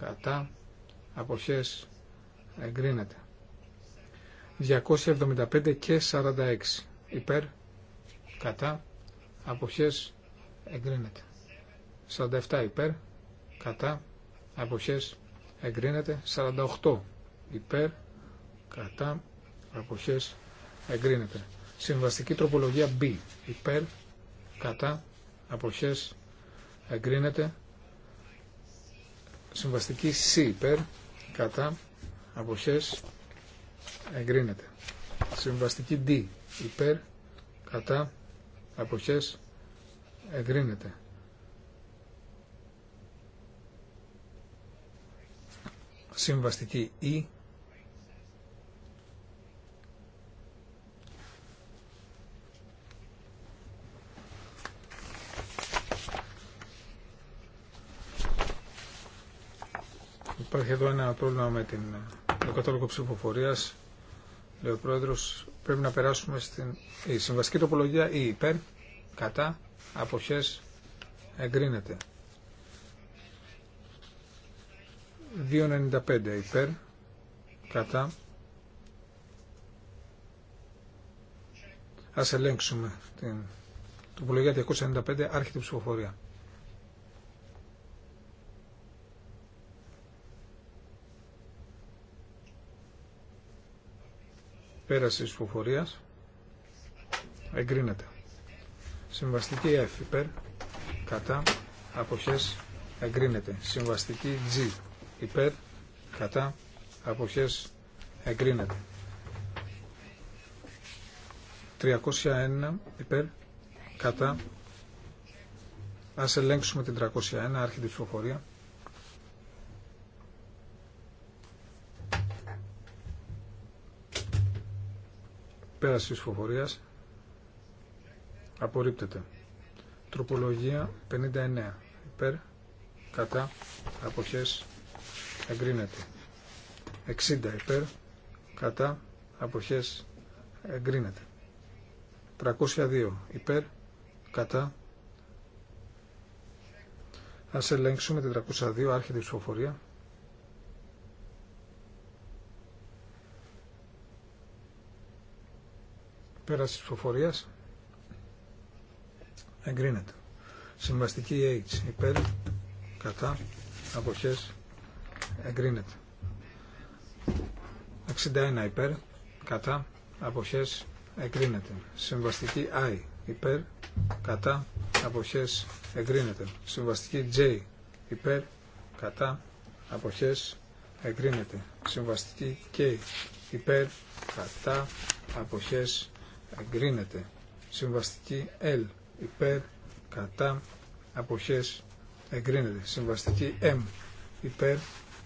κατά αποχές εγκρίνεται 275 και 46 υπέρ κατά αποχές εγκρίνεται 47 υπέρ κατά αποχές εγκρίνεται 48 υπέρ κατά αποχές εγκρίνεται συμβαστική τροπολογία B υπέρ κατά αποχές εγκρίνεται συμβαστική C υπέρ κατά αποχές εγκρίνεται συμβαστική D υπέρ κατά αποχές εγκρίνεται συμβαστική E Υπάρχει εδώ ένα πρόβλημα με την, το κατάλογο ψηφοφορία. Λέει ο πρόεδρο, πρέπει να περάσουμε στην. Η συμβαστική τοπολογία ή υπέρ, κατά, αποχέ, εγκρίνεται. 2,95 υπέρ, κατά. Ας ελέγξουμε την τοπολογία 295, άρχιτη ψηφοφορία. Πέραση της Εγκρίνεται. Συμβαστική F υπέρ. Κατά. Αποχές. Εγκρίνεται. Συμβαστική G υπέρ. Κατά. Αποχές. Εγκρίνεται. 301 υπέρ. Κατά. Ας ελέγξουμε την 301. Άρχιτη ψηφοφορία. Πέραση της ψηφοφορίας. Απορρίπτεται. Τροπολογία 59. Υπέρ. Κατά. Αποχές. Εγκρίνεται. 60. Υπέρ. Κατά. Αποχές. Εγκρίνεται. 302. Υπέρ. Κατά. Ας ελέγξουμε την 302. Άρχεται η ψηφοφορία. Πέραση της ψηφοφορίας. Εγκρίνεται. Συμβαστική H. Υπέρ. Κατά. Αποχές. Εγκρίνεται. 61 υπέρ. Κατά. Αποχές. Εγκρίνεται. Συμβαστική I. Υπέρ. Κατά. Αποχές. Εγκρίνεται. Συμβαστική J. Υπέρ. Κατά. Αποχές. Εγκρίνεται. Συμβαστική K. Υπέρ. Κατά. Αποχές εγκρίνεται. Συμβαστική L υπέρ κατά αποχές εγκρίνεται. Συμβαστική M υπέρ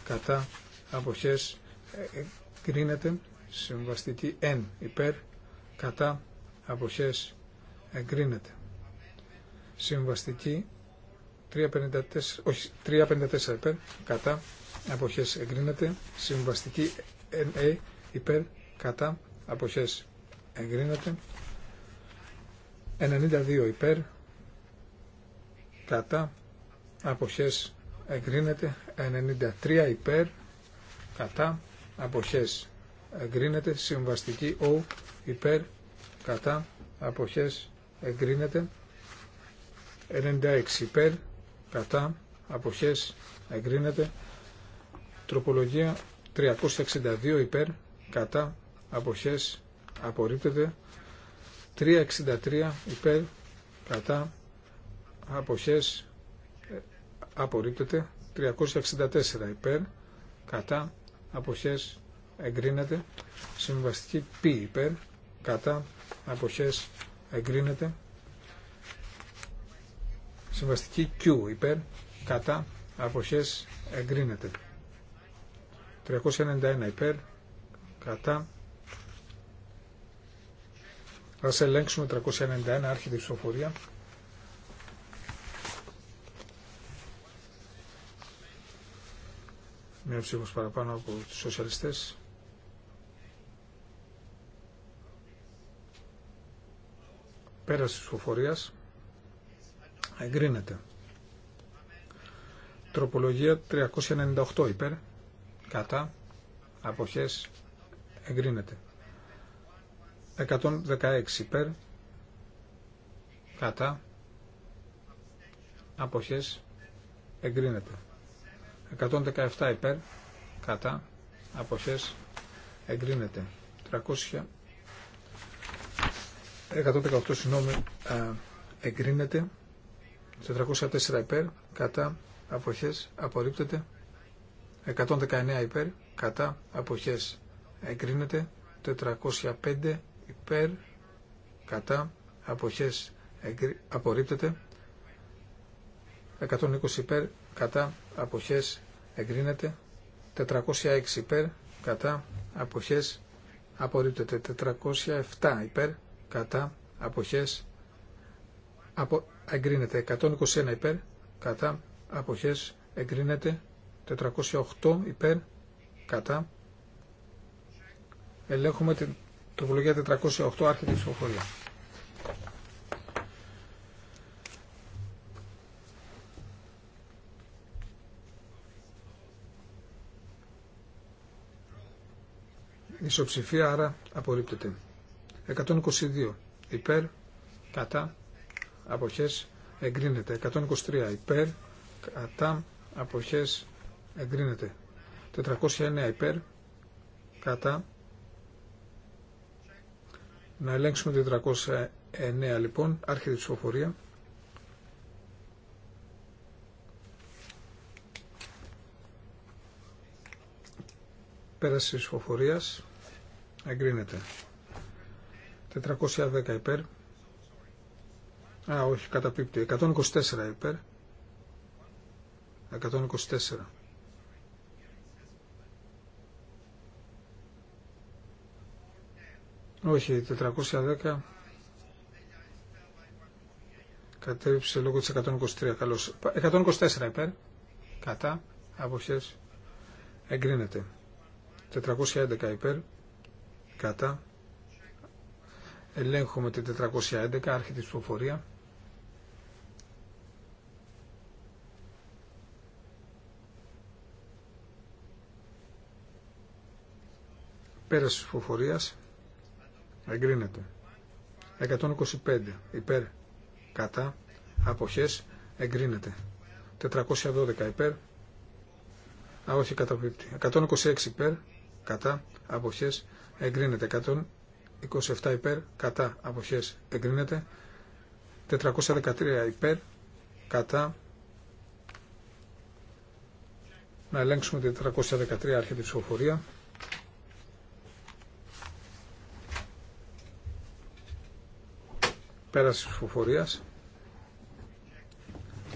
κατά αποχές εγκρίνεται. Συμβαστική N υπέρ κατά αποχές εγκρίνεται. Συμβαστική 354, όχι, 354 υπέρ κατά αποχές εγκρίνεται. Συμβαστική NA υπέρ κατά αποχές εγκρίνεται 92 υπέρ κατά αποχές εγκρίνεται 93 υπέρ κατά αποχές εγκρίνεται συμβαστική ο υπέρ κατά αποχές εγκρίνεται 96 υπέρ κατά αποχές εγκρίνεται τροπολογία 362 υπέρ κατά αποχές απορρίπτεται 363 υπέρ κατά αποχές ε, απορρίπτεται 364 υπέρ κατά αποχές εγκρίνεται συμβαστική π υπέρ κατά αποχές εγκρίνεται συμβαστική Q υπέρ κατά αποχές εγκρίνεται 391 υπέρ κατά θα σε ελέγξουμε 391, άρχιτη ψηφοφορία. Μία ψήφος παραπάνω από τους σοσιαλιστές. Πέραση της ψηφοφορίας. Εγκρίνεται. Τροπολογία 398 υπέρ. Κατά. Αποχές. Εγκρίνεται. 116 υπέρ κατά αποχές εγκρίνεται 117 υπέρ κατά αποχές εγκρίνεται 300 118 συγγνώμη εγκρίνεται 404 υπέρ κατά αποχές απορρίπτεται 119 υπέρ κατά αποχές εγκρίνεται 405 υπέρ κατά αποχές απορρίπτεται 120 υπέρ κατά αποχές εγκρίνεται 406 υπέρ κατά αποχές απορρίπτεται 407 υπέρ κατά αποχές απο, εγκρίνεται 121 υπέρ κατά αποχές εγκρίνεται 408 υπέρ κατά ελέγχουμε την το Τροπολογία 408 άρχεται η ψηφοφορία. Ισοψηφία άρα απορρίπτεται. 122 υπέρ, κατά, αποχές, εγκρίνεται. 123 υπέρ, κατά, αποχές, εγκρίνεται. 409 υπέρ, κατά, να ελέγξουμε το 409 λοιπόν, άρχεται η ψηφοφορία. Πέραση της ψηφοφορίας. Εγκρίνεται. 410 υπέρ. Α, όχι, καταπίπτει. 124 υπέρ. 124. Όχι, 410 κατέριψε λόγω της 123. Καλώς. 124 υπέρ. Κατά. Άποχε. Εγκρίνεται. 411 υπέρ. Κατά. Ελέγχουμε τη 411. Άρχεται η ψηφοφορία. Πέραση ψηφοφορίας εγκρίνεται. 125 υπέρ κατά αποχές εγκρίνεται. 412 υπέρ α όχι καταπίπτει. 126 υπέρ κατά αποχές εγκρίνεται. 127 υπέρ κατά αποχές εγκρίνεται. 413 υπέρ κατά να ελέγξουμε τη 413 άρχη ψηφοφορία. Πέραση της ψηφοφορίας.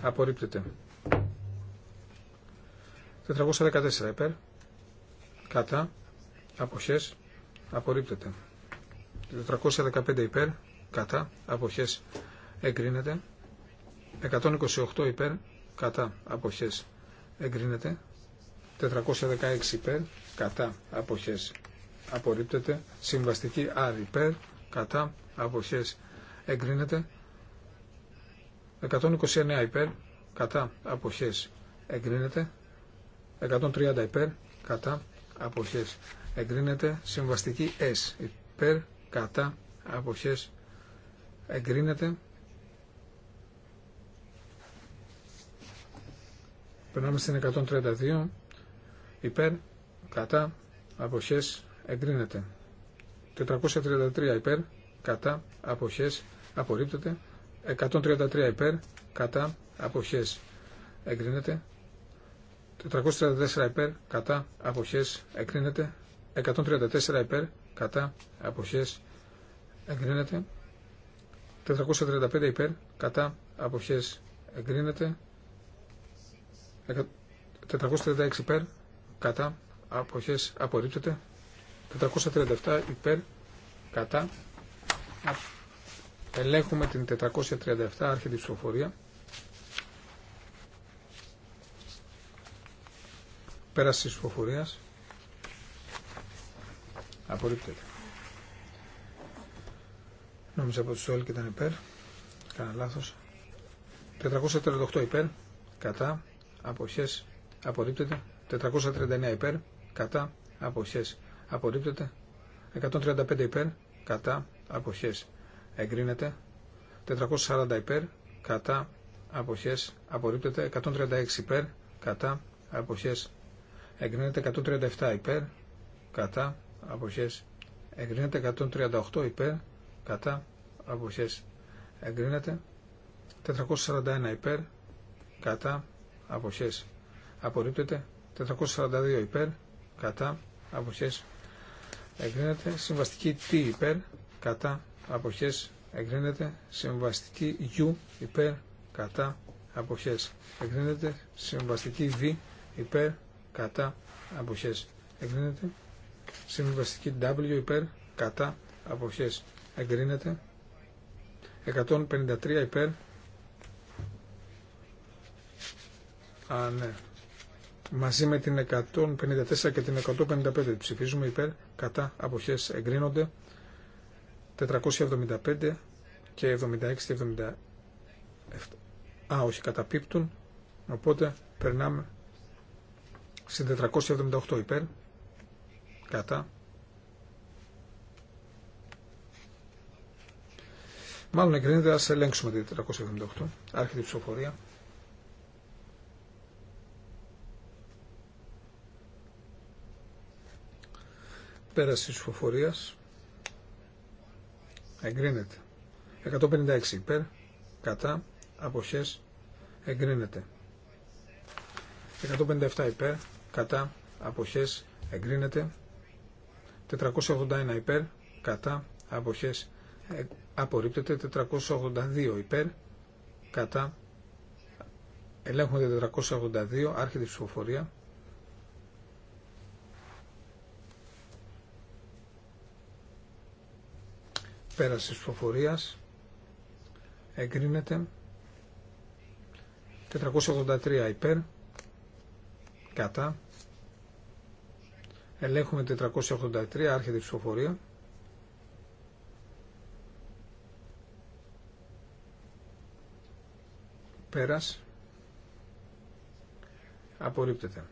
Απορρίπτεται. 414 υπέρ. Κατά. Αποχές. Απορρίπτεται. 415 υπέρ. Κατά. Αποχές. Εγκρίνεται. 128 υπέρ. Κατά. Αποχές. Εγκρίνεται. 416 υπέρ. Κατά. Αποχές. Απορρίπτεται. Συμβαστική R υπέρ. Κατά. Αποχές εγκρίνεται 129 υπέρ κατά αποχές εγκρίνεται 130 υπέρ κατά αποχές εγκρίνεται συμβαστική S υπέρ κατά αποχές εγκρίνεται περνάμε στην 132 υπέρ κατά αποχές εγκρίνεται 433 υπέρ κατά αποχές εγκρίνεται απορρίπτεται. 133 υπέρ, κατά, αποχές εγκρίνεται. 434 υπέρ, κατά, αποχές εγκρίνεται. 134 υπέρ, κατά, αποχές εγκρίνεται. 435 υπέρ, κατά, αποχές εγκρίνεται. 436 υπέρ, κατά, αποχέ, απορρίπτεται. 437 υπέρ, κατά, αποχές Ελέγχουμε την 437 άρχη ψηφοφορία. Πέραση της ψηφοφορίας. Απορρίπτεται. Νόμιζα από τους όλοι και ήταν υπέρ. Κάνα λάθος. 438 υπέρ. Κατά. Αποχές. Απορρίπτεται. 439 υπέρ. Κατά. Αποχές. Απορρίπτεται. 135 υπέρ. Κατά. Αποχές εγκρίνεται 440 υπέρ κατά αποχές απορρίπτεται 136 υπέρ κατά αποχές εγκρίνεται 137 υπέρ κατά αποχές εγκρίνεται 138 υπέρ κατά αποχές εγκρίνεται 441 υπέρ κατά αποχές απορρίπτεται 442 υπέρ κατά αποχές εγκρίνεται συμβαστική T υπέρ κατά αποχές εγκρίνεται συμβαστική U υπέρ κατά αποχές εγκρίνεται συμβαστική V υπέρ κατά αποχές εγκρίνεται συμβαστική W υπέρ κατά αποχές εγκρίνεται 153 υπέρ Α, ναι. Μαζί με την 154 και την 155 ψηφίζουμε υπέρ, κατά, αποχές εγκρίνονται. 475 και 76 και 77. Α, όχι, καταπίπτουν. Οπότε περνάμε στην 478 υπέρ. Κατά. Μάλλον εγκρίνεται, ας ελέγξουμε την 478. Άρχεται η ψηφοφορία. Πέραση της ψηφοφορίας εγκρίνεται. 156 υπέρ, κατά, αποχές, εγκρίνεται. 157 υπέρ, κατά, αποχές, εγκρίνεται. 481 υπέρ, κατά, αποχές, ε, απορρίπτεται. 482 υπέρ, κατά, ελέγχονται 482, άρχεται η ψηφοφορία. Πέραση ψηφοφορία. Εγκρίνεται. 483 υπέρ. Κατά. Ελέγχουμε 483. Άρχεται η ψηφοφορία. Πέρας. Απορρίπτεται.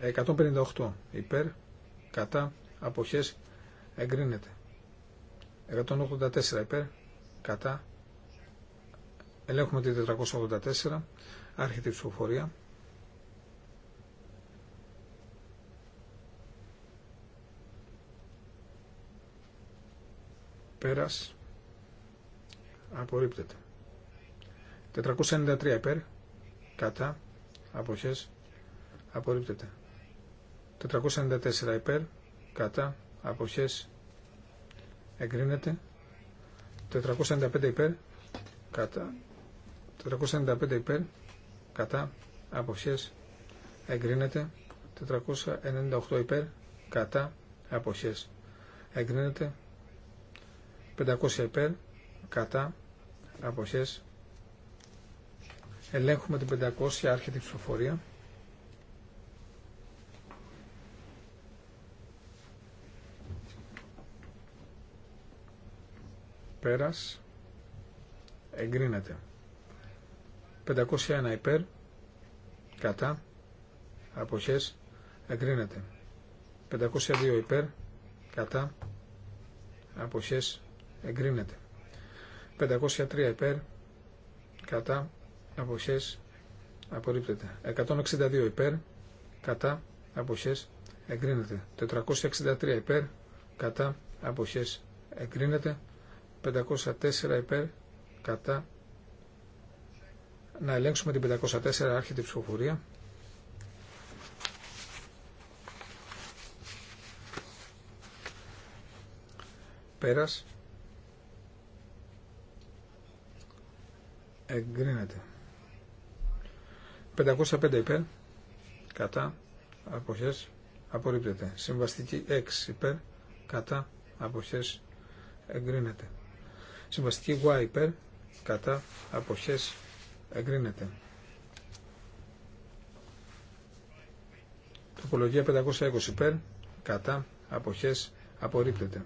158 υπέρ. Κατά. Αποχές. Εγκρίνεται. 184 υπέρ, κατά. Ελέγχουμε τη 484, άρχεται η ψηφοφορία. Πέρας, απορρίπτεται. 493 υπέρ, κατά, αποχές, απορρίπτεται. 494 υπέρ, κατά, αποχές, εγκρίνεται 495 υπέρ κατά 495 υπέρ κατά αποχές εγκρίνεται 498 υπέρ κατά αποχές εγκρίνεται 500 υπέρ κατά αποχές ελέγχουμε την 500 άρχεται ψηφοφορία πέρας εγκρίνεται 501 υπέρ κατά αποχές εγκρίνεται 502 υπέρ κατά αποχές εγκρίνεται 503 υπέρ κατά αποχές απορρίπτεται 162 υπέρ κατά αποχές εγκρίνεται 463 υπέρ κατά αποχές εγκρίνεται 504 υπέρ κατά να ελέγξουμε την 504 άρχιτη ψηφοφορία πέρας εγκρίνεται 505 υπέρ κατά αποχές απορρίπτεται συμβαστική 6 υπέρ κατά αποχές εγκρίνεται Συμβαστική Y υπέρ κατά αποχές εγκρίνεται. Τροπολογία 520 υπέρ κατά αποχές απορρίπτεται.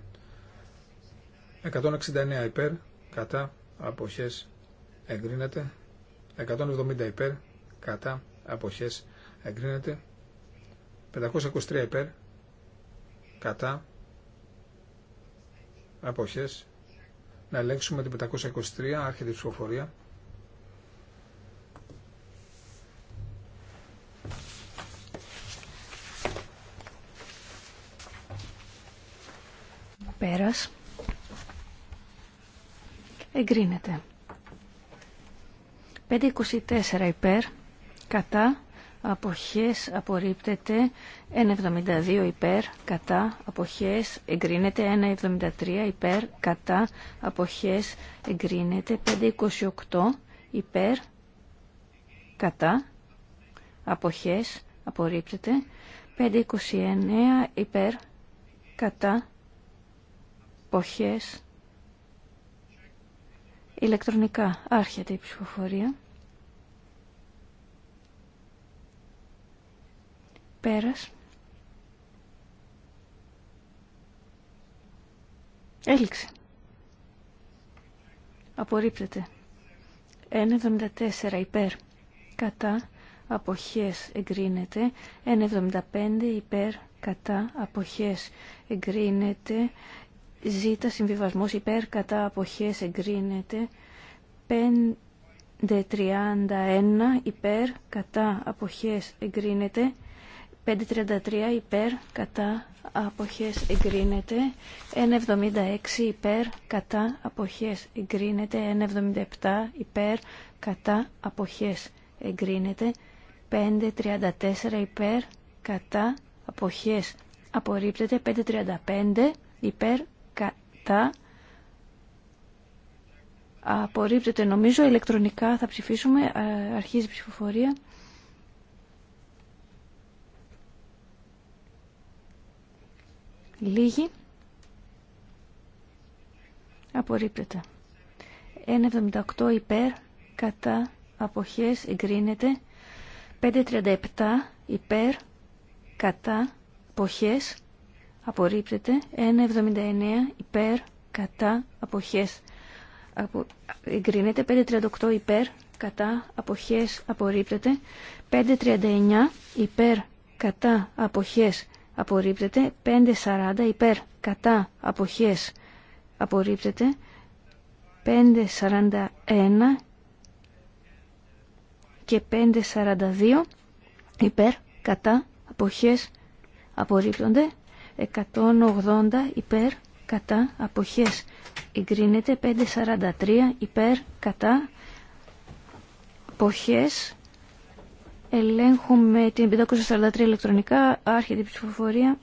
169 υπέρ κατά αποχές εγκρίνεται. 170 υπέρ κατά αποχές εγκρίνεται. 523 υπέρ κατά αποχές να ελέγξουμε την 523, άρχεται η ψηφοφορία. Πέρας. Εγκρίνεται. 524 υπέρ, κατά, αποχές απορρίπτεται 1,72 υπέρ κατά αποχές εγκρίνεται 1,73 υπέρ κατά αποχές εγκρίνεται 5,28 υπέρ κατά αποχές απορρίπτεται 5,29 υπέρ κατά αποχές ηλεκτρονικά άρχεται η ψηφοφορία Πέρας. Έληξε. Απορρίπτεται. 1,74 υπέρ. Κατά. Αποχές εγκρίνεται. 1,75 υπέρ. Κατά. Αποχές εγκρίνεται. Ζήτα συμβιβασμός υπέρ. Κατά. Αποχές εγκρίνεται. 5,31 υπέρ. Κατά. Αποχές εγκρίνεται. 5.33 υπέρ κατά αποχές εγκρίνεται 1.76 υπέρ κατά αποχές εγκρίνεται 1.77 υπέρ κατά αποχές εγκρίνεται 5.34 υπέρ κατά αποχές απορρίπτεται 5.35 υπέρ κατά απορρίπτεται νομίζω ηλεκτρονικά θα ψηφίσουμε αρχίζει ψηφοφορία Λίγη. Απορρίπτεται. 1,78 υπέρ κατά αποχές εγκρίνεται. 5,37 υπέρ κατά αποχές απορρίπτεται. 1,79 υπέρ κατά αποχές εγκρίνεται. 5,38 υπέρ κατά αποχές απορρίπτεται. 5,39 υπέρ κατά αποχές απορρίπτεται 5.40 υπέρ κατά αποχές απορρίπτεται 5.41 και 5.42 υπέρ κατά αποχές απορρίπτονται 180 υπέρ κατά αποχές εγκρίνεται 5.43 υπέρ κατά αποχές Ελέγχουμε την 543 ηλεκτρονικά, άρχεται η ψηφοφορία.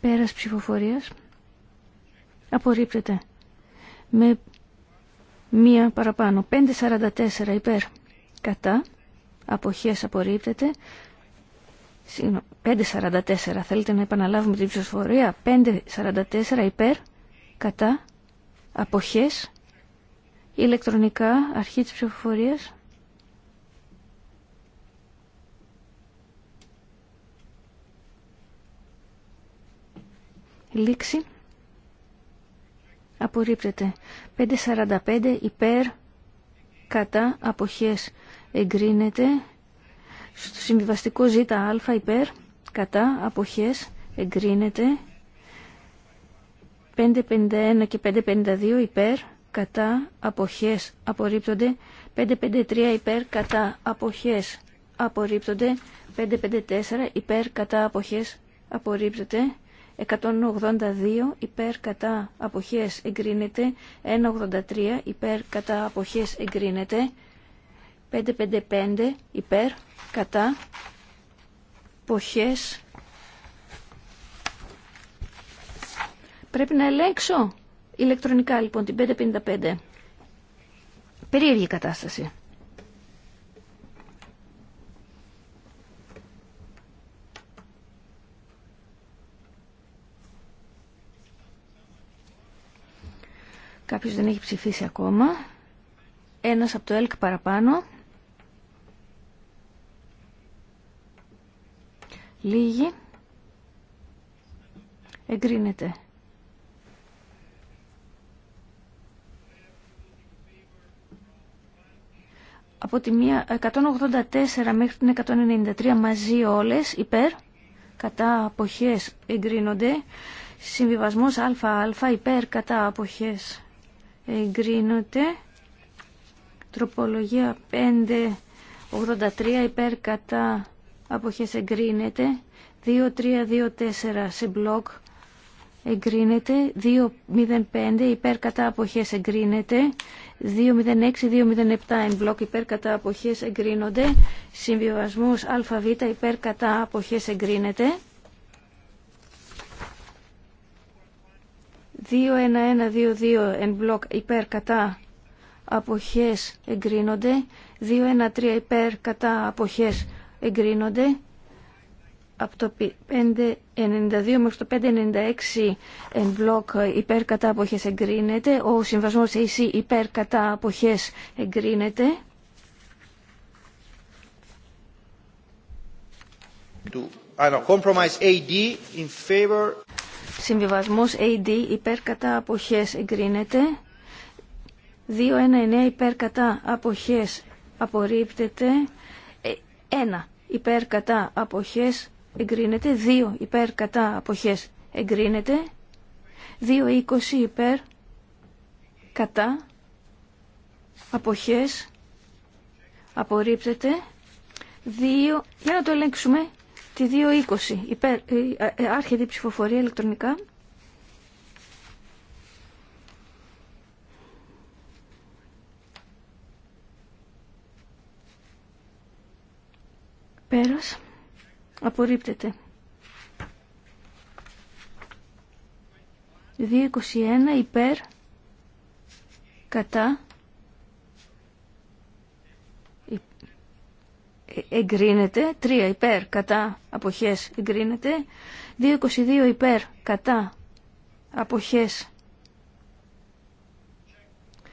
Πέρας ψηφοφορίας. Απορρίπτεται. Με μία παραπάνω. 544 υπέρ. Κατά. Αποχές απορρίπτεται. 5.44 θέλετε να επαναλάβουμε την ψηφοφορία 5.44 υπέρ κατά αποχές ηλεκτρονικά αρχή της ψηφοφορίας λήξη απορρίπτεται 5.45 υπέρ κατά αποχές εγκρίνεται στο συμβιβαστικό α υπέρ, κατά, αποχές, εγκρίνεται. 551 και 552 υπέρ, κατά, αποχές, απορρίπτονται. 553 υπέρ, κατά, αποχές, απορρίπτονται. 554 υπέρ, κατά, αποχές, απορρίπτονται 182 υπέρ κατά αποχές εγκρίνεται, 183 υπέρ κατά αποχές εγκρίνεται, 555 υπέρ κατά ποχές πρέπει να ελέγξω ηλεκτρονικά λοιπόν την 555 περίεργη κατάσταση Κάποιος δεν έχει ψηφίσει ακόμα. Ένας από το ΕΛΚ παραπάνω. Λίγη. Εγκρίνεται. από τη 184 μέχρι την 193 μαζί όλες υπέρ κατά αποχές εγκρίνονται συμβιβασμός ΑΑ υπέρ κατά αποχές εγκρίνονται τροπολογία 583 υπέρ κατά αποχές εγκρίνεται 2-3-2-4 σε μπλοκ εγκρίνεται 2-0-5 υπέρ κατά αποχές εγκρίνεται 2-0-6-2-0-7 εν μπλοκ υπέρ κατά αποχές εγκρίνονται συμβιβασμός ΑΒ υπέρ κατά αποχές εγκρίνεται 2-1-1-2-2 εν μπλοκ υπέρ κατά αποχές εγκρίνονται 2-1-3 υπέρ κατά αποχές εγκρίνονται εγκρίνονται από το 592 μέχρι το 596 εν μπλοκ υπέρ κατά αποχές εγκρίνεται. Ο συμβασμός AC υπέρ κατά αποχές εγκρίνεται. AD Συμβιβασμός AD υπέρ κατά αποχές εγκρίνεται. 219 υπέρ κατά αποχές απορρίπτεται. 1 υπέρ κατά αποχές εγκρίνεται, 2 υπέρ κατά αποχές εγκρίνεται, 2.20 υπέρ κατά αποχές απορρίπτεται, 2, για να το ελέγξουμε, τη 2.20 υπέρ, ε, ε, άρχεται η ψηφοφορία ηλεκτρονικά. Πέρος, Απορρίπτεται. 2.21 υπέρ κατά ε, εγκρίνεται 3 υπέρ κατά αποχές εγκρίνεται 2.22 υπέρ κατά αποχές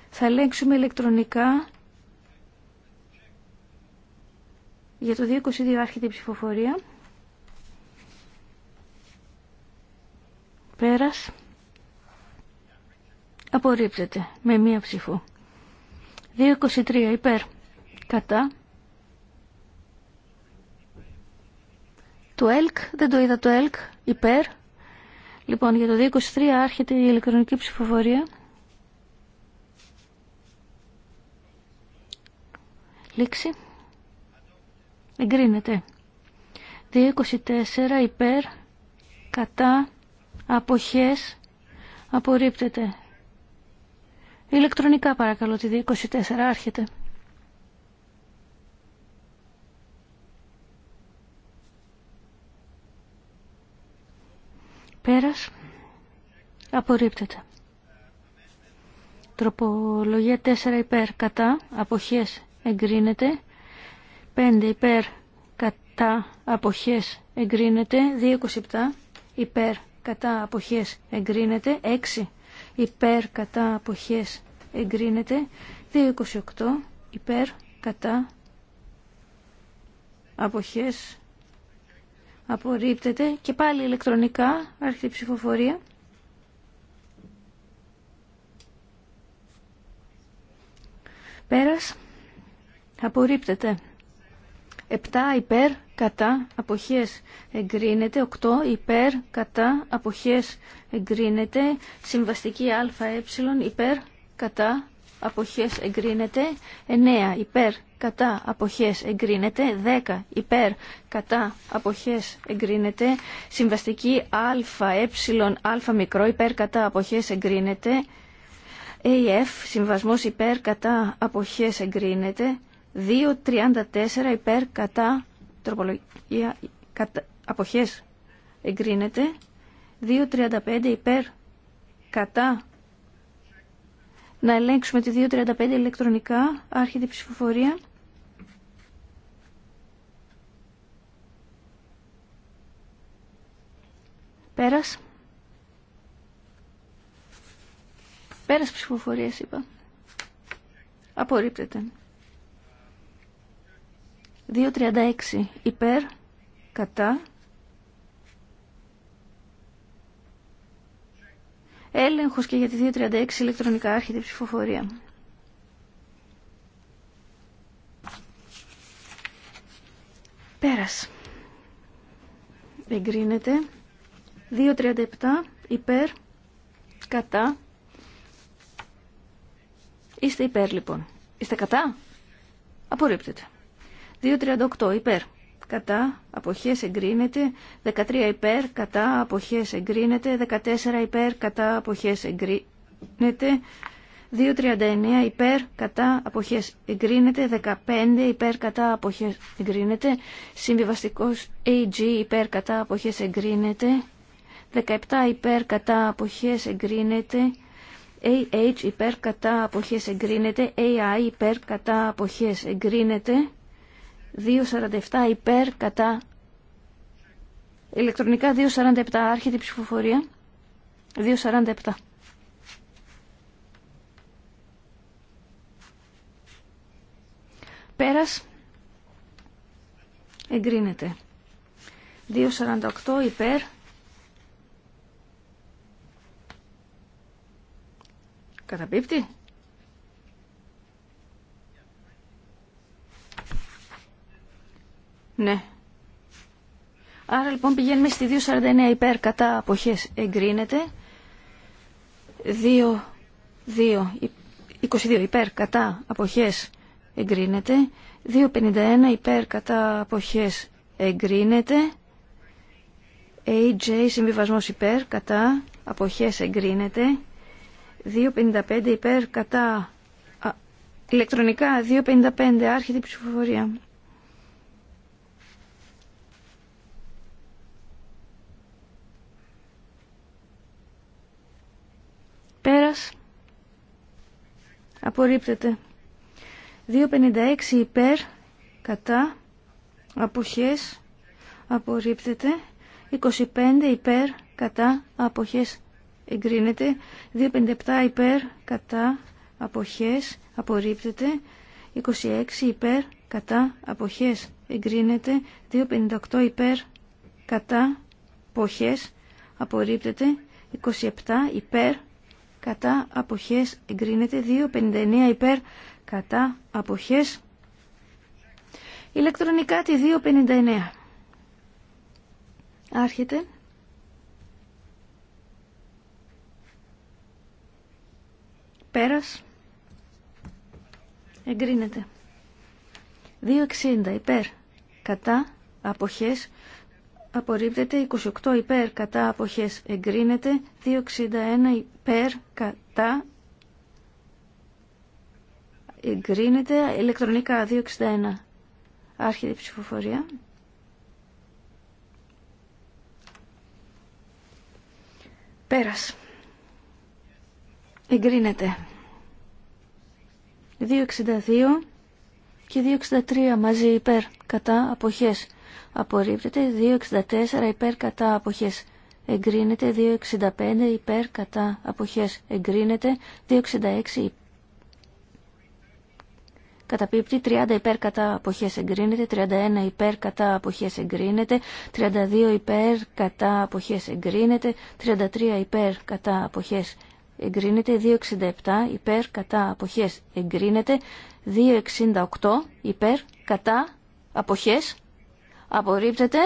θα ελέγξουμε ηλεκτρονικά Για το 2022 άρχεται η ψηφοφορία. Πέρας. Απορρίπτεται με μία ψηφό. 223 υπέρ. Κατά. Το ΕΛΚ, δεν το είδα το ΕΛΚ, υπέρ. Λοιπόν, για το 223 άρχεται η ηλεκτρονική ψηφοφορία. Λήξη εγκρίνεται. 24 υπέρ κατά αποχές απορρίπτεται. Ηλεκτρονικά παρακαλώ τη 24. άρχεται. Πέρας απορρίπτεται. Τροπολογία 4 υπέρ κατά αποχές εγκρίνεται. 5 υπέρ κατά αποχές εγκρίνεται. 227 υπέρ κατά αποχές εγκρίνεται. 6 υπέρ κατά αποχές εγκρίνεται. 228 υπέρ κατά αποχές απορρίπτεται και πάλι ηλεκτρονικά άρχεται η ψηφοφορία πέρας απορρίπτεται 7 υπέρ κατά αποχές εγκρίνεται, 8 υπέρ κατά αποχές εγκρίνεται, συμβαστική αε υπέρ κατά αποχές εγκρίνεται, 9 υπέρ κατά αποχές εγκρίνεται, 10 υπέρ κατά αποχές εγκρίνεται, συμβαστική αε α μικρό υπέρ κατά αποχές εγκρίνεται, AF, ε, συμβασμός υπέρ κατά αποχές εγκρίνεται, 2.34 υπέρ κατά τροπολογία κατά, αποχές εγκρίνεται 2.35 υπέρ κατά να ελέγξουμε τη 2.35 ηλεκτρονικά άρχεται ψηφοφορία πέρας πέρας ψηφοφορίας είπα απορρίπτεται 2.36 υπέρ, κατά. Έλεγχος και για τη 2.36 ηλεκτρονικά άρχιτη ψηφοφορία. Πέρας. Εγκρίνεται. 2.37 υπέρ, κατά. Είστε υπέρ λοιπόν. Είστε κατά. Απορρίπτεται. 2.38 υπέρ. Κατά αποχές εγκρίνεται. 13 υπέρ. Κατά αποχές εγκρίνεται. 14 υπέρ. Κατά αποχές εγκρίνεται. 2.39 υπέρ κατά αποχές εγκρίνεται, 15 υπέρ κατά αποχές εγκρίνεται, συμβιβαστικός AG υπέρ κατά αποχές εγκρίνεται, 17 υπέρ κατά αποχές εγκρίνεται, AH υπέρ κατά αποχές εγκρίνεται, AI υπέρ κατά αποχές εγκρίνεται, 2.47 υπέρ κατά ηλεκτρονικά 2.47 άρχεται η ψηφοφορία 2.47 πέρας εγκρίνεται 2.48 υπέρ καταπίπτει Ναι. Άρα λοιπόν πηγαίνουμε στη 249 υπέρ κατά αποχές εγκρίνεται. 2, 22 υπέρ κατά αποχές εγκρίνεται. 251 υπέρ κατά αποχές εγκρίνεται. AJ συμβιβασμός υπέρ κατά αποχές εγκρίνεται. 255 υπέρ κατά ηλεκτρονικά 255 άρχεται η ψηφοφορία. Πέρας. Απορρίπτεται. 2.56 υπέρ. Κατά. Αποχές. Απορρίπτεται. 25 υπέρ. Κατά. Αποχές. Εγκρίνεται. 2.57 υπέρ. Κατά. Αποχές. Απορρίπτεται. 26 υπέρ. Κατά. Αποχές. Εγκρίνεται. 2.58 υπέρ. Κατά. Αποχές. Απορρίπτεται. 27 υπέρ κατά αποχές εγκρίνεται 2.59 υπέρ κατά αποχές ηλεκτρονικά τη 2.59 άρχεται πέρας εγκρίνεται 2.60 υπέρ κατά αποχές απορρίπτεται 28 υπέρ κατά αποχές εγκρίνεται 261 υπέρ κατά εγκρίνεται ηλεκτρονικά 261 άρχεται η ψηφοφορία πέρας εγκρίνεται 262 και 263 μαζί υπέρ κατά αποχές απορρίπτεται 2.64 υπέρ κατά αποχές εγκρίνεται 2.65 υπέρ κατά αποχές εγκρίνεται 2.66 Καταπίπτει 30 υπέρ κατά αποχές εγκρίνεται, 31 υπέρ κατά αποχές εγκρίνεται, 32 υπέρ κατά αποχές εγκρίνεται, 33 υπέρ κατά αποχές εγκρίνεται, 267 υπέρ κατά αποχές εγκρίνεται, 268 υπέρ κατά αποχές απορρίπτεται.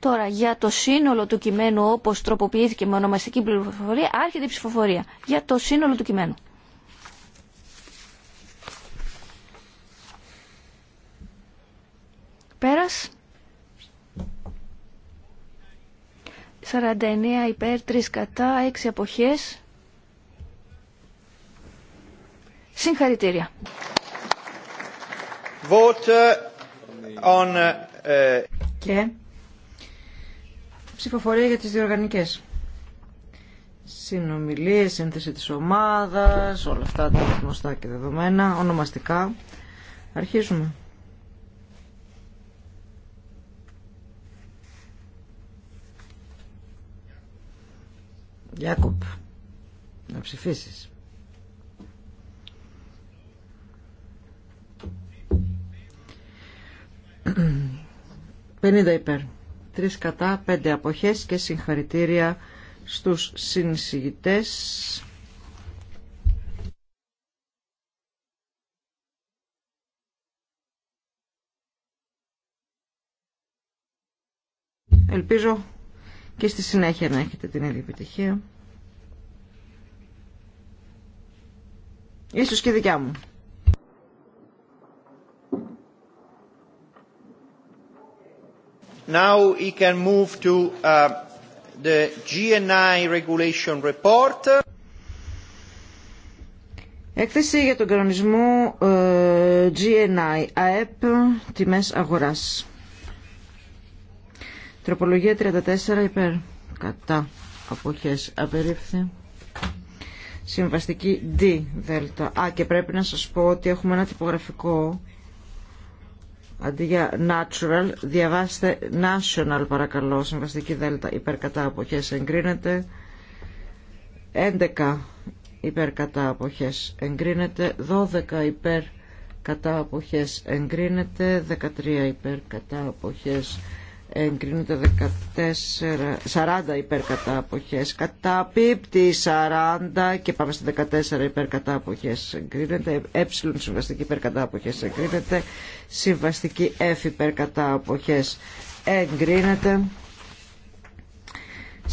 Τώρα για το σύνολο του κειμένου όπως τροποποιήθηκε με ονομαστική πληροφορία άρχεται η ψηφοφορία για το σύνολο του κειμένου. Πέρας. 49 υπέρ, 3 κατά, 6 αποχές. Συγχαρητήρια. Vote uh, on uh, και ψηφοφορία για τις διοργανικές συνομιλίες, σύνθεση της ομάδας, όλα αυτά τα γνωστά και δεδομένα, ονομαστικά. Αρχίζουμε. Γιάκοπ, να ψηφίσεις. 50 υπέρ. 3 κατά, 5 αποχές και συγχαρητήρια στους συνεισηγητές. Ελπίζω και στη συνέχεια να έχετε την ίδια επιτυχία. Ίσως και δικιά μου. Now we can move to uh, the GNI regulation report. Έκθεση για τον κανονισμό ε, GNI, ΑΕΠ, τιμές αγοράς. Τροπολογία 34 υπέρ κατά αποχές απερίφθη. Συμβαστική D, δέλτα. Α, και πρέπει να σας πω ότι έχουμε ένα τυπογραφικό Αντί για natural, διαβάστε national παρακαλώ, συμβαστική δέλτα υπερκατά αποχές εγκρίνεται. 11 υπερκατά αποχές εγκρίνεται. 12 υπερ αποχές εγκρίνεται. 13 υπερκατά αποχές εγκρίνεται εγκρίνονται 14, 40 υπέρ κατά αποχές 40 και πάμε στα 14 υπέρ κατά αποχές εγκρίνεται ε συμβαστική υπέρ κατά εγκρίνεται συμβαστική F υπέρ κατά εγκρίνεται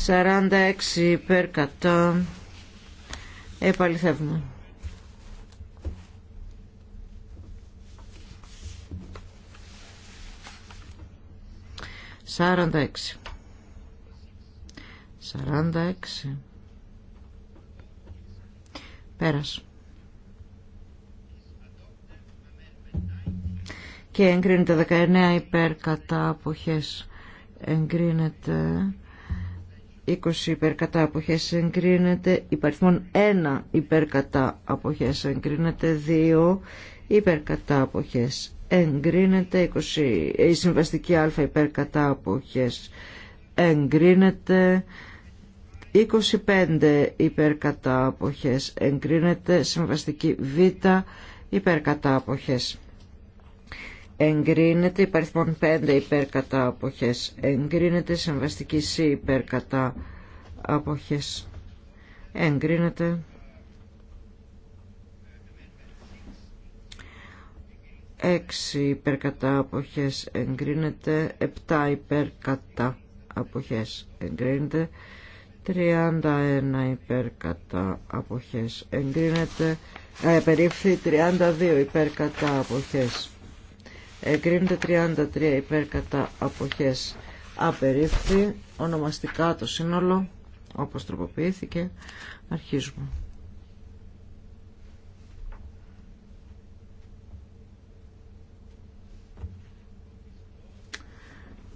46 υπέρ επαληθεύουμε 46. 46. Πέρας. Και εγκρίνεται 19 υπέρ κατά αποχές. Εγκρίνεται 20 υπέρ κατά αποχές. Εγκρίνεται υπαριθμόν 1 υπέρ κατά αποχές. Εγκρίνεται 2 υπέρ κατά αποχές εγκρίνεται 20, η συμβαστική α υπέρ κατά αποχές εγκρίνεται 25 υπέρ κατά αποχές εγκρίνεται συμβαστική β υπέρ κατά αποχές εγκρίνεται υπαριθμόν 5 υπέρ κατά αποχές εγκρίνεται συμβαστική σ υπέρ κατά αποχές εγκρίνεται 6 υπερκατά αποχές εγκρίνεται 7 υπερκατά αποχές εγκρίνεται 31 υπέρ υπερκατά αποχές εγκρίνεται ε, περίφθη 32 υπέρκατά αποχές εγκρίνεται 33 υπέρ κατά αποχές απερίφθη ονομαστικά το σύνολο όπως τροποποιήθηκε αρχίζουμε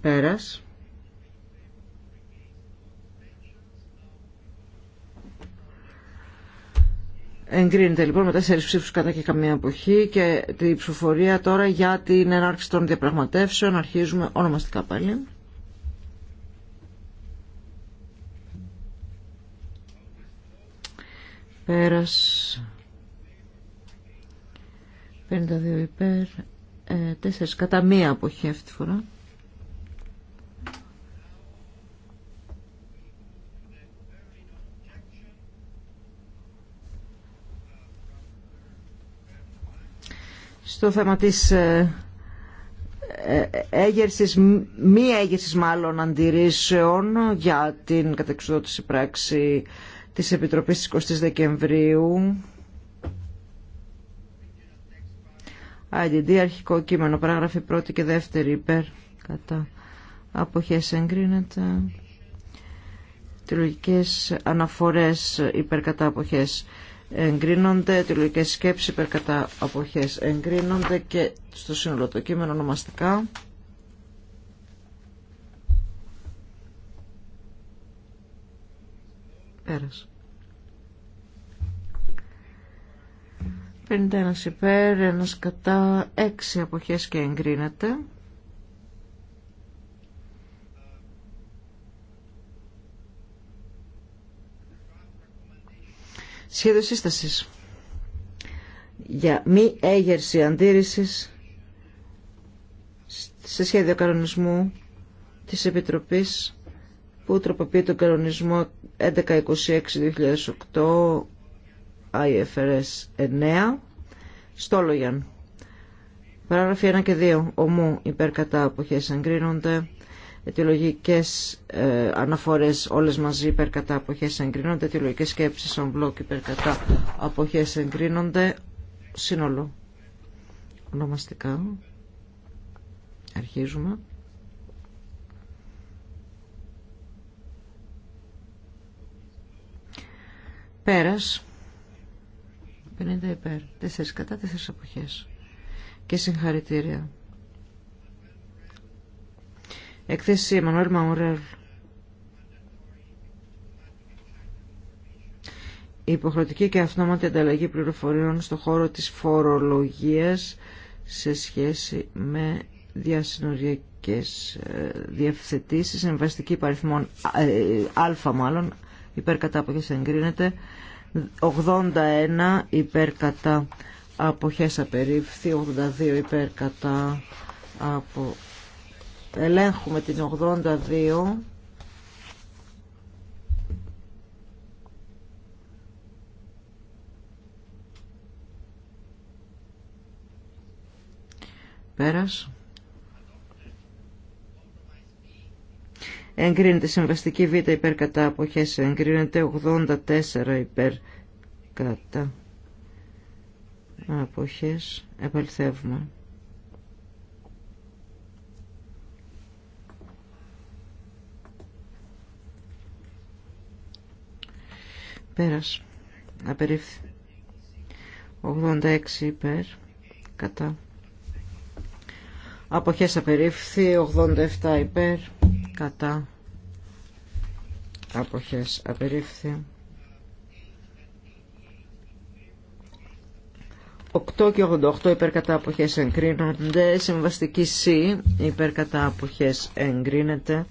πέρας Εγκρίνεται λοιπόν με τέσσερι ψήφου κατά και καμία εποχή και τη ψηφοφορία τώρα για την έναρξη των διαπραγματεύσεων. Αρχίζουμε ονομαστικά πάλι. Πέρας 52 υπέρ, 4 ε, κατά μία αποχή αυτή τη φορά. στο θέμα της ε, ε, έγερσης, μη έγερσης μάλλον αντιρρήσεων για την κατεξοδότηση πράξη της Επιτροπής της 20 Δεκεμβρίου. IDD, αρχικό κείμενο, παράγραφη πρώτη και δεύτερη υπέρ κατά αποχές εγκρίνεται. Τηλογικές αναφορές υπερ κατά αποχές εγκρίνονται, αιτιολογικές σκέψεις υπέρ κατά αποχές εγκρίνονται και στο σύνολο το κείμενο ονομαστικά. Πέρασε. 51 υπέρ, 1 κατά, 6 αποχές και εγκρίνεται. σχέδιο σύστασης για μη έγερση αντίρρησης σε σχέδιο κανονισμού της Επιτροπής που τροποποιεί τον κανονισμό 1126-2008 IFRS 9 στο Λογιαν. Παράγραφοι 1 και 2 ομού υπέρ κατά αποχές εγκρίνονται αιτιολογικές ε, αναφορές όλες μαζί υπερκατά αποχές εγκρίνονται, αιτιολογικές σκέψεις on block υπερκατά αποχές εγκρίνονται, σύνολο ονομαστικά. Αρχίζουμε. Πέρας. 50 υπέρ. 4 κατά 4 αποχές. Και συγχαρητήρια. Εκθέση Εμμανουέλ Μαουρέλ. Η υποχρεωτική και αυτόματη ανταλλαγή πληροφοριών στον χώρο της φορολογίας σε σχέση με διασυνοριακές ε, διευθετήσεις, συμβαστική παριθμών ε, ε, α μάλλον, υπέρ κατά αποχές εγκρίνεται, 81 υπέρ κατά αποχές απερίφθη, 82 υπέρ κατά απο ελέγχουμε την 82 πέρας εγκρίνεται συμβαστική β υπέρ κατά αποχές εγκρίνεται 84 υπέρ κατά αποχές Επαλθεύουμε Πέρας. Απερίφθη. 86 υπέρ. Κατά. Αποχές απερίφθη. 87 υπέρ. Κατά. Αποχές απερίφθη. 8 και 88 κατά αποχές εγκρίνονται, συμβαστική C κατά αποχές εγκρίνεται.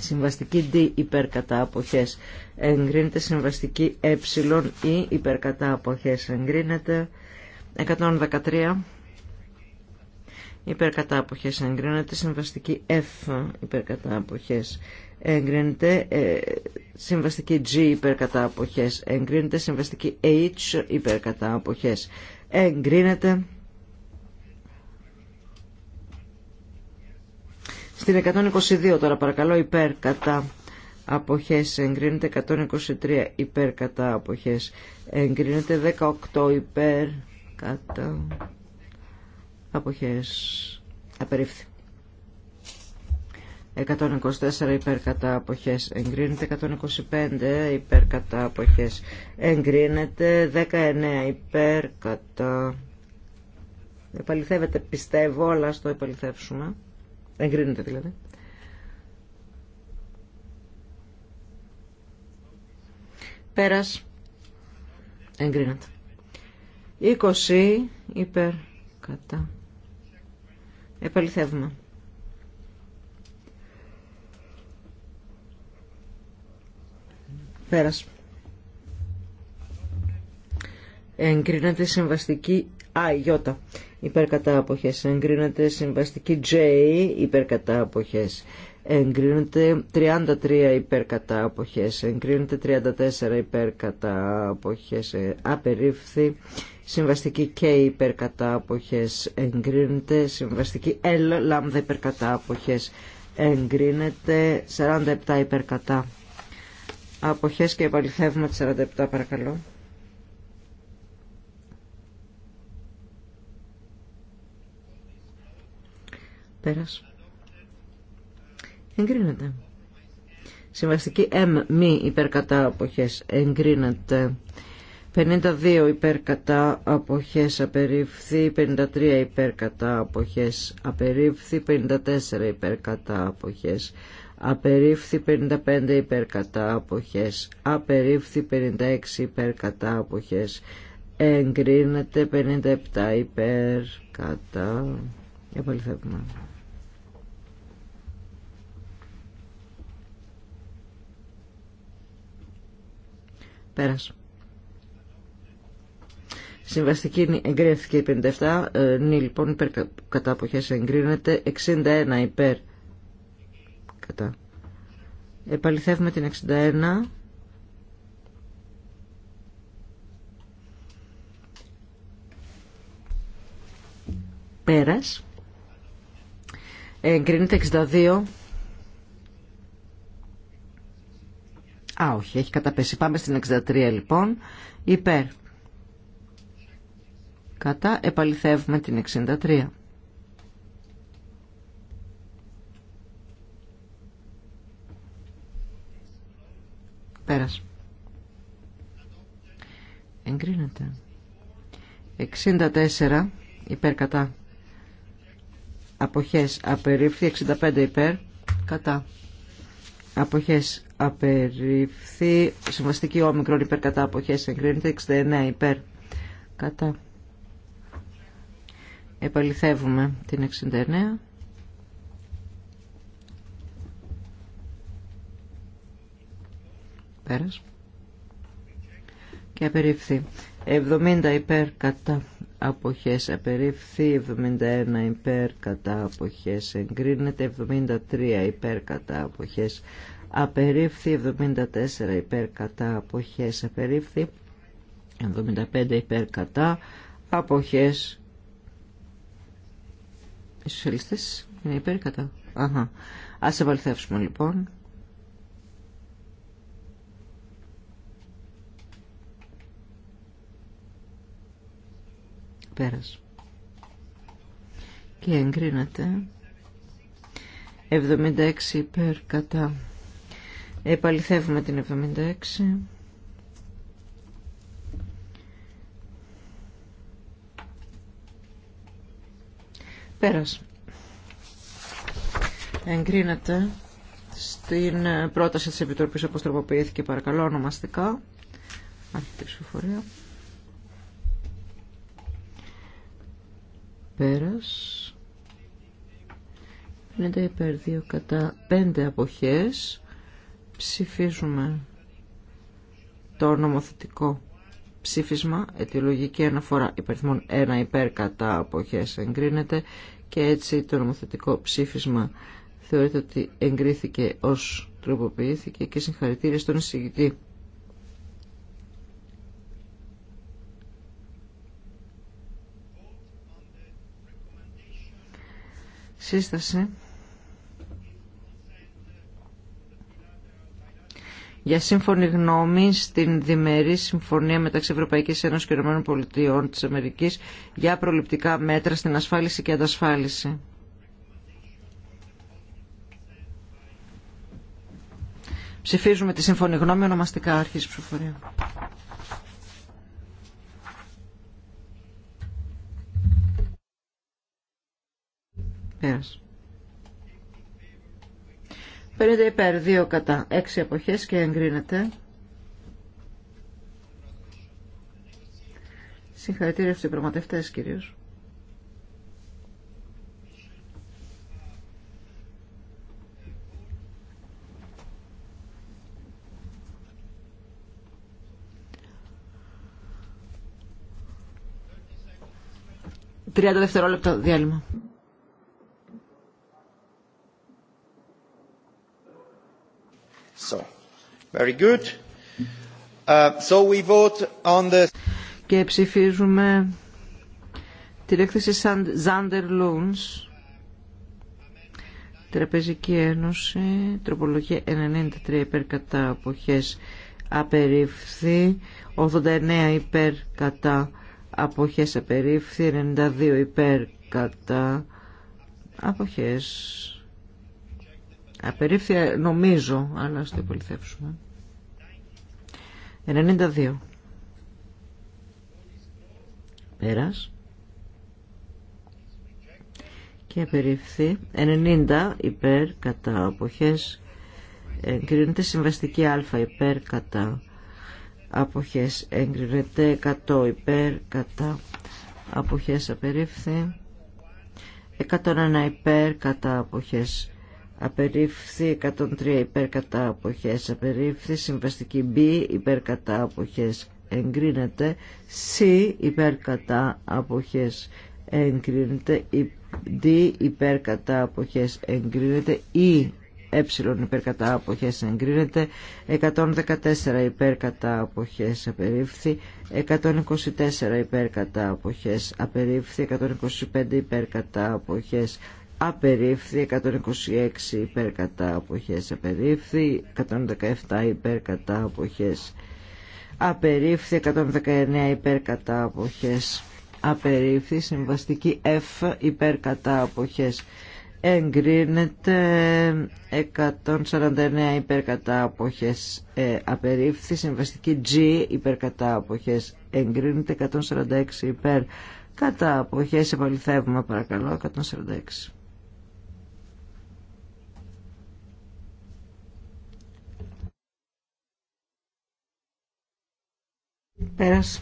Συμβαστική D υπερκατά αποχές εγκρίνεται. Συμβαστική ε ή υπερκατά αποχές εγκρίνεται. 113 υπερκατάποχες εγκρίνεται. Συμβαστική F υπερκατά αποχές εγκρίνεται. Ε, συμβαστική G υπερκατάποχες εγκρίνεται. Συμβαστική H υπερκατάποχες αποχές εγκρίνεται. Στην 122 τώρα παρακαλώ υπέρ κατά αποχές εγκρίνεται 123 υπέρ κατά αποχές εγκρίνεται 18 υπέρ κατά αποχές απερίφθη 124 υπέρ κατά αποχές εγκρίνεται 125 υπέρ κατά αποχές εγκρίνεται 19 υπέρ κατά επαληθεύεται πιστεύω αλλά στο επαληθεύσουμε Εγκρίνεται δηλαδή. Πέρας. Εγκρίνεται. 20 υπέρ κατά. Επαληθεύουμε. Πέρας. Εγκρίνεται συμβαστική ΆΙΟΤΑ υπερκατάποχες εγκρίνεται συμβαστική J υπερκατάποχες εγκρίνεται 33 υπερκατάποχες εγκρίνεται 34 υπερκατάποχες ε, απερίφθη συμβαστική K υπερκατάποχες εγκρίνεται συμβαστική L λάμδα υπερκατάποχες εγκρίνεται 47 υπερκατά αποχές και επαληθεύουμε 47 παρακαλώ Πέρας. Εγκρίνεται. Συμβαστική M μη υπερκατά αποχές. Εγκρίνεται. 52 υπερκατά αποχές απερίφθη, 53 υπερκατά αποχές απερίφθη, 54 υπερκατά αποχές απερίφθη 55 υπερκατά αποχές, απερίφθη 56 υπερκατά αποχές, εγκρίνεται 57 υπερκατά Επαληθεύουμε. Πέρας. Συμβαστική εγκρίνεται η 57, ε, νη λοιπόν υπέρ κατά αποχές εγκρίνεται, 61 υπέρ κατά. Επαληθεύουμε την 61. Πέρας. Εγκρίνεται 62. Α, όχι, έχει καταπέσει. Πάμε στην 63 λοιπόν. Υπέρ. Κατά επαληθεύουμε την 63. Πέρας. Εγκρίνεται. 64 υπέρ κατά αποχές απερίφθη 65 υπέρ κατά αποχές απερίφθη συμβαστική όμικρον υπέρ κατά αποχές εγκρίνεται 69 υπέρ κατά επαληθεύουμε την 69 πέρας και απερίφθη 70 υπέρ κατά αποχές απερίφθη 71 υπέρ κατά αποχές εγκρίνεται 73 υπέρ κατά αποχές απερίφθη 74 υπέρ κατά αποχές απερίφθη 75 υπέρ κατά αποχές οι είναι υπέρ κατά Αχα. ας επαληθεύσουμε λοιπόν Πέρας. Και εγκρίνατε. 76 υπέρ κατά. Επαληθεύουμε την 76. Πέρας. Εγκρίνεται στην πρόταση της Επιτροπής όπως τροποποιήθηκε παρακαλώ ονομαστικά. Αρχιτή πέρας 50 υπέρ 2 κατά πέντε αποχές ψηφίζουμε το νομοθετικό ψήφισμα αιτιολογική αναφορά υπερθμών 1 υπέρ κατά αποχές εγκρίνεται και έτσι το νομοθετικό ψήφισμα θεωρείται ότι εγκρίθηκε ως τροποποιήθηκε και συγχαρητήρια στον εισηγητή. σύσταση για σύμφωνη γνώμη στην διμερή συμφωνία μεταξύ Ευρωπαϊκής Ένωσης και Ηνωμένων Πολιτειών της Αμερικής για προληπτικά μέτρα στην ασφάλιση και αντασφάλιση. Ψηφίζουμε τη σύμφωνη γνώμη ονομαστικά αρχής ψηφοφορία. Πέρας. Παίρνετε υπέρ, δύο κατά, έξι εποχές και εγκρίνεται. Συγχαρητήρια στους πραγματευτές κυρίως. Τριάντα δευτερόλεπτα διάλειμμα. Uh, Και ψηφίζουμε την έκθεση Zander Loans, Τραπεζική Ένωση, τροπολογία 93 υπέρ κατά αποχές απερίφθη, 89 υπέρ κατά αποχές απερίφθη, 92 υπέρ κατά αποχές Απερίφθεια νομίζω, αλλά ας το 92. Πέρας. Και απερίφθη 90 υπέρ κατά αποχές. Εγκρίνεται συμβαστική α υπέρ κατά αποχές. Εγκρίνεται 100 υπέρ κατά αποχές απερίφθη. 101 υπέρ κατά αποχές απερίφθη 103 υπερκατά κατά αποχές απερίφθη συμβαστική B υπερκατά αποχές εγκρίνεται C υπερκατά αποχές εγκρίνεται D υπερκατά κατά αποχές εγκρίνεται E ε υπέρ αποχές εγκρίνεται 114 υπερκατά αποχές απερίφθη 124 υπέρ κατά αποχές απερίφθη 125 υπέρ κατά αποχές απερίφθη 126 υπέρ κατά αποχές απερίφθη 117 υπέρ κατά αποχές απερίφθη 119 υπέρ κατά αποχές απερίφθη συμβαστική F υπέρ κατά αποχές εγκρίνεται 149 υπέρ κατά αποχές ε, απερίφθη συμβαστική G υπέρ κατά αποχές εγκρίνεται 146 υπέρ κατά αποχές επαληθεύουμε παρακαλώ 146 Πέρας.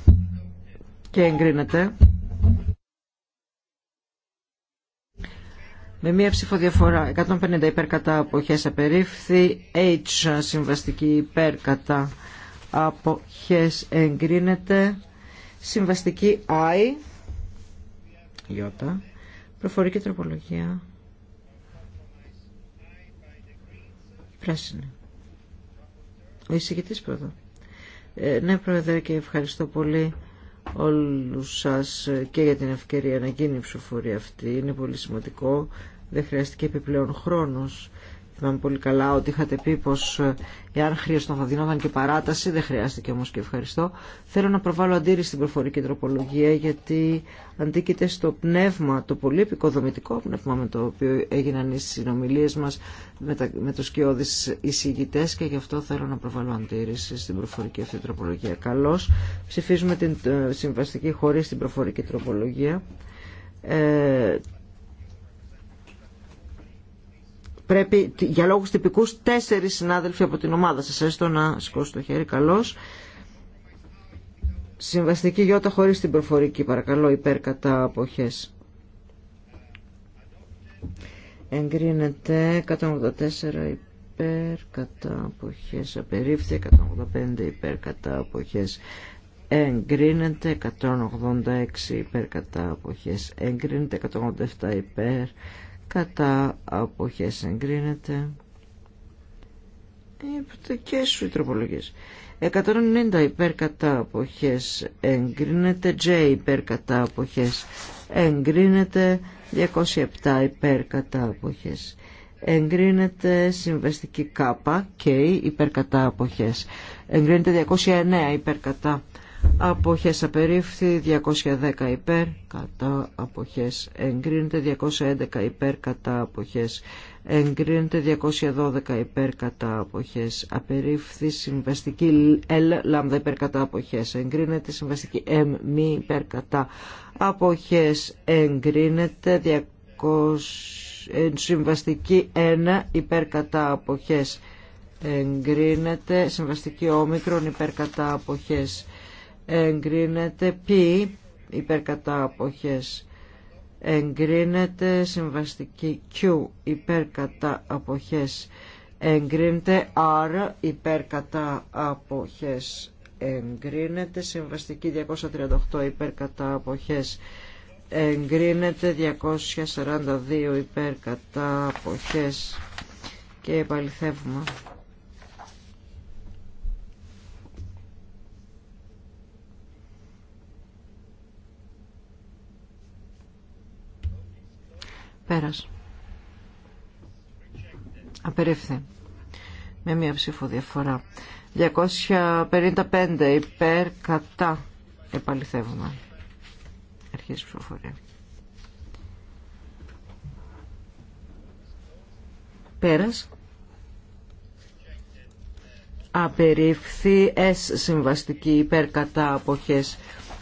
Και εγκρίνεται. Με μία ψηφοδιαφορά 150 υπέρ κατά αποχές απερίφθη, H συμβαστική υπέρ κατά αποχές εγκρίνεται, συμβαστική I, J, προφορική τροπολογία, πράσινη. Ο εισηγητής πρώτα. Ε, ναι, Πρόεδρε, και ευχαριστώ πολύ όλους σας και για την ευκαιρία να γίνει η ψηφοφορία αυτή. Είναι πολύ σημαντικό. Δεν χρειάστηκε επιπλέον χρόνος Θυμάμαι πολύ καλά ότι είχατε πει πω ε, εάν χρειαστό θα δίνονταν και παράταση, δεν χρειάστηκε όμω και ευχαριστώ. Θέλω να προβάλλω αντίρρηση στην προφορική τροπολογία γιατί αντίκειται στο πνεύμα, το πολύ επικοδομητικό πνεύμα με το οποίο έγιναν οι συνομιλίε μα με, με τους κοιόδης εισηγητές και γι' αυτό θέλω να προβάλλω αντίρρηση στην προφορική αυτή τροπολογία. Καλώ. ψηφίζουμε την ε, συμβαστική χωρί την προφορική τροπολογία. Ε, πρέπει για λόγους τυπικούς τέσσερις συνάδελφοι από την ομάδα σας έστω να σηκώσω το χέρι καλώς συμβαστική γιώτα χωρίς την προφορική παρακαλώ υπέρ κατά αποχές εγκρίνεται 184 υπέρ κατά αποχές απερίφθη 185 υπέρ κατά αποχές εγκρίνεται 186 υπέρ κατά αποχές εγκρίνεται 187 υπέρ κατά αποχές εγκρίνεται και σου οι 190 υπέρ κατά αποχές εγκρίνεται J υπέρ κατά αποχές εγκρίνεται 207 υπέρ κατά αποχές εγκρίνεται συμβαστική K K υπέρ κατά αποχές εγκρίνεται 209 υπέρ κατά αποχές απερίφθη 210 υπέρ κατά αποχές εγκρίνεται 211 υπέρ κατά αποχές εγκρίνεται 212 υπέρ κατά αποχές απερίφθη συμβαστική L λάμδα υπέρ κατά αποχές εγκρίνεται συμβαστική M μη υπέρ κατά αποχές εγκρίνεται 200 ε, συμβαστική 1 υπέρ κατά αποχές εγκρίνεται συμβαστική όμικρον υπέρ κατά αποχές εγκρίνεται π υπερκατά εγκρίνεται συμβαστική Q υπερκατά αποχές εγκρίνεται R υπερκατά αποχές εγκρίνεται συμβαστική 238 υπερκατά αποχές εγκρίνεται 242 υπερκατά αποχές και επαληθεύουμε Πέρας. Απερίφθη. Με μία ψήφο διαφορά. 255 υπέρ κατά. Επαληθεύουμε. Αρχίζει η ψηφοφορία. Πέρας. Απερίφθη. S συμβαστική υπέρ κατά αποχές.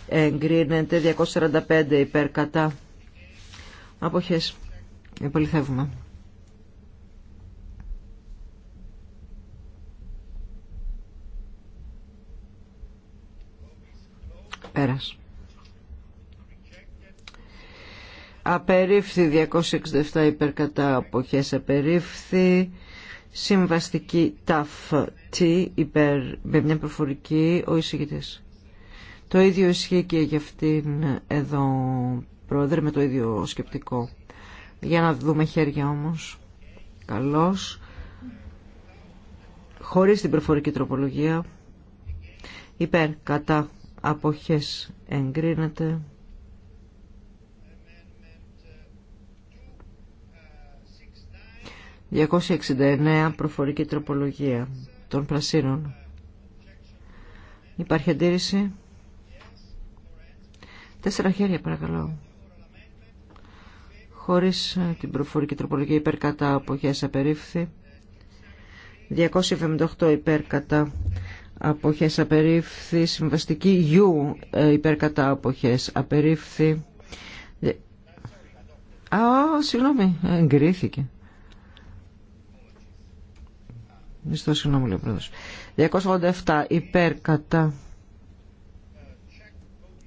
Εγκρίνεται 245 υπέρ κατά αποχές. Επαληθεύουμε. Πέρας. Απερίφθη 267 υπερκατά αποχές απερίφθη. Συμβαστική ταφ τι υπέρ με μια προφορική ο εισηγητής. Το ίδιο ισχύει και για αυτήν εδώ πρόεδρε με το ίδιο σκεπτικό. Για να δούμε χέρια όμως. Καλώς. Χωρίς την προφορική τροπολογία. Υπέρ, κατά, αποχές εγκρίνεται. 269 προφορική τροπολογία των πρασίνων. Υπάρχει αντίρρηση. Τέσσερα χέρια παρακαλώ χωρίς ε, την προφορική τροπολογία υπέρ κατά αποχές απερίφθη 278 υπέρ κατά αποχές απερίφθη συμβαστική U ε, υπέρ κατά αποχές απερίφθη Α, συγγνώμη, εγκρίθηκε. Μισθό συγγνώμη, λέει ο πρόεδρος. 287 υπέρ κατά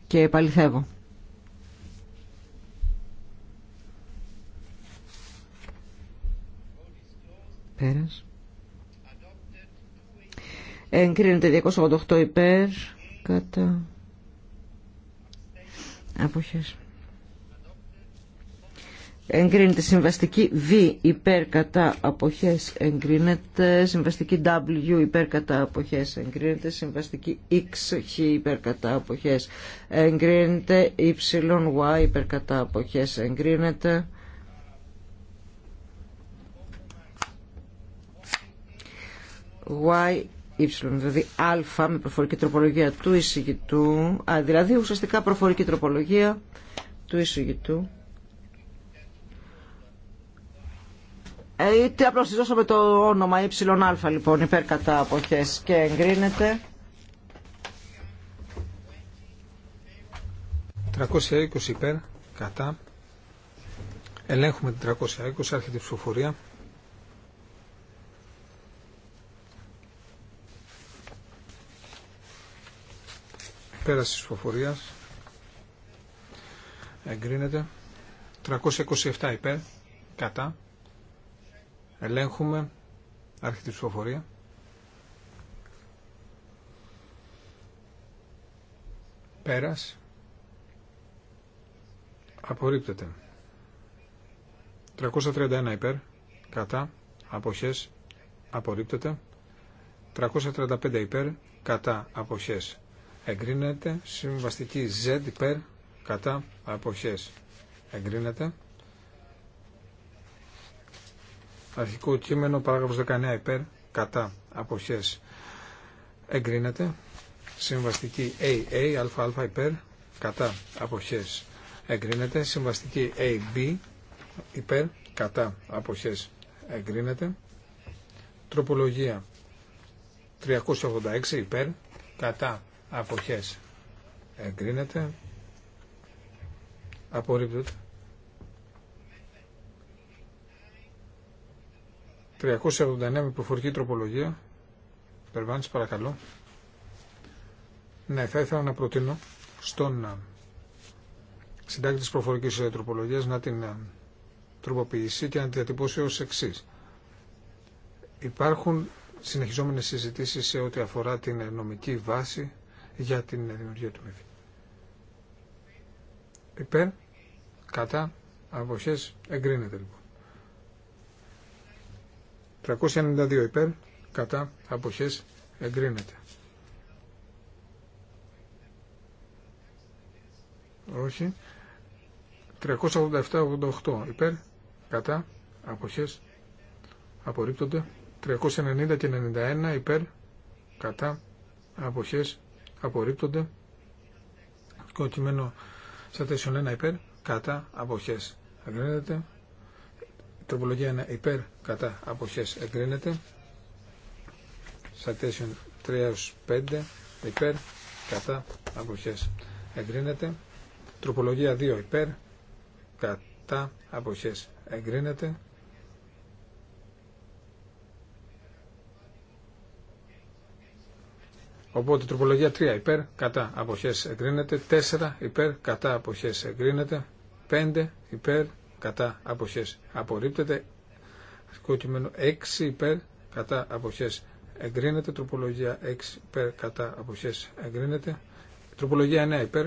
και επαληθεύω. Πέρας. Εγκρίνεται 288 υπέρ. Κατά. Αποχές. Εγκρίνεται συμβαστική V υπέρ κατά αποχές εγκρίνεται, συμβαστική W υπέρ κατά αποχές εγκρίνεται, συμβαστική X χ υπέρ κατά αποχές εγκρίνεται, Y υπέρ κατά αποχές εγκρίνεται. Y, δηλαδή α με προφορική τροπολογία του εισηγητού, δηλαδή ουσιαστικά προφορική τροπολογία του εισηγητού. Ε, είτε απλώ τη το όνομα α ε, λοιπόν υπέρ κατά αποχές και εγκρίνεται. 320 υπέρ κατά. Ελέγχουμε την 320, άρχεται η ψηφοφορία. Πέραση της ψηφοφορίας. Εγκρίνεται. 327 υπέρ. Κατά. Ελέγχουμε. Άρχεται η ψηφοφορία. Πέρας. Απορρίπτεται. 331 υπέρ. Κατά. Αποχές. Απορρίπτεται. 335 υπέρ. Κατά. Αποχές εγκρίνεται. Συμβαστική Z υπέρ κατά αποχές εγκρίνεται. Αρχικό κείμενο παράγραφος 19 υπέρ κατά αποχές εγκρίνεται. Συμβαστική AA αλφα υπέρ κατά αποχές εγκρίνεται. Συμβαστική AB υπέρ κατά αποχές εγκρίνεται. Τροπολογία 386 υπέρ κατά αποχές εγκρίνεται απορρίπτεται 389 με προφορική τροπολογία Περβάνης παρακαλώ ναι θα ήθελα να προτείνω στον ε, συντάκτη της προφορικής ε, τροπολογίας να την ε, τροποποιήσει και να την διατυπώσει ως εξή. υπάρχουν συνεχιζόμενες συζητήσεις σε ό,τι αφορά την νομική βάση για την δημιουργία του μύθου. Υπέρ, κατά, αποχές, εγκρίνεται λοιπόν. 392 υπέρ, κατά, αποχές, εγκρίνεται. Όχι. 387-88 υπέρ, κατά, αποχές, απορρίπτονται. 390 και 91 υπέρ, κατά, αποχές, απορρίπτονται το κειμένο σε 1 υπέρ κατά αποχές εγκρίνεται τροπολογία 1 υπέρ κατά αποχές εγκρίνεται σε 3 5 υπέρ κατά αποχές εγκρίνεται τροπολογία 2 υπέρ κατά αποχές εγκρίνεται Οπότε τροπολογία 3 υπέρ κατά αποχές εγκρίνεται, 4 υπέρ κατά αποχές εγκρίνεται, 5 υπέρ κατά αποχές απορρίπτεται, αρχικό κείμενο 6 υπέρ κατά αποχές εγκρίνεται, τροπολογία 6 υπέρ κατά αποχές εγκρίνεται, τροπολογία 9 υπέρ,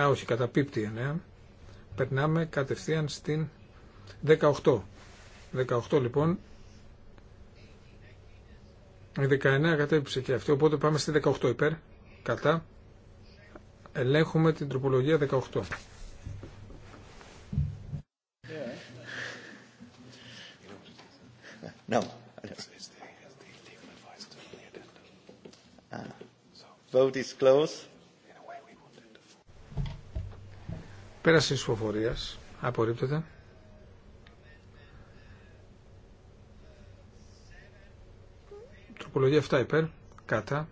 α όχι κατά πίπτη 9, περνάμε κατευθείαν στην 18. 18 λοιπόν 19 κατέπισε και αυτή, οπότε πάμε στη 18 υπέρ, κατά. Ελέγχουμε την τροπολογία 18. No. Vote is η Απορρίπτεται. Τροπολογία 7 υπέρ. Κατά.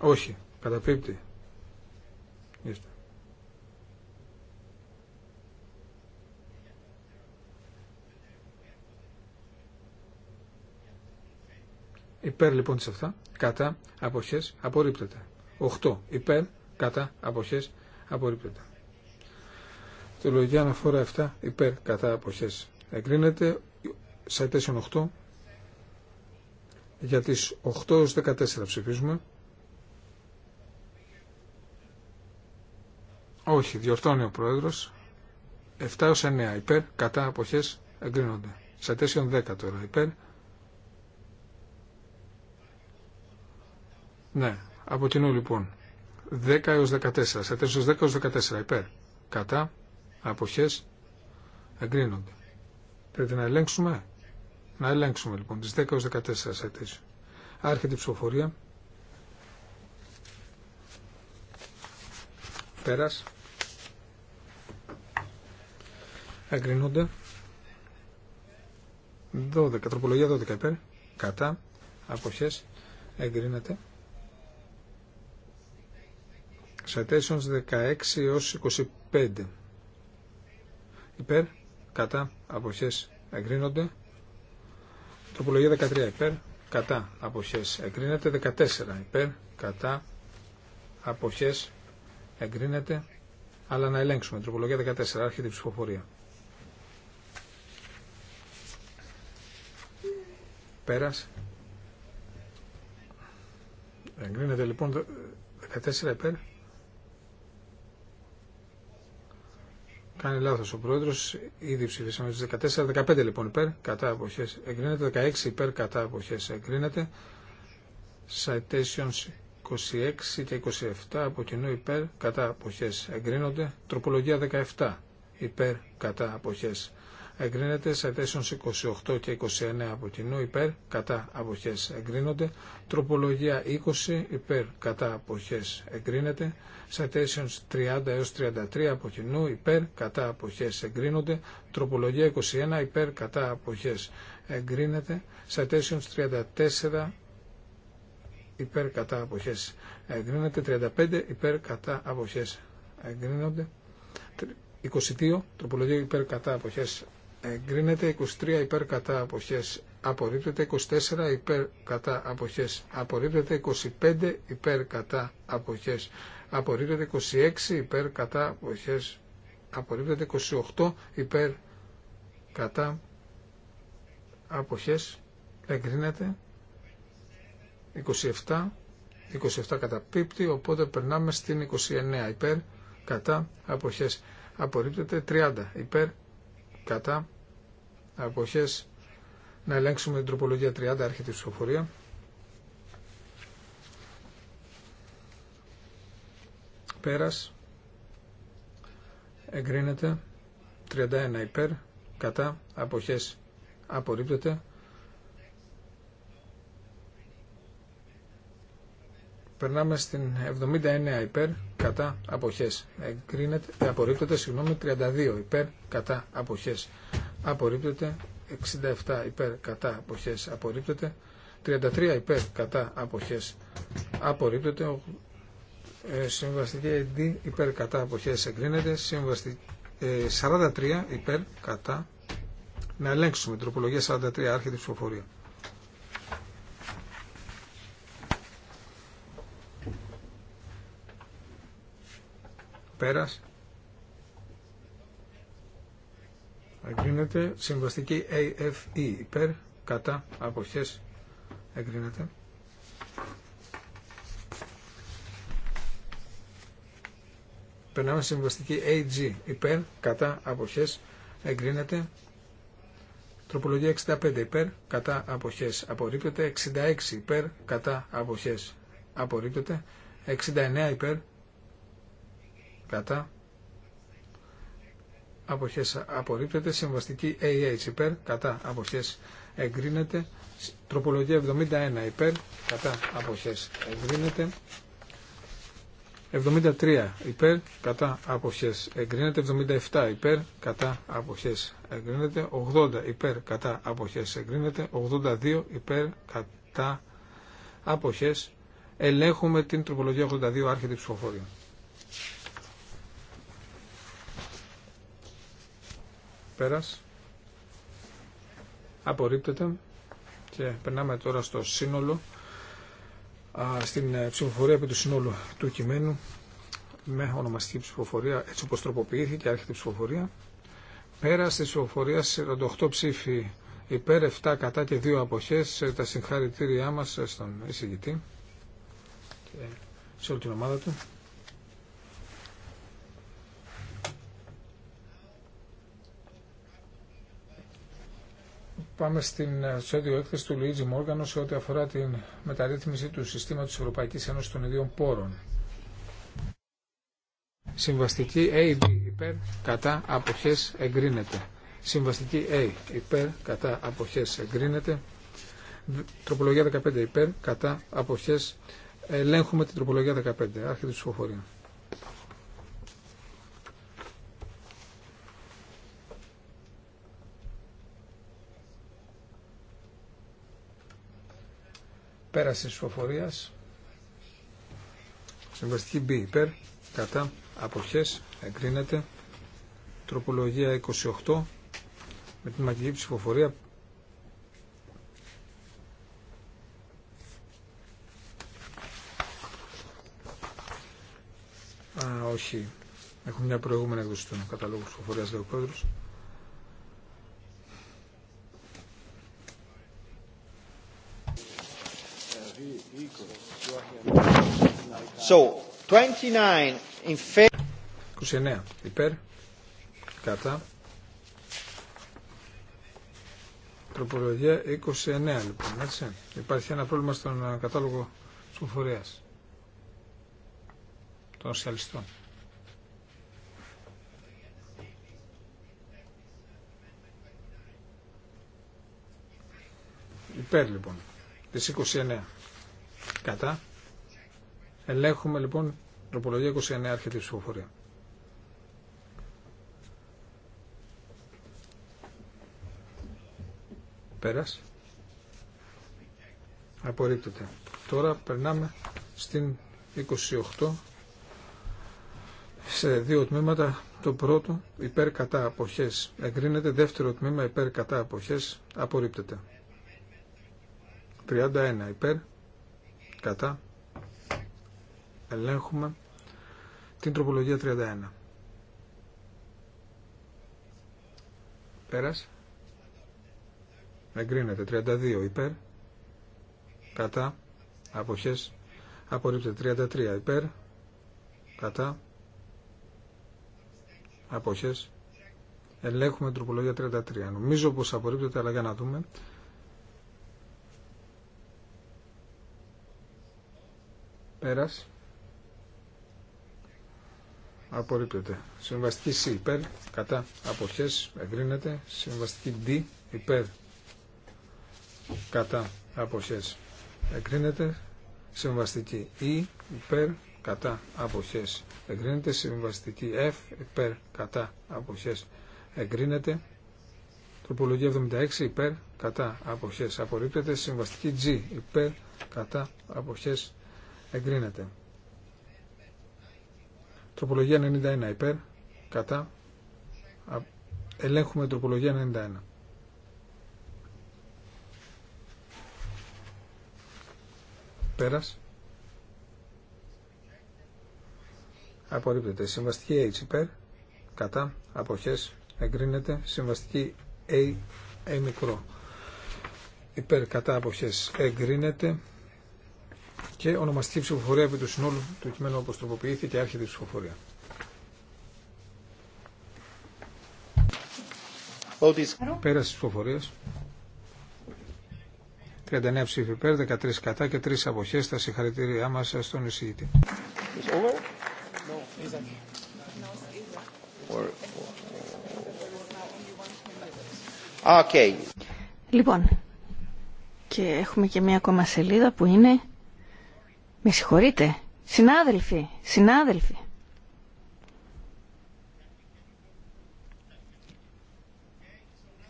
Όχι. Καταπίπτει. Ήρθε. Υπέρ λοιπόν της 7. Κατά. Αποχές. Απορρίπτεται. 8. Υπέρ. Κατά. Αποχές. Απορρίπτεται. λογική αναφορά 7. Υπέρ. Κατά. Αποχές. Εγκρίνεται citation 8 για τις 8 έως 14 ψηφίζουμε. Όχι, διορθώνει ο Πρόεδρος. 7 έως 9 υπέρ, κατά αποχές εγκρίνονται. Citation 10 τώρα υπέρ. Ναι, από κοινού λοιπόν. 10 έως 14. Citation 10 έως 14 υπέρ, κατά αποχές εγκρίνονται. Πρέπει να ελέγξουμε. Να ελέγξουμε λοιπόν τις 10 έως 14 αιτήσεις. Άρχεται η ψηφοφορία. Πέρας. Εγκρινούνται. 12. Τροπολογία 12 υπέρ. Κατά. Αποχές. Εγκρίνεται. Σατέσιον 16 έως 25. Υπέρ. Κατά. Αποχές. Εγκρίνονται. Τροπολογία 13 υπέρ, κατά αποχές εγκρίνεται. 14 υπέρ, κατά αποχές εγκρίνεται. Αλλά να ελέγξουμε. Τροπολογία 14, άρχεται η ψηφοφορία. Πέρας. Εγκρίνεται λοιπόν 14 υπέρ, Κάνει λάθο ο πρόεδρο. Ήδη ψηφίσαμε τι 14. 15 λοιπόν υπέρ, κατά εποχέ εγκρίνεται. 16 υπέρ, κατά εποχέ εγκρίνεται. Citations 26 και 27 από κοινού υπέρ, κατά εποχέ εγκρίνονται. Τροπολογία 17 υπέρ, κατά εποχέ εγκρίνεται, citations 28 και 29 από κοινού υπέρ, κατά αποχές εγκρίνονται, τροπολογία 20 υπέρ, κατά αποχές εγκρίνεται, citations 30 έως 33 από κοινού υπέρ, κατά αποχές εγκρίνονται, τροπολογία 21 υπέρ, κατά αποχές εγκρίνεται, citations 34 υπέρ κατά αποχές εγκρίνεται, 35 υπέρ κατά αποχές εγκρίνονται, 22 τροπολογία υπέρ κατά αποχές εγκρίνεται 23 υπέρ κατά αποχές απορρίπτεται 24 υπέρ κατά αποχές απορρίπτεται 25 υπέρ κατά αποχές απορρίπτεται 26 υπέρ κατά αποχές απορρίπτεται 28 υπέρ κατά αποχές εγκρίνεται 27 27 καταπίπτει οπότε περνάμε στην 29 υπέρ κατά αποχές απορρίπτεται 30 υπέρ κατά αποχές να ελέγξουμε την τροπολογία 30 άρχεται η ψηφοφορία πέρας εγκρίνεται 31 υπέρ κατά αποχές απορρίπτεται Περνάμε στην 79 υπέρ, κατά, αποχές. Εγκρίνεται, απορρίπτεται, συγγνώμη, 32 υπέρ, κατά, αποχές. Απορρίπτεται, 67 υπέρ, κατά, αποχές. Απορρίπτεται, 33 υπέρ, κατά, αποχές. Απορρίπτεται, ε, συμβαστική ID υπέρ, κατά, αποχές. Εγκρίνεται, συμβαστική 43 ε, υπέρ, κατά. Να ελέγξουμε τροπολογία 43, άρχεται ψηφοφορία. Πέρας. Εγκρίνεται. Συμβαστική AFE υπέρ. Κατά. Αποχές. Εγκρίνεται. Περνάμε συμβαστική AG υπέρ. Κατά. Αποχές. Εγκρίνεται. Τροπολογία 65 υπέρ, κατά αποχές απορρίπτεται, 66 υπέρ, κατά αποχές απορρίπτεται, 69 υπέρ, κατά αποχές απορρίπτεται συμβαστική AH υπέρ κατά αποχές εγκρίνεται τροπολογία 71 υπέρ κατά αποχές εγκρίνεται 73 υπέρ κατά αποχές εγκρίνεται 77 υπέρ κατά αποχές εγκρίνεται 80 υπέρ κατά αποχές εγκρίνεται 82 υπέρ κατά αποχές ελέγχουμε την τροπολογία 82 άρχεται ψηφοφορία Πέρας. Απορρίπτεται. Και περνάμε τώρα στο σύνολο. Στην ε, ψηφοφορία επί του συνόλου του κειμένου με ονομαστική ψηφοφορία έτσι όπως τροποποιήθηκε άρχεται η ψηφοφορία Πέρας, στη ψηφοφορία 48 ψήφοι υπέρ 7 κατά και 2 αποχές ε, τα συγχαρητήριά μας στον εισηγητή και σε όλη την ομάδα του Πάμε στην ε, σχέδιο έκθεση του Λουίτζι Μόργανο σε ό,τι αφορά την μεταρρύθμιση του συστήματο τη Ευρωπαϊκής Ένωση των Ιδίων Πόρων. Συμβαστική A, B, υπέρ, κατά, αποχέ, εγκρίνεται. Συμβαστική A, υπέρ, κατά, αποχέ, εγκρίνεται. Τροπολογία 15, υπέρ, κατά, αποχέ, ελέγχουμε την τροπολογία 15. Άρχεται η ψηφοφορία. Πέραση ψηφοφορία. Συμβαστική B υπέρ. Κατά. Αποχές. Εγκρίνεται. Τροπολογία 28. Με την μαγική ψηφοφορία. Α, όχι. Έχουμε μια προηγούμενη έκδοση του καταλόγου ψηφοφορία, λέει ο So, 29 in 29 υπέρ. Κατά. Τροπολογία 29 λοιπόν, έτσι. Υπάρχει ένα πρόβλημα στον ε, κατάλογο ψηφοφορίας των σοσιαλιστών. Υπέρ λοιπόν, της 29. Κατά. Ελέγχουμε λοιπόν τροπολογία 29 άρχεται ψηφοφορία. Πέρας. Απορρίπτεται. Τώρα περνάμε στην 28 σε δύο τμήματα. Το πρώτο υπέρ κατά αποχές εγκρίνεται. Δεύτερο τμήμα υπέρ κατά αποχές απορρίπτεται. 31 υπέρ κατά ελέγχουμε την τροπολογία 31 πέρας εγκρίνεται 32 υπέρ κατά αποχές απορρίπτεται 33 υπέρ κατά αποχές ελέγχουμε την τροπολογία 33 νομίζω πως απορρίπτεται αλλά για να δούμε Πέρας. Απορρίπτεται. Συμβαστική C υπέρ. Κατά. Αποχές. Εγκρίνεται. Συμβαστική D υπέρ. Κατά. Αποχές. Εγκρίνεται. Συμβαστική E υπέρ. Κατά. Αποχές. Εγκρίνεται. Συμβαστική F υπέρ. Κατά. Αποχές. Εγκρίνεται. Τροπολογία 76 υπέρ. Κατά. Αποχές. Απορρίπτεται. Συμβαστική G υπέρ. Κατά. Αποχές εγκρίνεται. Τροπολογία 91 υπέρ, κατά, ελέγχουμε τροπολογία 91. Πέρας. Απορρίπτεται. Συμβαστική H υπέρ, κατά, αποχές, εγκρίνεται. Συμβαστική A, A μικρό, υπέρ, κατά, αποχές, εγκρίνεται και ονομαστική ψηφοφορία επί του συνόλου του κειμένου όπως τροποποιήθηκε άρχεται η ψηφοφορία. Πέραση ψηφοφορία. 39 ψήφοι υπέρ, 13 κατά και 3 αποχές. Τα συγχαρητήριά μας στον εισηγητή. Okay. Λοιπόν, και έχουμε και μία ακόμα σελίδα που είναι με συγχωρείτε. Συνάδελφοι, συνάδελφοι.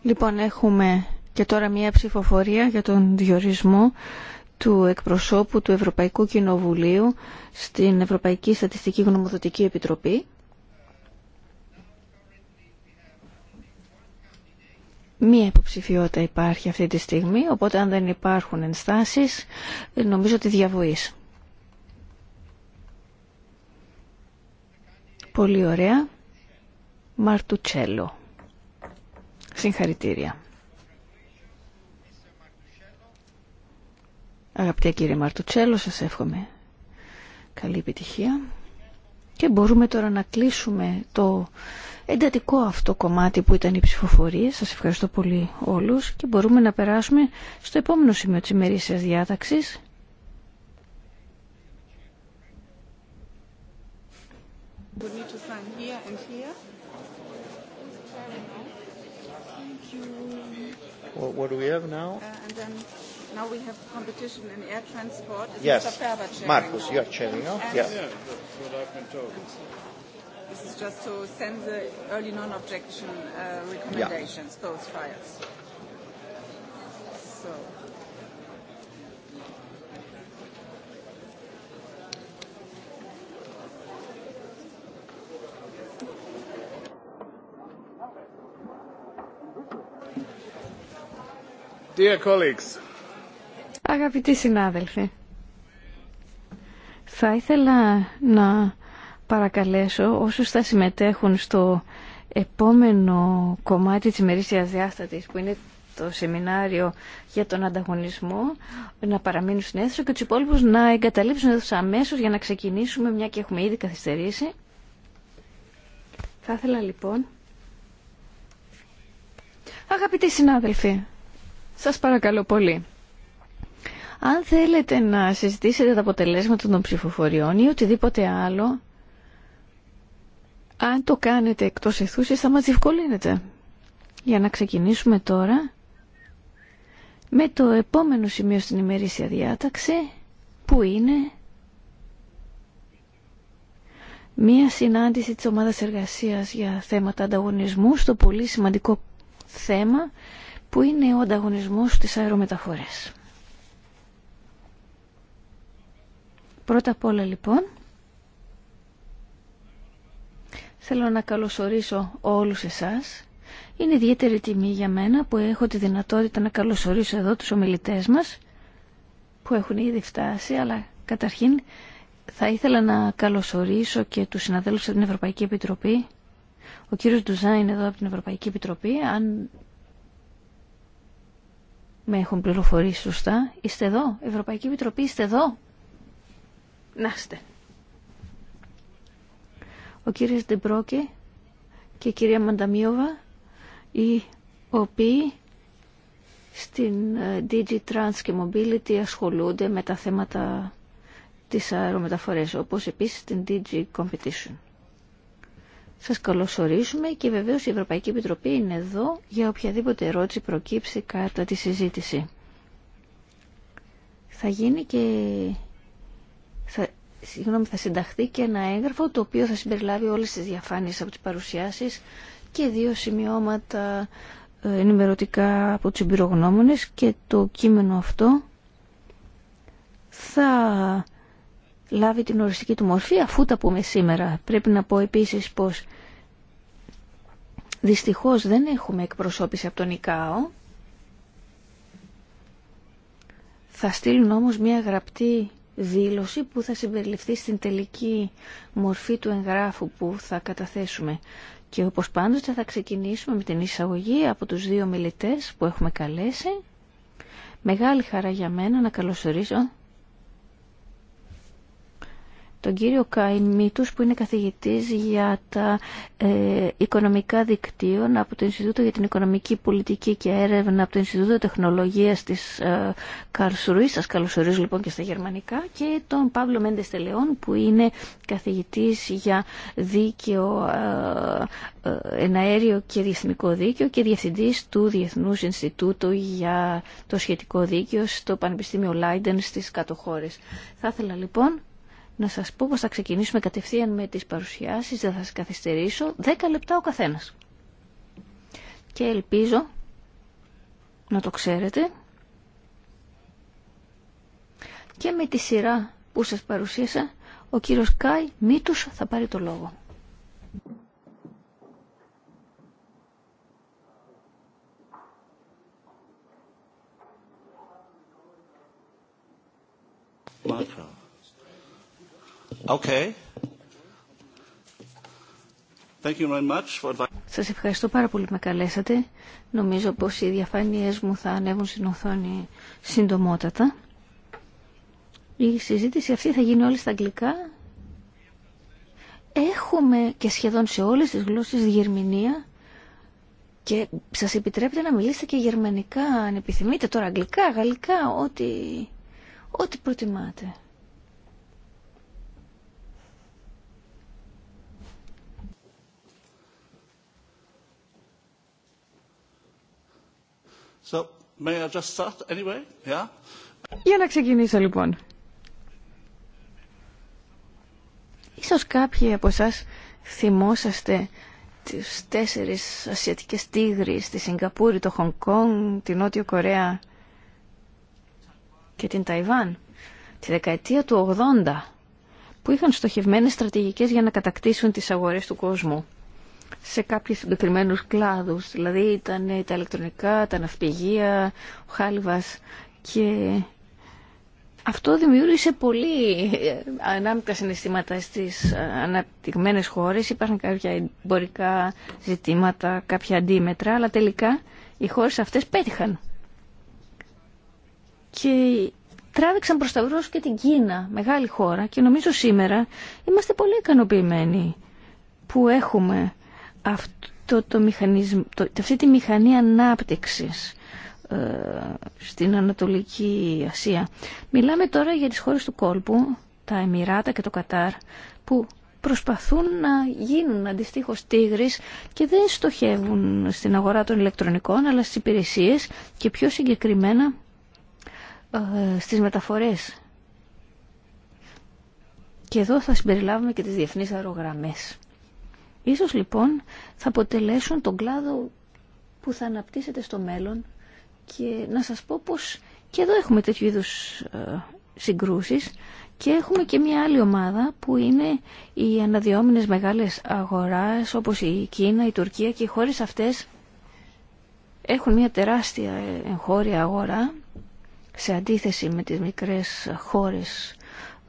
Λοιπόν, έχουμε και τώρα μια ψηφοφορία για τον διορισμό του εκπροσώπου του Ευρωπαϊκού Κοινοβουλίου στην Ευρωπαϊκή Στατιστική Γνωμοδοτική Επιτροπή. Μία υποψηφιότητα υπάρχει αυτή τη στιγμή, οπότε αν δεν υπάρχουν ενστάσεις, νομίζω ότι διαβοής. Πολύ ωραία. Μαρτουτσέλο. Συγχαρητήρια. Αγαπητέ κύριε Μαρτουτσέλο, σας εύχομαι καλή επιτυχία. Και μπορούμε τώρα να κλείσουμε το εντατικό αυτό κομμάτι που ήταν η ψηφοφορία. Σας ευχαριστώ πολύ όλους και μπορούμε να περάσουμε στο επόμενο σημείο της ημερήσιας διάταξης would need to sign here and here. Thank what do we have now? Uh, and then now we have competition in air transport. Is yes. Marcus, you are chairing now. This is just to send the early non-objection uh, recommendations, yeah. those files. So. Αγαπητοί συνάδελφοι, θα ήθελα να παρακαλέσω όσους θα συμμετέχουν στο επόμενο κομμάτι της ημερήσιας διάστατης που είναι το σεμινάριο για τον ανταγωνισμό να παραμείνουν στην αίθουσα και τους υπόλοιπους να εγκαταλείψουν εδώ αμέσως για να ξεκινήσουμε μια και έχουμε ήδη καθυστερήσει. Θα ήθελα λοιπόν... Αγαπητοί συνάδελφοι, σας παρακαλώ πολύ. Αν θέλετε να συζητήσετε τα αποτελέσματα των ψηφοφοριών ή οτιδήποτε άλλο, αν το κάνετε εκτός εθούσης θα μας διευκολύνετε. Για να ξεκινήσουμε τώρα με το επόμενο σημείο στην ημερήσια διάταξη που είναι μία συνάντηση της ομάδας εργασίας για θέματα ανταγωνισμού στο πολύ σημαντικό θέμα που είναι ο ανταγωνισμός στις αερομεταφορές. Πρώτα απ' όλα λοιπόν, θέλω να καλωσορίσω όλους εσάς. Είναι ιδιαίτερη τιμή για μένα που έχω τη δυνατότητα να καλωσορίσω εδώ τους ομιλητές μας, που έχουν ήδη φτάσει, αλλά καταρχήν θα ήθελα να καλωσορίσω και τους συναδέλφους από την Ευρωπαϊκή Επιτροπή. Ο κύριος Ντουζά είναι εδώ από την Ευρωπαϊκή Επιτροπή. Αν με έχουν πληροφορήσει σωστά. Είστε εδώ, Ευρωπαϊκή Επιτροπή, είστε εδώ. Να είστε. Ο κύριος Ντεμπρόκε και η κυρία Μανταμίωβα, οι οποίοι στην ε, DG Trans και Mobility ασχολούνται με τα θέματα της αερομεταφορές, όπως επίσης στην DG Competition. Σας καλωσορίζουμε και βεβαίως η Ευρωπαϊκή Επιτροπή είναι εδώ για οποιαδήποτε ερώτηση προκύψει κατά τη συζήτηση. Θα γίνει και... Θα... θα συνταχθεί και ένα έγγραφο το οποίο θα συμπεριλάβει όλες τις διαφάνειες από τις παρουσιάσεις και δύο σημειώματα ε, ενημερωτικά από τους εμπειρογνώμονες και το κείμενο αυτό θα λάβει την οριστική του μορφή αφού τα πούμε σήμερα. Πρέπει να πω επίσης πως δυστυχώς δεν έχουμε εκπροσώπηση από τον ΙΚΑΟ. Θα στείλουν όμως μια γραπτή δήλωση που θα συμπεριληφθεί στην τελική μορφή του εγγράφου που θα καταθέσουμε. Και όπως πάντοτε θα ξεκινήσουμε με την εισαγωγή από τους δύο μιλητές που έχουμε καλέσει. Μεγάλη χαρά για μένα να καλωσορίσω τον κύριο Καϊμίτους που είναι καθηγητής για τα ε, οικονομικά δικτύων από το Ινστιτούτο για την Οικονομική Πολιτική και Έρευνα από το Ινστιτούτο Τεχνολογίας της ε, Καρσουρής. Σας καλωσορίζω λοιπόν και στα γερμανικά και τον Παύλο Μέντες Τελεών που είναι καθηγητής για δίκαιο ε, εναέριο και διεθνικό δίκαιο και διευθυντής του Διεθνούς Ινστιτούτου για το σχετικό δίκαιο στο Πανεπιστήμιο Λάιντεν στις κατοχώρες. Θα ήθελα λοιπόν να σας πω πως θα ξεκινήσουμε κατευθείαν με τις παρουσιάσεις, δεν θα σας καθυστερήσω, 10 λεπτά ο καθένας. Και ελπίζω να το ξέρετε και με τη σειρά που σας παρουσίασα, ο κύριος Κάι Μήτους θα πάρει το λόγο. Okay. Σας ευχαριστώ πάρα πολύ που με καλέσατε. Νομίζω πως οι διαφάνειές μου θα ανέβουν στην οθόνη συντομότατα. Η συζήτηση αυτή θα γίνει όλη στα αγγλικά. Έχουμε και σχεδόν σε όλες τις γλώσσες γερμηνία και σας επιτρέπετε να μιλήσετε και γερμανικά αν επιθυμείτε τώρα αγγλικά, γαλλικά, ό,τι, ό,τι προτιμάτε. Για να ξεκινήσω λοιπόν. Ίσως κάποιοι από εσά θυμόσαστε τις τέσσερις ασιατικές τίγρεις, τη Σιγκαπούρη, το Χονγκ Κόνγκ, την Νότιο Κορέα και την Ταϊβάν. Τη δεκαετία του 80 που είχαν στοχευμένες στρατηγικές για να κατακτήσουν τις αγορές του κόσμου σε κάποιους συγκεκριμένους κλάδους. Δηλαδή ήταν τα ηλεκτρονικά, τα ναυπηγεία, ο χάλιβας και αυτό δημιούργησε πολύ ε, ανάμεικτα συναισθήματα στις ε, αναπτυγμένες χώρες. Υπάρχουν κάποια εμπορικά ζητήματα, κάποια αντίμετρα, αλλά τελικά οι χώρες αυτές πέτυχαν. Και τράβηξαν προς τα βρός και την Κίνα, μεγάλη χώρα, και νομίζω σήμερα είμαστε πολύ ικανοποιημένοι που έχουμε αυτό το μηχανισμό, το, αυτή τη μηχανή ανάπτυξης ε, στην Ανατολική Ασία. Μιλάμε τώρα για τις χώρες του κόλπου, τα Εμμυράτα και το Κατάρ, που προσπαθούν να γίνουν αντιστοίχω τίγρης και δεν στοχεύουν στην αγορά των ηλεκτρονικών, αλλά στις υπηρεσίες και πιο συγκεκριμένα ε, στις μεταφορές. Και εδώ θα συμπεριλάβουμε και τις διεθνείς αερογραμμές. Ίσως λοιπόν θα αποτελέσουν τον κλάδο που θα αναπτύσσεται στο μέλλον και να σας πω πως και εδώ έχουμε τέτοιου είδους ε, συγκρούσεις και έχουμε και μια άλλη ομάδα που είναι οι αναδυόμενες μεγάλες αγοράς όπως η Κίνα, η Τουρκία και οι χώρες αυτές έχουν μια τεράστια ε, εγχώρια αγορά σε αντίθεση με τις μικρές χώρες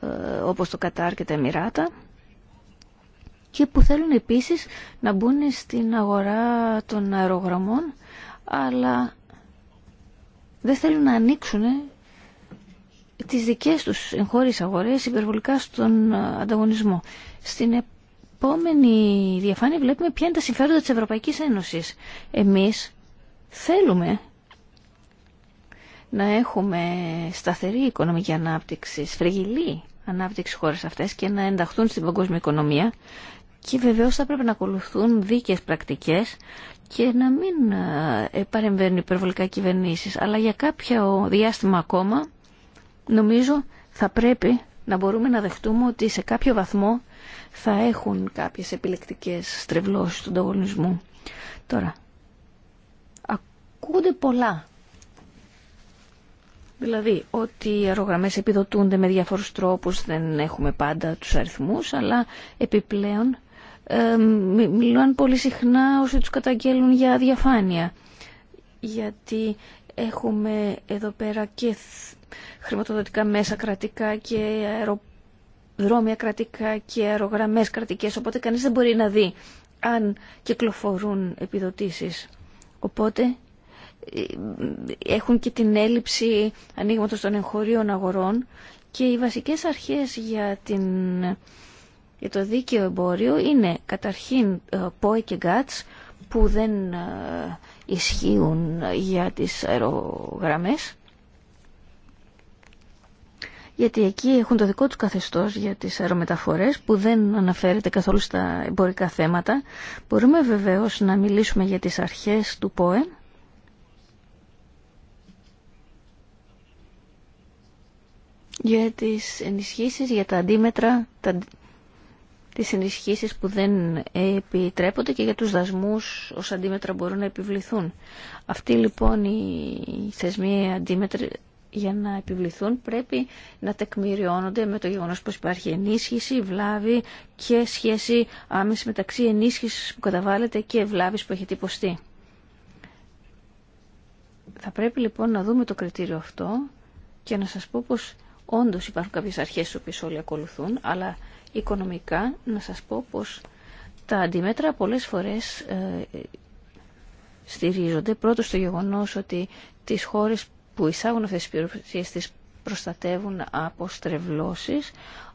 ε, όπως το Κατάρ και τα Εμμυράτα και που θέλουν επίσης να μπουν στην αγορά των αερογραμμών αλλά δεν θέλουν να ανοίξουν ε, τις δικές τους εγχώριες αγορές υπερβολικά στον ε, ανταγωνισμό. Στην επόμενη διαφάνεια βλέπουμε ποια είναι τα συμφέροντα της Ευρωπαϊκής Ένωσης. Εμείς θέλουμε να έχουμε σταθερή οικονομική ανάπτυξη, σφρεγγυλή ανάπτυξη χώρες αυτές και να ενταχθούν στην παγκόσμια οικονομία και βεβαίως θα πρέπει να ακολουθούν δίκαιες πρακτικές και να μην ε, παρεμβαίνουν υπερβολικά κυβερνήσεις. Αλλά για κάποιο διάστημα ακόμα νομίζω θα πρέπει να μπορούμε να δεχτούμε ότι σε κάποιο βαθμό θα έχουν κάποιες επιλεκτικές στρεβλώσεις του ανταγωνισμού. Τώρα, ακούγονται πολλά. Δηλαδή, ότι οι αερογραμμές επιδοτούνται με διάφορους τρόπους, δεν έχουμε πάντα τους αριθμούς, αλλά επιπλέον ε, μιλούν πολύ συχνά όσοι τους καταγγέλουν για διαφάνεια, Γιατί έχουμε εδώ πέρα και χρηματοδοτικά μέσα κρατικά και αεροδρόμια κρατικά και αερογραμμές κρατικές, οπότε κανείς δεν μπορεί να δει αν κυκλοφορούν επιδοτήσεις. Οπότε ε, έχουν και την έλλειψη ανοίγματο των εγχωρίων αγορών και οι βασικές αρχές για την για το δίκαιο εμπόριο είναι καταρχήν ΠΟΕ και ΓΚΑΤΣ που δεν ε, ισχύουν για τις αερογραμμές γιατί εκεί έχουν το δικό τους καθεστώς για τις αερομεταφορές που δεν αναφέρεται καθόλου στα εμπορικά θέματα. Μπορούμε βεβαίως να μιλήσουμε για τις αρχές του ΠΟΕ. για τις ενισχύσεις, για τα αντίμετρα, τα τις ενισχύσεις που δεν επιτρέπονται και για τους δασμούς ως αντίμετρα μπορούν να επιβληθούν. Αυτοί λοιπόν οι θεσμοί αντίμετροι για να επιβληθούν πρέπει να τεκμηριώνονται με το γεγονός πως υπάρχει ενίσχυση, βλάβη και σχέση άμεση μεταξύ ενίσχυσης που καταβάλλεται και βλάβης που έχει τυπωστεί. Θα πρέπει λοιπόν να δούμε το κριτήριο αυτό και να σας πω πως όντως υπάρχουν κάποιες αρχές στις όλοι ακολουθούν, αλλά οικονομικά, να σας πω πως τα αντίμετρα πολλές φορές ε, στηρίζονται πρώτος στο γεγονός ότι τις χώρες που εισάγουν αυτές τις πληροφορίες τις προστατεύουν από στρεβλώσεις,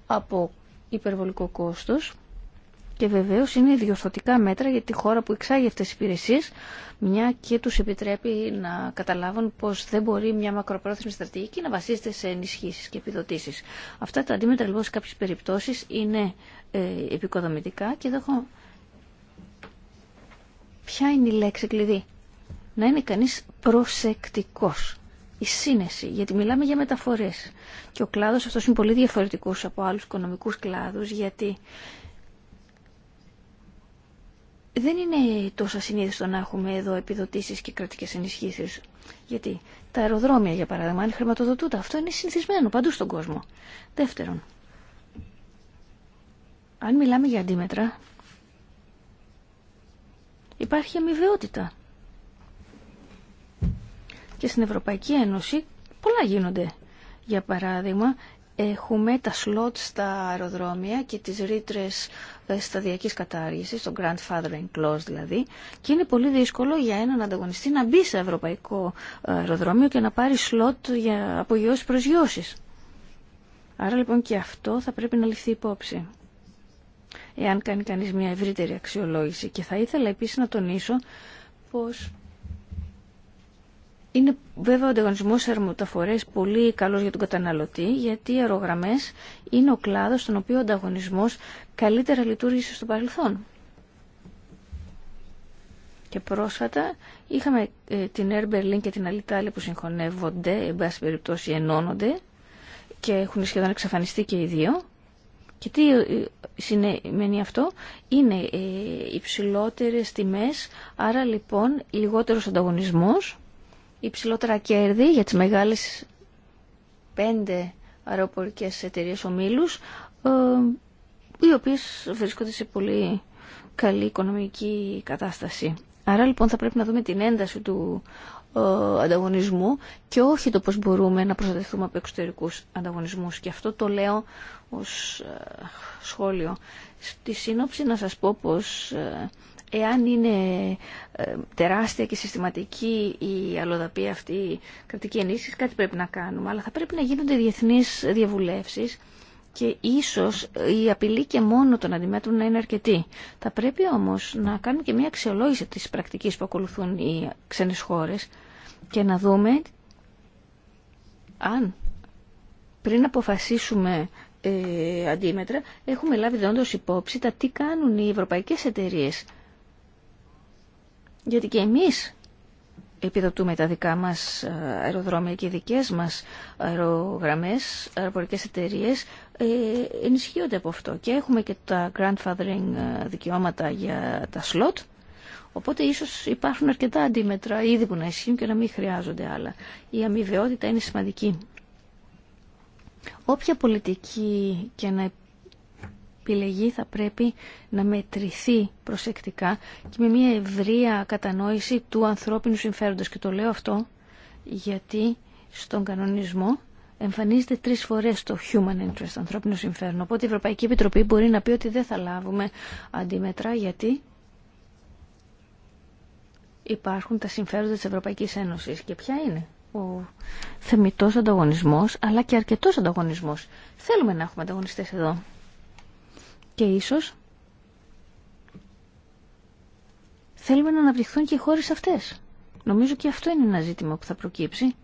από υπερβολικό κόστος και βεβαίως είναι διορθωτικά μέτρα για τη χώρα που εξάγει αυτές τις υπηρεσίες μια και τους επιτρέπει να καταλάβουν πως δεν μπορεί μια μακροπρόθεσμη στρατηγική να βασίζεται σε ενισχύσεις και επιδοτήσεις. Αυτά τα αντίμετρα λοιπόν σε κάποιες περιπτώσεις είναι ε, επικοδομητικά και εδώ έχω... Ποια είναι η λέξη κλειδί. Να είναι κανείς προσεκτικός η σύνεση, γιατί μιλάμε για μεταφορές. Και ο κλάδος αυτός είναι πολύ διαφορετικός από άλλους οικονομικούς κλάδους, γιατί δεν είναι τόσο συνήθιστο να έχουμε εδώ επιδοτήσεις και κρατικές ενισχύσεις. Γιατί τα αεροδρόμια, για παράδειγμα, αν χρηματοδοτούνται, αυτό είναι συνηθισμένο παντού στον κόσμο. Δεύτερον, αν μιλάμε για αντίμετρα, υπάρχει αμοιβαιότητα. Και στην Ευρωπαϊκή Ένωση πολλά γίνονται. Για παράδειγμα, Έχουμε τα σλότ στα αεροδρόμια και τις ρήτρε ε, σταδιακής κατάργησης, το grandfathering clause δηλαδή, και είναι πολύ δύσκολο για έναν ανταγωνιστή να μπει σε ευρωπαϊκό αεροδρόμιο και να πάρει σλότ για απογειώσεις προσγειώσεις. Άρα λοιπόν και αυτό θα πρέπει να ληφθεί υπόψη εάν κάνει κανείς μια ευρύτερη αξιολόγηση. Και θα ήθελα επίσης να τονίσω πως είναι βέβαια ο ανταγωνισμό σε αερομεταφορέ πολύ καλό για τον καταναλωτή, γιατί οι αερογραμμέ είναι ο κλάδο στον οποίο ο ανταγωνισμό καλύτερα λειτουργήσε στο παρελθόν. Και πρόσφατα είχαμε ε, την Air Berlin και την Alitalia που συγχωνεύονται, εν πάση περιπτώσει ενώνονται και έχουν σχεδόν εξαφανιστεί και οι δύο. Και τι ε, σημαίνει αυτό, είναι ε, υψηλότερες τιμές, άρα λοιπόν λιγότερος ανταγωνισμός υψηλότερα κέρδη για τις μεγάλες πέντε αεροπορικές εταιρείες ομίλους, ε, οι οποίες βρίσκονται σε πολύ καλή οικονομική κατάσταση. Άρα λοιπόν θα πρέπει να δούμε την ένταση του ε, ανταγωνισμού και όχι το πώς μπορούμε να προστατευτούμε από εξωτερικούς ανταγωνισμούς. Και αυτό το λέω ως ε, σχόλιο. Στη σύνοψη να σας πω πως εάν είναι ε, τεράστια και συστηματική η αλλοδαπή αυτή κρατική ενίσχυση, κάτι πρέπει να κάνουμε. Αλλά θα πρέπει να γίνονται διεθνεί διαβουλευσει και ίσως η απειλή και μόνο των αντιμέτρων να είναι αρκετή. Θα πρέπει όμως να κάνουμε και μια αξιολόγηση τη πρακτική που ακολουθούν οι ξένες χώρες και να δούμε αν πριν αποφασίσουμε ε, αντίμετρα έχουμε λάβει δόντως υπόψη τα τι κάνουν οι ευρωπαϊκές εταιρείες γιατί και εμείς επιδοτούμε τα δικά μας ε, αεροδρόμια και οι δικές μας αερογραμμές, αεροπορικές εταιρείες ε, ενισχύονται από αυτό και έχουμε και τα grandfathering ε, δικαιώματα για τα slot οπότε ίσως υπάρχουν αρκετά αντίμετρα ήδη που να ισχύουν και να μην χρειάζονται άλλα η αμοιβαιότητα είναι σημαντική Όποια πολιτική και να επιλεγεί θα πρέπει να μετρηθεί προσεκτικά και με μια ευρεία κατανόηση του ανθρώπινου συμφέροντος. Και το λέω αυτό γιατί στον κανονισμό εμφανίζεται τρεις φορές το human interest, ανθρώπινο συμφέρον. Οπότε η Ευρωπαϊκή Επιτροπή μπορεί να πει ότι δεν θα λάβουμε αντίμετρα γιατί υπάρχουν τα συμφέροντα της Ευρωπαϊκής Ένωσης. Και ποια είναι ο θεμητός ανταγωνισμός, αλλά και αρκετός ανταγωνισμός. Θέλουμε να έχουμε ανταγωνιστές εδώ. Και ίσως θέλουμε να αναπτυχθούν και οι χώρες αυτές. Νομίζω και αυτό είναι ένα ζήτημα που θα προκύψει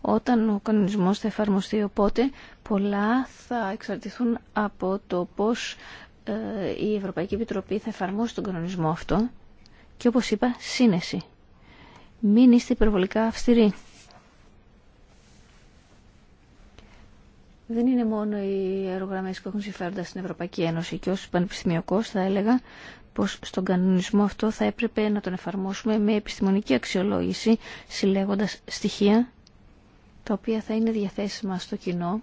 όταν ο κανονισμός θα εφαρμοστεί οπότε πολλά θα εξαρτηθούν από το πώς ε, η Ευρωπαϊκή Επιτροπή θα εφαρμόσει τον κανονισμό αυτό και όπως είπα σύνεση. Μην είστε υπερβολικά αυστηροί. δεν είναι μόνο οι αερογραμμέ που έχουν συμφέροντα στην Ευρωπαϊκή Ένωση και ω πανεπιστημιακό, θα έλεγα πω στον κανονισμό αυτό θα έπρεπε να τον εφαρμόσουμε με επιστημονική αξιολόγηση συλλέγοντα στοιχεία τα οποία θα είναι διαθέσιμα στο κοινό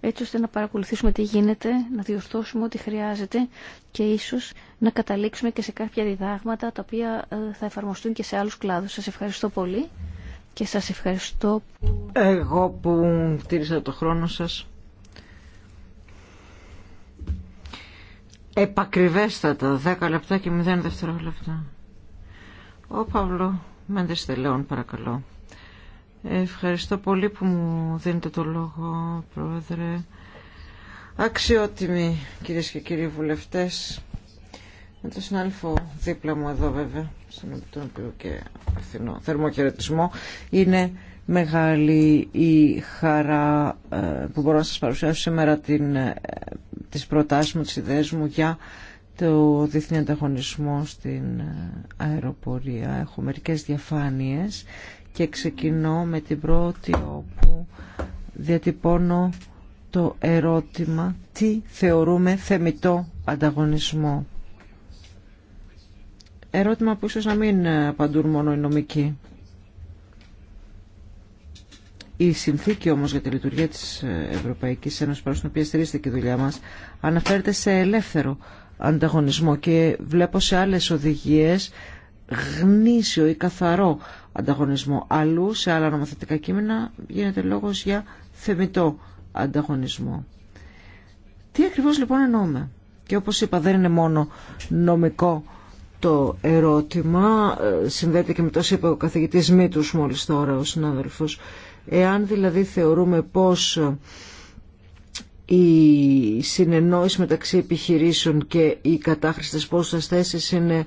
έτσι ώστε να παρακολουθήσουμε τι γίνεται, να διορθώσουμε ό,τι χρειάζεται και ίσως να καταλήξουμε και σε κάποια διδάγματα τα οποία ε, θα εφαρμοστούν και σε άλλους κλάδους. Σας ευχαριστώ πολύ και σας ευχαριστώ. Εγώ που τήρησα το χρόνο σας. Επακριβέστατα, 10 λεπτά και 0 δευτερόλεπτα. Ο Παύλο Μέντες Τελεών, παρακαλώ. Ευχαριστώ πολύ που μου δίνετε το λόγο, Πρόεδρε. Αξιότιμοι κυρίες και κύριοι βουλευτές, με τον συνάδελφο δίπλα μου εδώ βέβαια, στον οποίο και είναι μεγάλη η χαρά ε, που μπορώ να σας παρουσιάσω σήμερα την, ε, τις προτάσεις μου, τις ιδέες μου για το διεθνή ανταγωνισμό στην ε, αεροπορία. Έχω μερικές διαφάνειες και ξεκινώ με την πρώτη όπου διατυπώνω το ερώτημα τι θεωρούμε θεμητό ανταγωνισμό ερώτημα που ίσως να μην απαντούν μόνο οι νομικοί. Η συνθήκη όμως για τη λειτουργία της Ευρωπαϊκής Ένωσης πάνω στην οποία στηρίζεται και η δουλειά μας αναφέρεται σε ελεύθερο ανταγωνισμό και βλέπω σε άλλες οδηγίες γνήσιο ή καθαρό ανταγωνισμό. Αλλού σε άλλα νομοθετικά κείμενα γίνεται λόγος για θεμητό ανταγωνισμό. Τι ακριβώς λοιπόν εννοούμε. Και όπως είπα δεν είναι μόνο νομικό το ερώτημα ε, συνδέεται και με τόσο είπε ο καθηγητής Μήτους μόλις τώρα ο συνάδελφος εάν δηλαδή θεωρούμε πως ε, η συνεννόηση μεταξύ επιχειρήσεων και οι κατάχρηστες πόσες θέσεις είναι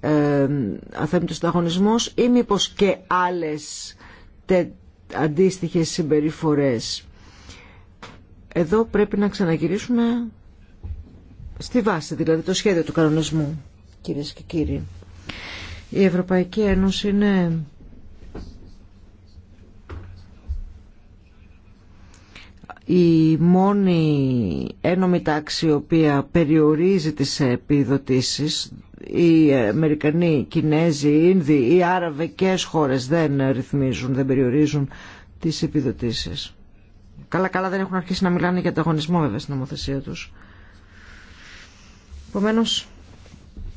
ε, αθέμητος ανταγωνισμός ή μήπως και άλλες τε, αντίστοιχες συμπεριφορές. Εδώ πρέπει να ξαναγυρίσουμε στη βάση, δηλαδή το σχέδιο του κανονισμού κυρίες και κύριοι. Η Ευρωπαϊκή Ένωση είναι η μόνη ένωμη τάξη η οποία περιορίζει τις επιδοτήσεις οι Αμερικανοί, οι Κινέζοι, οι Ίνδοι, οι Άραβικές χώρες δεν ρυθμίζουν, δεν περιορίζουν τις επιδοτήσεις. Καλά καλά δεν έχουν αρχίσει να μιλάνε για ανταγωνισμό βέβαια στην νομοθεσία τους. Επομένως,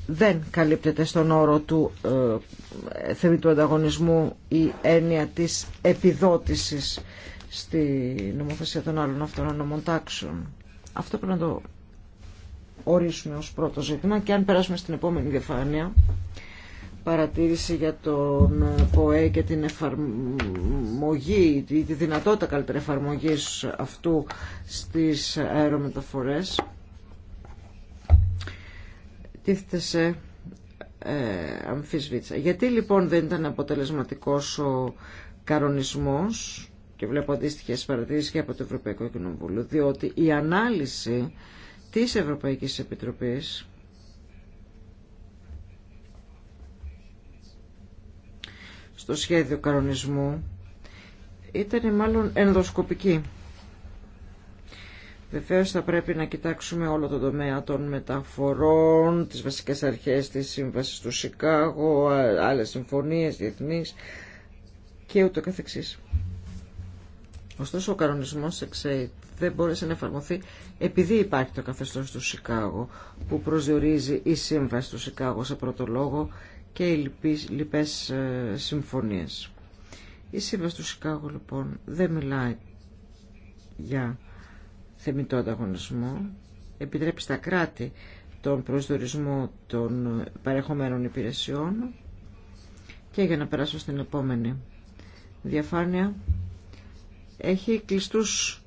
δεν καλύπτεται στον όρο του ε, του ανταγωνισμού η έννοια της επιδότησης στη νομοθεσία των άλλων αυτών νομών τάξεων. Αυτό πρέπει να το ορίσουμε ως πρώτο ζήτημα και αν περάσουμε στην επόμενη διαφάνεια παρατήρηση για τον ΠΟΕ και την εφαρμογή τη δυνατότητα καλύτερη εφαρμογής αυτού στις αερομεταφορές Τίθεσε ε, αμφισβήτησα. Γιατί λοιπόν δεν ήταν αποτελεσματικός ο καρονισμός και βλέπω αντίστοιχε παρατηρήσεις και από το Ευρωπαϊκό Κοινοβούλιο διότι η ανάλυση της Ευρωπαϊκής Επιτροπής στο σχέδιο καρονισμού ήταν μάλλον ενδοσκοπική. Βεβαίως θα πρέπει να κοιτάξουμε όλο το τομέα των μεταφορών, τις βασικές αρχές της Σύμβασης του Σικάγο, άλλες συμφωνίες διεθνείς και ούτω καθεξής. Ωστόσο ο κανονισμός εξέει δεν μπόρεσε να εφαρμοθεί επειδή υπάρχει το καθεστώς του Σικάγο που προσδιορίζει η Σύμβαση του Σικάγο σε πρώτο λόγο και οι λοιπές ε, συμφωνίες. Η Σύμβαση του Σικάγο λοιπόν δεν μιλάει για θεμητό ανταγωνισμό, επιτρέπει στα κράτη τον προσδορισμό των παρεχομένων υπηρεσιών και για να περάσω στην επόμενη διαφάνεια έχει κλειστούς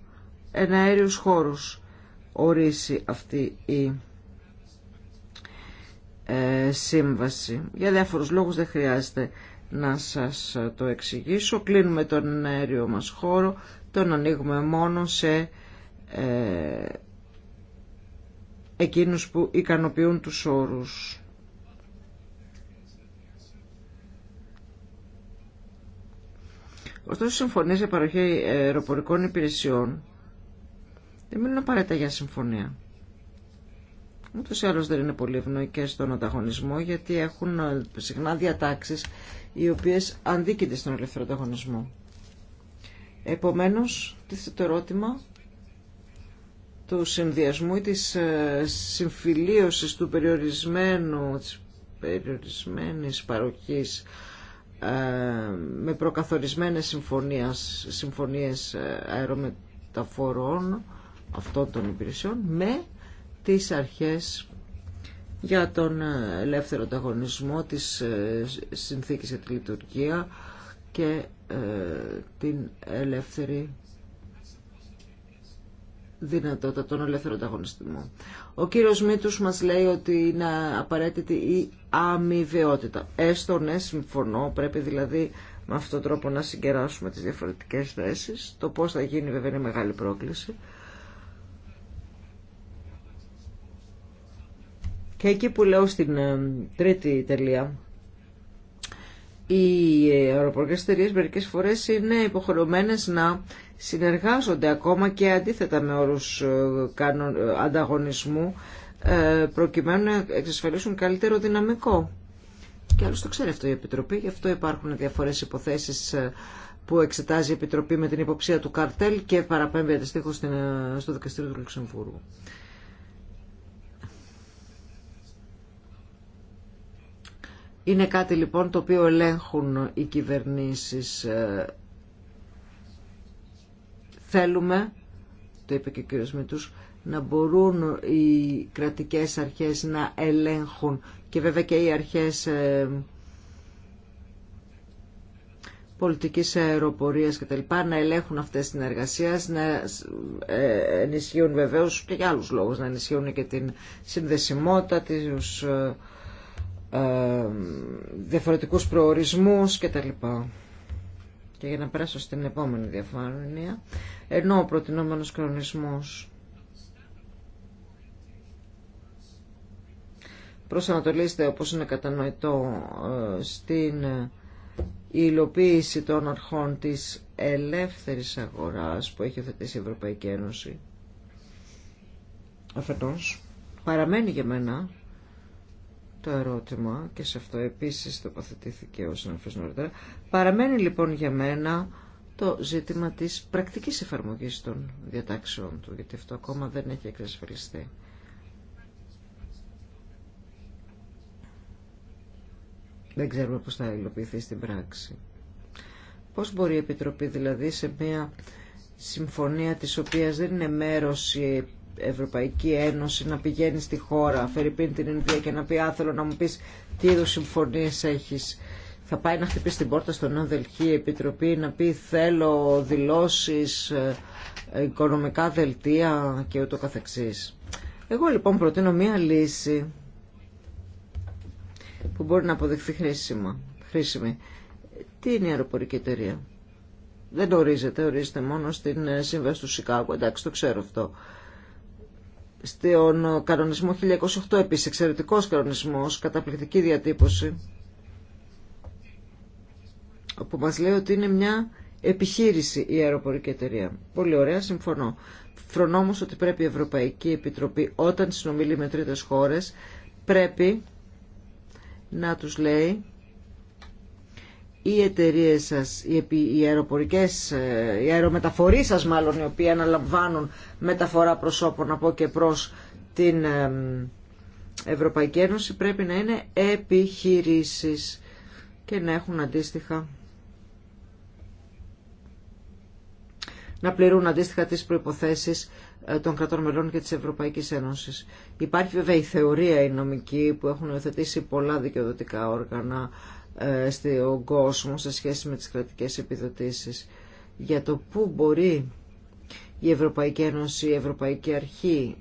εναέριους χώρους ορίσει αυτή η ε, σύμβαση. Για διάφορους λόγους δεν χρειάζεται να σας το εξηγήσω. Κλείνουμε τον αέριο μας χώρο, τον ανοίγουμε μόνο σε ε, εκείνους που ικανοποιούν τους όρους. Ωστόσο, οι συμφωνίε για παροχή αεροπορικών υπηρεσιών δεν μιλούν απαραίτητα για συμφωνία. Ούτω ή άλλω δεν είναι πολύ ευνοϊκέ στον ανταγωνισμό, γιατί έχουν ε, συχνά διατάξει οι οποίε αντίκειται στον ελεύθερο ανταγωνισμό. Επομένω, τίθεται το ερώτημα του συνδυασμού ή της ε, συμφιλίωσης του περιορισμένου, της περιορισμένης παροχής ε, με προκαθορισμένες συμφωνίες, συμφωνίες αερομεταφορών αυτών των υπηρεσιών με τις αρχές για τον ε, ελεύθερο ανταγωνισμό της συνθήκης για τη λειτουργία και την ελεύθερη δυνατότητα των ελεύθερων ταγωνιστημών. Ο κύριος Μήτους μας λέει ότι είναι απαραίτητη η αμοιβαιότητα. Έστω ναι, συμφωνώ, πρέπει δηλαδή με αυτόν τον τρόπο να συγκεράσουμε τις διαφορετικές θέσεις. Το πώς θα γίνει βέβαια είναι μεγάλη πρόκληση. Και εκεί που λέω στην ε, τρίτη τελεία, οι αεροπορικές εταιρείε μερικές φορές είναι υποχρεωμένες να συνεργάζονται ακόμα και αντίθετα με όρους ε, ε, ανταγωνισμού ε, προκειμένου να εξασφαλίσουν καλύτερο δυναμικό. Και άλλωστε το ξέρει αυτό η Επιτροπή, γι' αυτό υπάρχουν διαφορές υποθέσεις που εξετάζει η Επιτροπή με την υποψία του καρτέλ και παραπέμπει αντιστοίχως στο Δικαστήριο του Λουξεμβούργου. Είναι κάτι λοιπόν το οποίο ελέγχουν οι κυβερνήσεις. Ε, θέλουμε, το είπε και ο κύριος Μητούς, να μπορούν οι κρατικές αρχές να ελέγχουν και βέβαια και οι αρχές ε, πολιτικής αεροπορίας και να ελέγχουν αυτές τις εργασία, να ε, ενισχύουν βεβαίως και για άλλους λόγους, να ενισχύουν και την συνδεσιμότητα, τους ε, διαφορετικούς προορισμούς κτλ. Και για να περάσω στην επόμενη διαφάνεια, ενώ ο προτινόμενος κανονισμός προσανατολίζεται όπως είναι κατανοητό ε, στην υλοποίηση των αρχών της ελεύθερης αγοράς που έχει οθετήσει η Ευρωπαϊκή Ένωση αφενός παραμένει για μένα το ερώτημα και σε αυτό επίσης τοποθετήθηκε ο συνάδελφος νωρίτερα. Παραμένει λοιπόν για μένα το ζήτημα της πρακτικής εφαρμογής των διατάξεων του, γιατί αυτό ακόμα δεν έχει εξασφαλιστεί. Δεν ξέρουμε πώς θα υλοποιηθεί στην πράξη. Πώς μπορεί η Επιτροπή δηλαδή σε μια συμφωνία της οποίας δεν είναι μέρος η Ευρωπαϊκή Ένωση να πηγαίνει στη χώρα, Φερρυπίν την Ινδία και να πει άθελο να μου πεις τι είδου συμφωνίε έχεις». Θα πάει να χτυπήσει την πόρτα στον η Επιτροπή να πει «Θέλω δηλώσεις, ε, οικονομικά δελτία και ούτω καθεξής». Εγώ λοιπόν προτείνω μία λύση που μπορεί να αποδειχθεί χρήσιμα, χρήσιμη. Τι είναι η αεροπορική εταιρεία. Δεν το ορίζεται, ορίζεται μόνο στην ε, σύμβαση του Σικάγου. Εντάξει, το ξέρω αυτό στον κανονισμό 1028 επίσης εξαιρετικός κανονισμός, καταπληκτική διατύπωση που μας λέει ότι είναι μια επιχείρηση η αεροπορική εταιρεία. Πολύ ωραία, συμφωνώ. Φρονώ ότι πρέπει η Ευρωπαϊκή Επιτροπή όταν συνομιλεί με τρίτες χώρες πρέπει να τους λέει οι εταιρείε σας, οι, οι αεροπορικές, ε, οι αερομεταφορείς σας μάλλον, οι οποίοι αναλαμβάνουν μεταφορά προσώπων από και προς την Ευρωπαϊκή Ένωση πρέπει να είναι επιχειρήσεις και να έχουν αντίστοιχα να πληρούν αντίστοιχα τις προϋποθέσεις ε, των κρατών μελών και της Ευρωπαϊκής Ένωσης. Υπάρχει βέβαια η θεωρία η νομική που έχουν υιοθετήσει πολλά δικαιοδοτικά όργανα ε, στον κόσμο σε σχέση με τις κρατικές επιδοτήσεις για το πού μπορεί η Ευρωπαϊκή Ένωση, η Ευρωπαϊκή Αρχή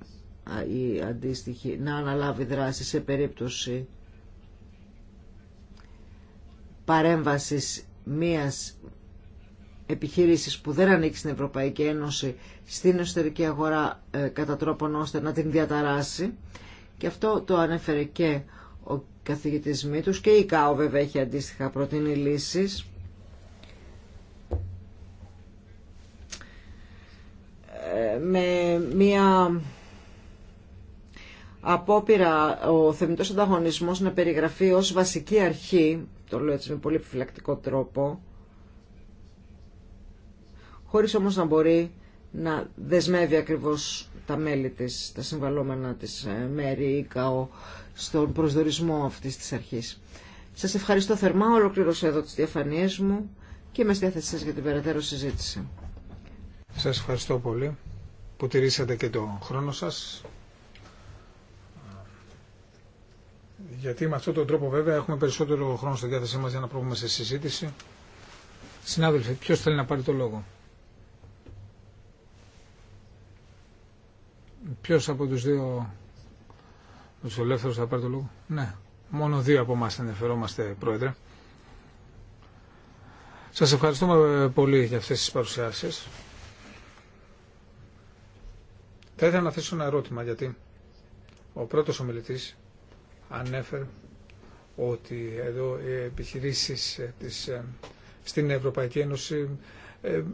η αντίστοιχη να αναλάβει δράση σε περίπτωση παρέμβασης μίας επιχείρησης που δεν ανήκει στην Ευρωπαϊκή Ένωση στην εσωτερική αγορά ε, κατά τρόπον ώστε να την διαταράσει και αυτό το ανέφερε και ο καθηγητής Μήτους και η ΚΑΟ βέβαια έχει αντίστοιχα προτείνει λύσεις. Ε, με μία απόπειρα ο θεμητός ανταγωνισμός να περιγραφεί ως βασική αρχή, το λέω έτσι με πολύ επιφυλακτικό τρόπο, χωρίς όμως να μπορεί να δεσμεύει ακριβώς τα μέλη της, τα συμβαλόμενα της ε, μέρη ή καο στον προσδορισμό αυτής της αρχής. Σας ευχαριστώ θερμά, ολοκλήρωσα εδώ τις διαφανίες μου και είμαι στη διάθεσή σας για την περαιτέρω συζήτηση. Σας ευχαριστώ πολύ που τηρήσατε και τον χρόνο σας. Γιατί με αυτόν τον τρόπο βέβαια έχουμε περισσότερο χρόνο στη διάθεσή μας για να προβούμε σε συζήτηση. Συνάδελφοι, ποιος θέλει να πάρει το λόγο. Ποιο από τους δύο τους ελεύθερου θα πάρει το λόγο. Ναι, μόνο δύο από εμά ενδιαφερόμαστε, Πρόεδρε. Σας ευχαριστούμε ε, πολύ για αυτές τις παρουσιάσει. Θα ήθελα να θέσω ένα ερώτημα γιατί ο πρώτος ομιλητή ανέφερε ότι εδώ οι επιχειρήσεις ε, της, ε, στην Ευρωπαϊκή Ένωση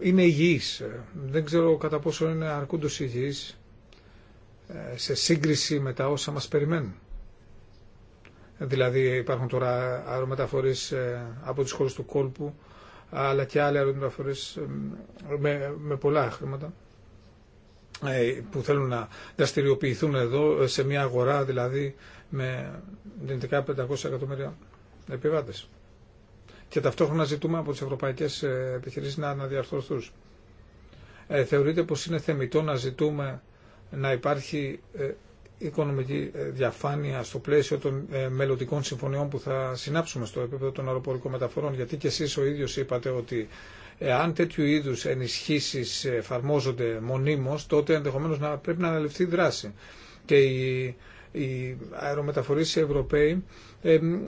είναι υγιείς. Δεν ξέρω κατά πόσο είναι αρκούντος υγιείς ε, σε σύγκριση με τα όσα μας περιμένουν. Δηλαδή υπάρχουν τώρα αερομεταφορείς ε, από τις χώρες του κόλπου αλλά και άλλες αερομεταφορείς ε, με, με πολλά χρήματα που θέλουν να δραστηριοποιηθούν εδώ σε μια αγορά δηλαδή με δυνητικά 500 εκατομμύρια επιβάτες. Και ταυτόχρονα ζητούμε από τις ευρωπαϊκές επιχειρήσεις να αναδιαρθρωθούν. Ε, θεωρείτε πως είναι θεμητό να ζητούμε να υπάρχει ε, οικονομική ε, διαφάνεια στο πλαίσιο των ε, μελλοντικών συμφωνιών που θα συνάψουμε στο επίπεδο των αεροπορικών μεταφορών. Γιατί και εσείς ο ίδιος είπατε ότι αν τέτοιου είδους ενισχύσεις εφαρμόζονται μονίμως, τότε ενδεχομένως να πρέπει να αναλυφθεί δράση. Και η οι αερομεταφορείς Ευρωπαίοι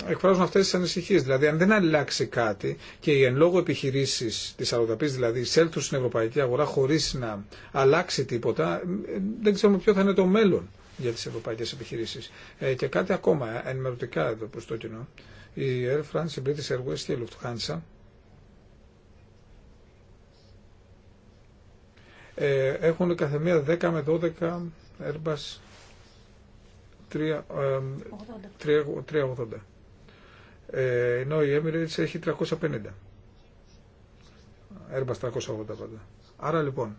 εκφράζουν αυτές τις ανησυχίες. Δηλαδή αν δεν αλλάξει κάτι και οι εν λόγω επιχειρήσεις της αεροδαπής δηλαδή εισέλθουν στην ευρωπαϊκή αγορά χωρίς να αλλάξει τίποτα δεν ξέρουμε ποιο θα είναι το μέλλον για τις ευρωπαϊκές επιχειρήσεις. Ε, και κάτι ακόμα ε, ενημερωτικά εδώ προς το κοινό. Η Air France, η British Airways και η Lufthansa ε, έχουν καθεμία 10 με 12 Airbus 380. Ε, ενώ η Emirates έχει 350. Airbus 380 πάντα. Άρα λοιπόν,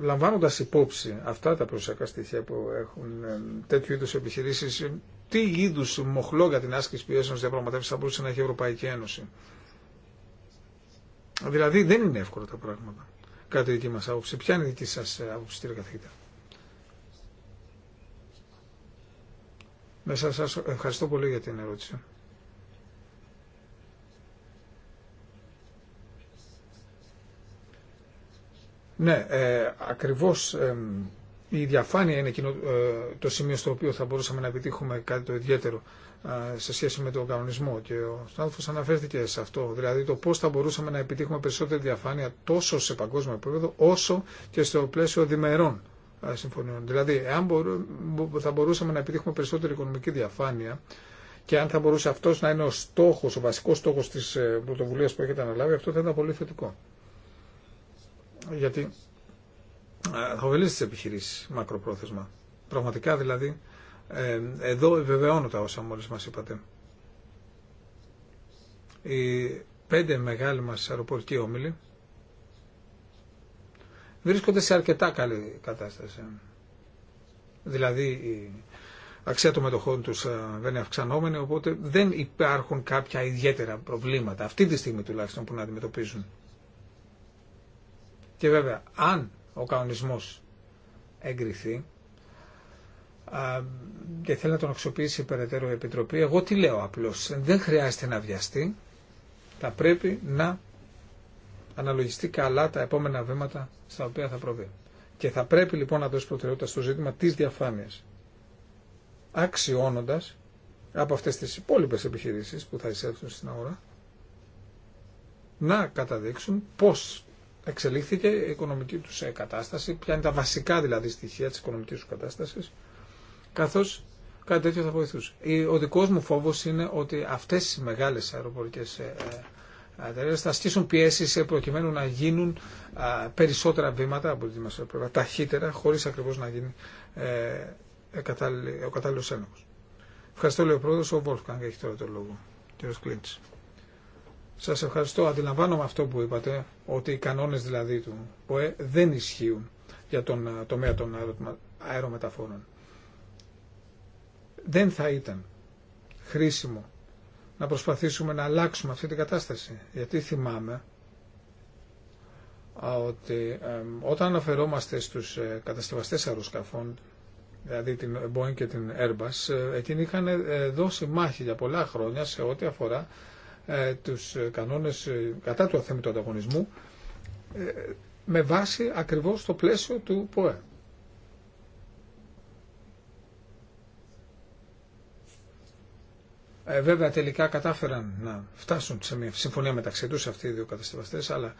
Λαμβάνοντα υπόψη αυτά τα προσωπικά στοιχεία που έχουν τέτοιου είδου επιχειρήσει. τι είδου μοχλό για την άσκηση πιέσεων διαπραγματεύσεις θα μπορούσε να έχει η Ευρωπαϊκή Ένωση. Δηλαδή δεν είναι εύκολα τα πράγματα. Κάτι δική μα άποψη. Ποια είναι η δική σα ε, άποψη, κύριε καθηγητά. Μέσα σας ευχαριστώ πολύ για την ερώτηση. Ναι, ε, ακριβώς η διαφάνεια είναι ε, το σημείο στο οποίο θα μπορούσαμε να επιτύχουμε κάτι το ιδιαίτερο ε, σε σχέση με τον κανονισμό και ο Στάνθος αναφέρθηκε σε αυτό, δηλαδή το πώς θα μπορούσαμε να επιτύχουμε περισσότερη διαφάνεια τόσο σε παγκόσμιο επίπεδο όσο και στο πλαίσιο διμερών συμφωνιών. Δηλαδή, αν θα μπορούσαμε να επιτύχουμε περισσότερη οικονομική διαφάνεια και αν θα μπορούσε αυτό να είναι ο στόχο, ο βασικό στόχο τη ε, πρωτοβουλία που έχετε αναλάβει, αυτό θα ήταν πολύ θετικό. Γιατί ε, θα ωφελήσει τι επιχειρήσει μακροπρόθεσμα. Πραγματικά δηλαδή, ε, εδώ βεβαιώνω τα όσα μόλι μα είπατε. Οι πέντε μεγάλοι μα αεροπορικοί όμιλοι βρίσκονται σε αρκετά καλή κατάσταση. Δηλαδή η αξία των μετοχών τους ε, δεν είναι αυξανόμενη, οπότε δεν υπάρχουν κάποια ιδιαίτερα προβλήματα, αυτή τη στιγμή τουλάχιστον, που να αντιμετωπίζουν. Και βέβαια, αν ο κανονισμός εγκριθεί, και θέλει να τον αξιοποιήσει περαιτέρω Επιτροπή. Εγώ τι λέω απλώς, δεν χρειάζεται να βιαστεί, θα πρέπει να αναλογιστεί καλά τα επόμενα βήματα στα οποία θα προβεί. Και θα πρέπει λοιπόν να δώσει προτεραιότητα στο ζήτημα τη διαφάνεια. αξιώνοντα από αυτέ τι υπόλοιπε επιχειρήσει που θα εισέλθουν στην αγορά, να καταδείξουν πώ εξελίχθηκε η οικονομική του κατάσταση, ποια είναι τα βασικά δηλαδή στοιχεία τη οικονομική του κατάσταση, καθώ κάτι τέτοιο θα βοηθούσε. Ο δικό μου φόβο είναι ότι αυτέ οι μεγάλες αεροπορικές ε, ε, θα δηλαδή στήσουν πιέσει προκειμένου να γίνουν περισσότερα βήματα από τη μας πλευρά, ταχύτερα, χωρί ακριβώ να γίνει ε, ε, ο κατάλληλο έλεγχο. Ευχαριστώ, λέει ο πρόεδρο. Ο Βόλφκανγκ έχει τώρα το λόγο. Κύριο Κλίντ. Σα ευχαριστώ. Αντιλαμβάνομαι αυτό που είπατε, ότι οι κανόνε δηλαδή του ΠΟΕ δεν ισχύουν για τον τομέα των αερομεταφόρων. Δεν θα ήταν χρήσιμο να προσπαθήσουμε να αλλάξουμε αυτή την κατάσταση. Γιατί θυμάμαι ότι όταν αναφερόμαστε στους ε, κατασκευαστές αεροσκαφών, δηλαδή την Boeing και την Airbus, ε, εκείνοι είχαν ε, δώσει μάχη για πολλά χρόνια σε ό,τι αφορά τους κανόνες κατά του αθέμητου ανταγωνισμού με βάση ακριβώς το πλαίσιο του ΠΟΕ. Ε, βέβαια τελικά κατάφεραν να φτάσουν σε μια συμφωνία μεταξύ τους αυτοί οι δύο κατασκευαστές, αλλά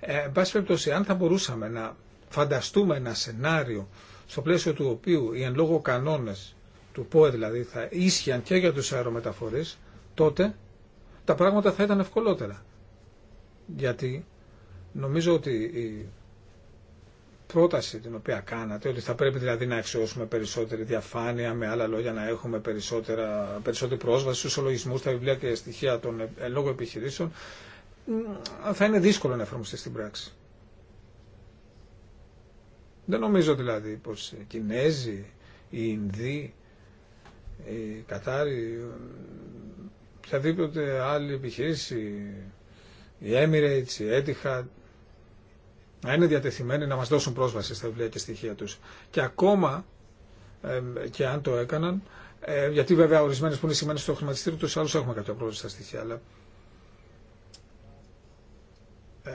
ε, εν πάση περιπτώσει αν θα μπορούσαμε να φανταστούμε ένα σενάριο στο πλαίσιο του οποίου οι εν λόγω κανόνες του ΠΟΕ δηλαδή θα ίσχυαν και για τους αερομεταφορείς, τότε τα πράγματα θα ήταν ευκολότερα. Γιατί νομίζω ότι η πρόταση την οποία κάνατε, ότι θα πρέπει δηλαδή να αξιώσουμε περισσότερη διαφάνεια, με άλλα λόγια να έχουμε περισσότερα, περισσότερη πρόσβαση στους ολογισμούς, στα βιβλία και στοιχεία των ε, ε, λόγω επιχειρήσεων, θα είναι δύσκολο να εφαρμοστεί στην πράξη. Δεν νομίζω δηλαδή πως οι Κινέζοι, οι Ινδοί, οι Κατάροι, οποιαδήποτε άλλη επιχείρηση, η Emirates, η Etihad, να είναι διατεθειμένοι να μας δώσουν πρόσβαση στα βιβλία και στοιχεία τους. Και ακόμα ε, και αν το έκαναν, ε, γιατί βέβαια ορισμένες που είναι σημαίνει στο χρηματιστήριο τους άλλους έχουμε κάποια πρόσβαση στα στοιχεία, αλλά ε,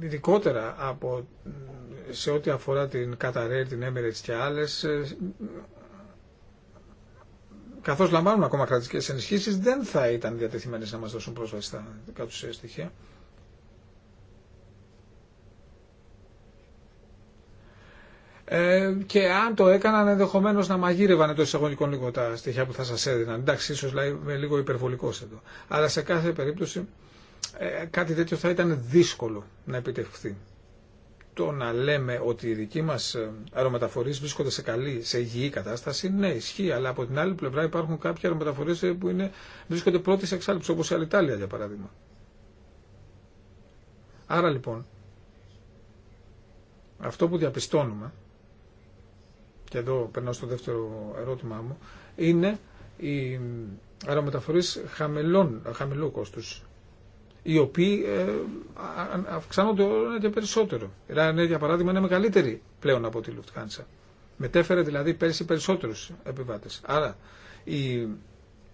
ειδικότερα από, σε ό,τι αφορά την Καταρέρ, την Emirates και άλλες, ε, καθώς λαμβάνουν ακόμα κρατικές ενισχύσεις, δεν θα ήταν διατεθειμένες να μας δώσουν πρόσβαση στα κάτω στοιχεία. Ε, και αν το έκαναν ενδεχομένω να μαγείρευαν το εισαγωγικό λίγο τα στοιχεία που θα σα έδιναν. Εντάξει, ίσω λέει, είμαι λίγο υπερβολικό εδώ. Αλλά σε κάθε περίπτωση ε, κάτι τέτοιο θα ήταν δύσκολο να επιτευχθεί. Το να λέμε ότι οι δικοί μα ε, αερομεταφορεί βρίσκονται σε καλή, σε υγιή κατάσταση, ναι, ισχύει, αλλά από την άλλη πλευρά υπάρχουν κάποιοι αερομεταφορεί που είναι, βρίσκονται πρώτη σε εξάλληψη, όπω η Αλιτάλια για παράδειγμα. Άρα λοιπόν, αυτό που διαπιστώνουμε και εδώ περνάω στο δεύτερο ερώτημά μου, είναι οι αερομεταφορείς χαμηλών, χαμηλού κόστους, οι οποίοι ε, αυξάνονται όλο και περισσότερο. Η Ryanair, ναι, για παράδειγμα, είναι μεγαλύτερη πλέον από τη Lufthansa. Μετέφερε δηλαδή πέρσι περισσότερους επιβάτες. Άρα, οι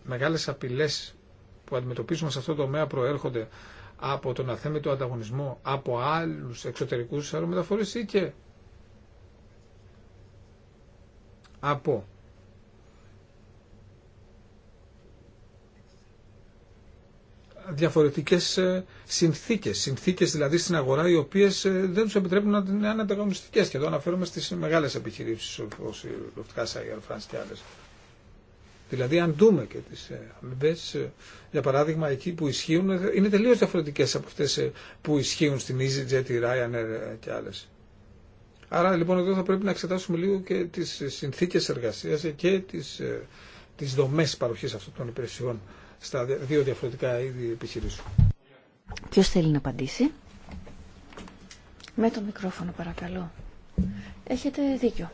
μεγάλες απειλές που αντιμετωπίζουμε σε αυτό το τομέα προέρχονται από τον αθέμητο ανταγωνισμό από άλλους εξωτερικούς αερομεταφορείς ή και από διαφορετικές ε, συνθήκες, συνθήκες δηλαδή στην αγορά οι οποίες ε, δεν τους επιτρέπουν να είναι ανταγωνιστικές και εδώ αναφέρομαι στις μεγάλες επιχειρήσεις όπως η Lufthansa, η Air και άλλες. Δηλαδή αν δούμε και τις ε, αμοιβές, για παράδειγμα εκεί που ισχύουν, είναι τελείως διαφορετικές από αυτές που ισχύουν στην EasyJet, η Ryanair και άλλες. Άρα λοιπόν εδώ θα πρέπει να εξετάσουμε λίγο και τις συνθήκες εργασίας και τις, ε, τις δομές παροχής αυτών των υπηρεσιών στα δύο διαφορετικά είδη επιχειρήσεων. Ποιο θέλει να απαντήσει. Με το μικρόφωνο παρακαλώ. Έχετε δίκιο.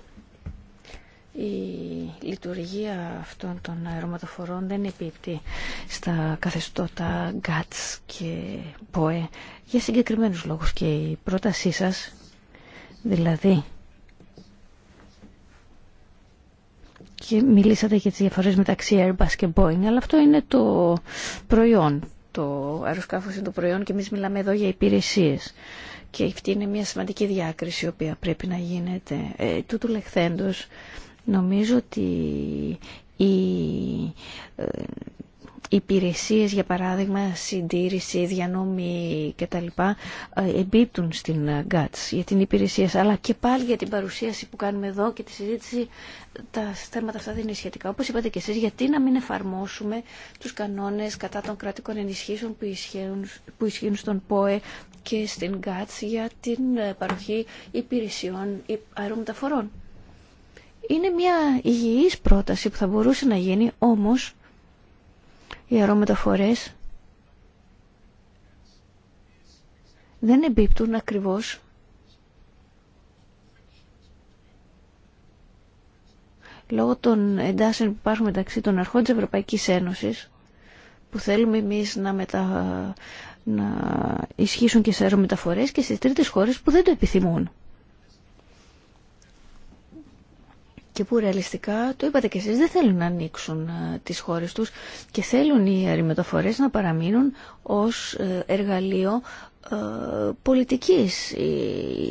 Η λειτουργία αυτών των αερωματοφορών δεν επιπτεί στα καθεστώτα GATS και ΠΟΕ για συγκεκριμένους λόγους και η πρότασή σας Δηλαδή, και μιλήσατε για τις διαφορές μεταξύ Airbus και Boeing, αλλά αυτό είναι το προϊόν. Το αεροσκάφος είναι το προϊόν και εμείς μιλάμε εδώ για υπηρεσίες. Και αυτή είναι μια σημαντική διάκριση η οποία πρέπει να γίνεται. Ε, τούτου λεχθέντος νομίζω ότι η ε, υπηρεσίες για παράδειγμα συντήρηση, διανομή κτλ ε, εμπίπτουν στην ε, γάτς για την υπηρεσία αλλά και πάλι για την παρουσίαση που κάνουμε εδώ και τη συζήτηση τα θέματα αυτά δεν είναι σχετικά όπως είπατε και εσείς γιατί να μην εφαρμόσουμε τους κανόνες κατά των κρατικών ενισχύσεων που ισχύουν, που ισχύουν στον ΠΟΕ και στην ΓΚΑΤΣ για την ε, παροχή υπηρεσιών αερομεταφορών. Είναι μια υγιής πρόταση που θα μπορούσε να γίνει όμως οι αερομεταφορές δεν εμπίπτουν ακριβώς λόγω των εντάσεων που υπάρχουν μεταξύ των αρχών της Ευρωπαϊκής Ένωσης που θέλουμε εμείς να, μετα... να ισχύσουν και σε αερομεταφορές και στις τρίτες χώρες που δεν το επιθυμούν. και που ρεαλιστικά, το είπατε και εσείς, δεν θέλουν να ανοίξουν ε, τις χώρες τους και θέλουν οι αριμετοφορές να παραμείνουν ως ε, εργαλείο ε, πολιτικής.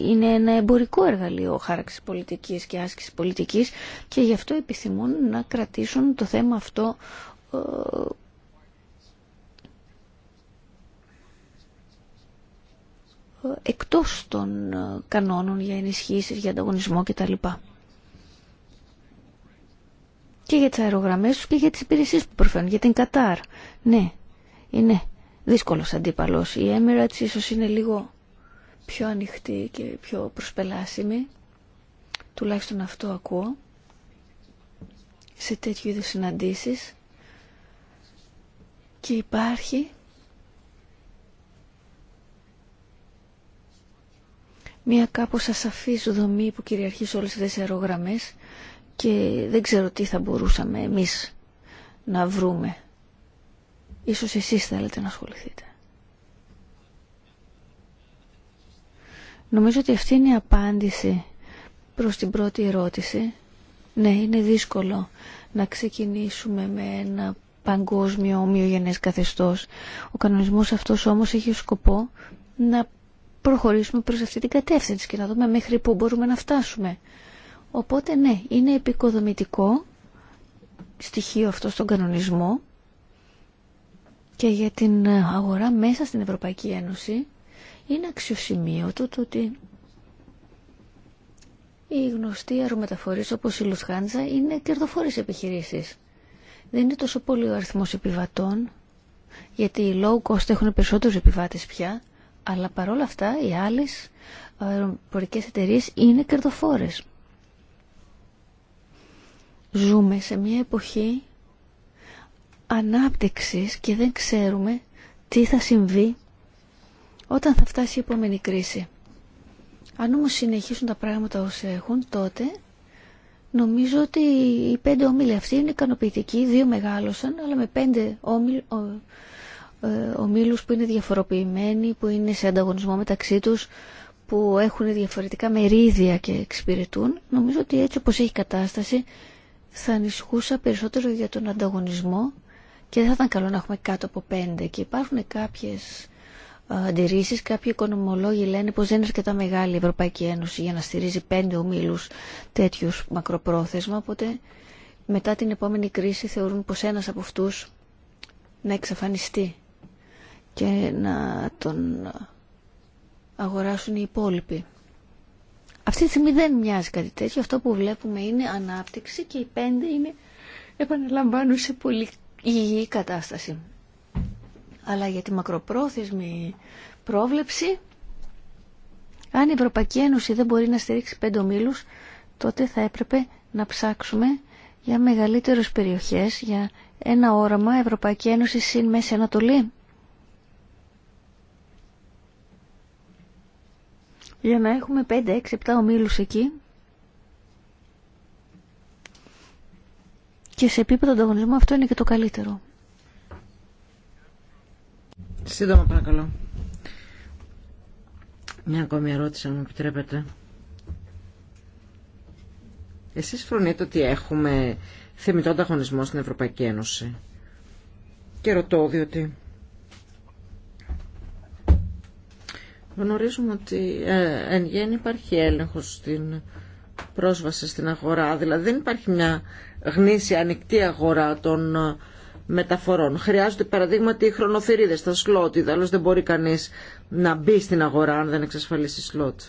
Είναι ένα εμπορικό εργαλείο χάραξη πολιτικής και άσκηση πολιτικής και γι' αυτό επιθυμούν να κρατήσουν το θέμα αυτό εκτός των κανόνων για ενισχύσεις, για ανταγωνισμό κτλ και για τις αερογραμμές τους και για τις υπηρεσίες που προφέρουν, για την Κατάρ. Ναι, είναι δύσκολος αντίπαλος. Η Emirates ίσως είναι λίγο πιο ανοιχτή και πιο προσπελάσιμη. Τουλάχιστον αυτό ακούω σε τέτοιου είδους συναντήσεις. Και υπάρχει μια κάπως ασαφής δομή που κυριαρχεί σε όλες τις αερογραμμές και δεν ξέρω τι θα μπορούσαμε εμείς να βρούμε. Ίσως εσείς θέλετε να ασχοληθείτε. Νομίζω ότι αυτή είναι η απάντηση προς την πρώτη ερώτηση. Ναι, είναι δύσκολο να ξεκινήσουμε με ένα παγκόσμιο ομοιογενές καθεστώς. Ο κανονισμός αυτός όμως έχει σκοπό να προχωρήσουμε προς αυτή την κατεύθυνση και να δούμε μέχρι πού μπορούμε να φτάσουμε. Οπότε ναι, είναι επικοδομητικό στοιχείο αυτό στον κανονισμό και για την αγορά μέσα στην Ευρωπαϊκή Ένωση είναι αξιοσημείωτο το ότι οι γνωστοί αερομεταφορείς όπως η Λουσχάντζα είναι κερδοφόρες επιχειρήσεις. Δεν είναι τόσο πολύ ο αριθμός επιβατών, γιατί οι low cost έχουν περισσότερους επιβάτες πια, αλλά παρόλα αυτά οι άλλες αεροπορικές εταιρείες είναι κερδοφόρες. Ζούμε σε μια εποχή ανάπτυξης και δεν ξέρουμε τι θα συμβεί όταν θα φτάσει η επόμενη κρίση. Αν όμω συνεχίσουν τα πράγματα όσοι έχουν, τότε νομίζω ότι οι πέντε όμιλοι αυτοί είναι ικανοποιητικοί, δύο μεγάλωσαν, αλλά με πέντε όμιλ, ε, ομίλους που είναι διαφοροποιημένοι, που είναι σε ανταγωνισμό μεταξύ τους, που έχουν διαφορετικά μερίδια και εξυπηρετούν. Νομίζω ότι έτσι όπως έχει κατάσταση θα ανησυχούσα περισσότερο για τον ανταγωνισμό και δεν θα ήταν καλό να έχουμε κάτω από πέντε. Και υπάρχουν κάποιες ε, αντιρρήσει, κάποιοι οικονομολόγοι λένε πως δεν είναι αρκετά μεγάλη η Ευρωπαϊκή Ένωση για να στηρίζει πέντε ομίλου τέτοιου μακροπρόθεσμα, οπότε μετά την επόμενη κρίση θεωρούν πως ένας από αυτού να εξαφανιστεί και να τον αγοράσουν οι υπόλοιποι. Αυτή τη στιγμή δεν μοιάζει κάτι τέτοιο. Αυτό που βλέπουμε είναι ανάπτυξη και οι πέντε είναι επαναλαμβάνουν σε πολύ υγιή κατάσταση. Αλλά για τη μακροπρόθεσμη πρόβλεψη, αν η Ευρωπαϊκή Ένωση δεν μπορεί να στηρίξει πέντε ομίλους, τότε θα έπρεπε να ψάξουμε για μεγαλύτερες περιοχές, για ένα όραμα Ευρωπαϊκή Ένωση συν Μέση Ανατολή. για να έχουμε 5, 6, 7 ομίλους εκεί και σε επίπεδο ανταγωνισμού αυτό είναι και το καλύτερο. Σύντομα παρακαλώ. Μια ακόμη ερώτηση αν μου επιτρέπετε. Εσείς φρονείτε ότι έχουμε θεμητό ανταγωνισμό στην Ευρωπαϊκή Ένωση. Και ρωτώ διότι Γνωρίζουμε ότι ε, εν γέννη υπάρχει έλεγχος στην πρόσβαση στην αγορά. Δηλαδή δεν υπάρχει μια γνήσια ανοιχτή αγορά των ε, μεταφορών. Χρειάζονται παραδείγματι οι χρονοθυρίδες, τα σλότ. Ιδάλλως δεν μπορεί κανείς να μπει στην αγορά αν δεν εξασφαλίσει σλότ.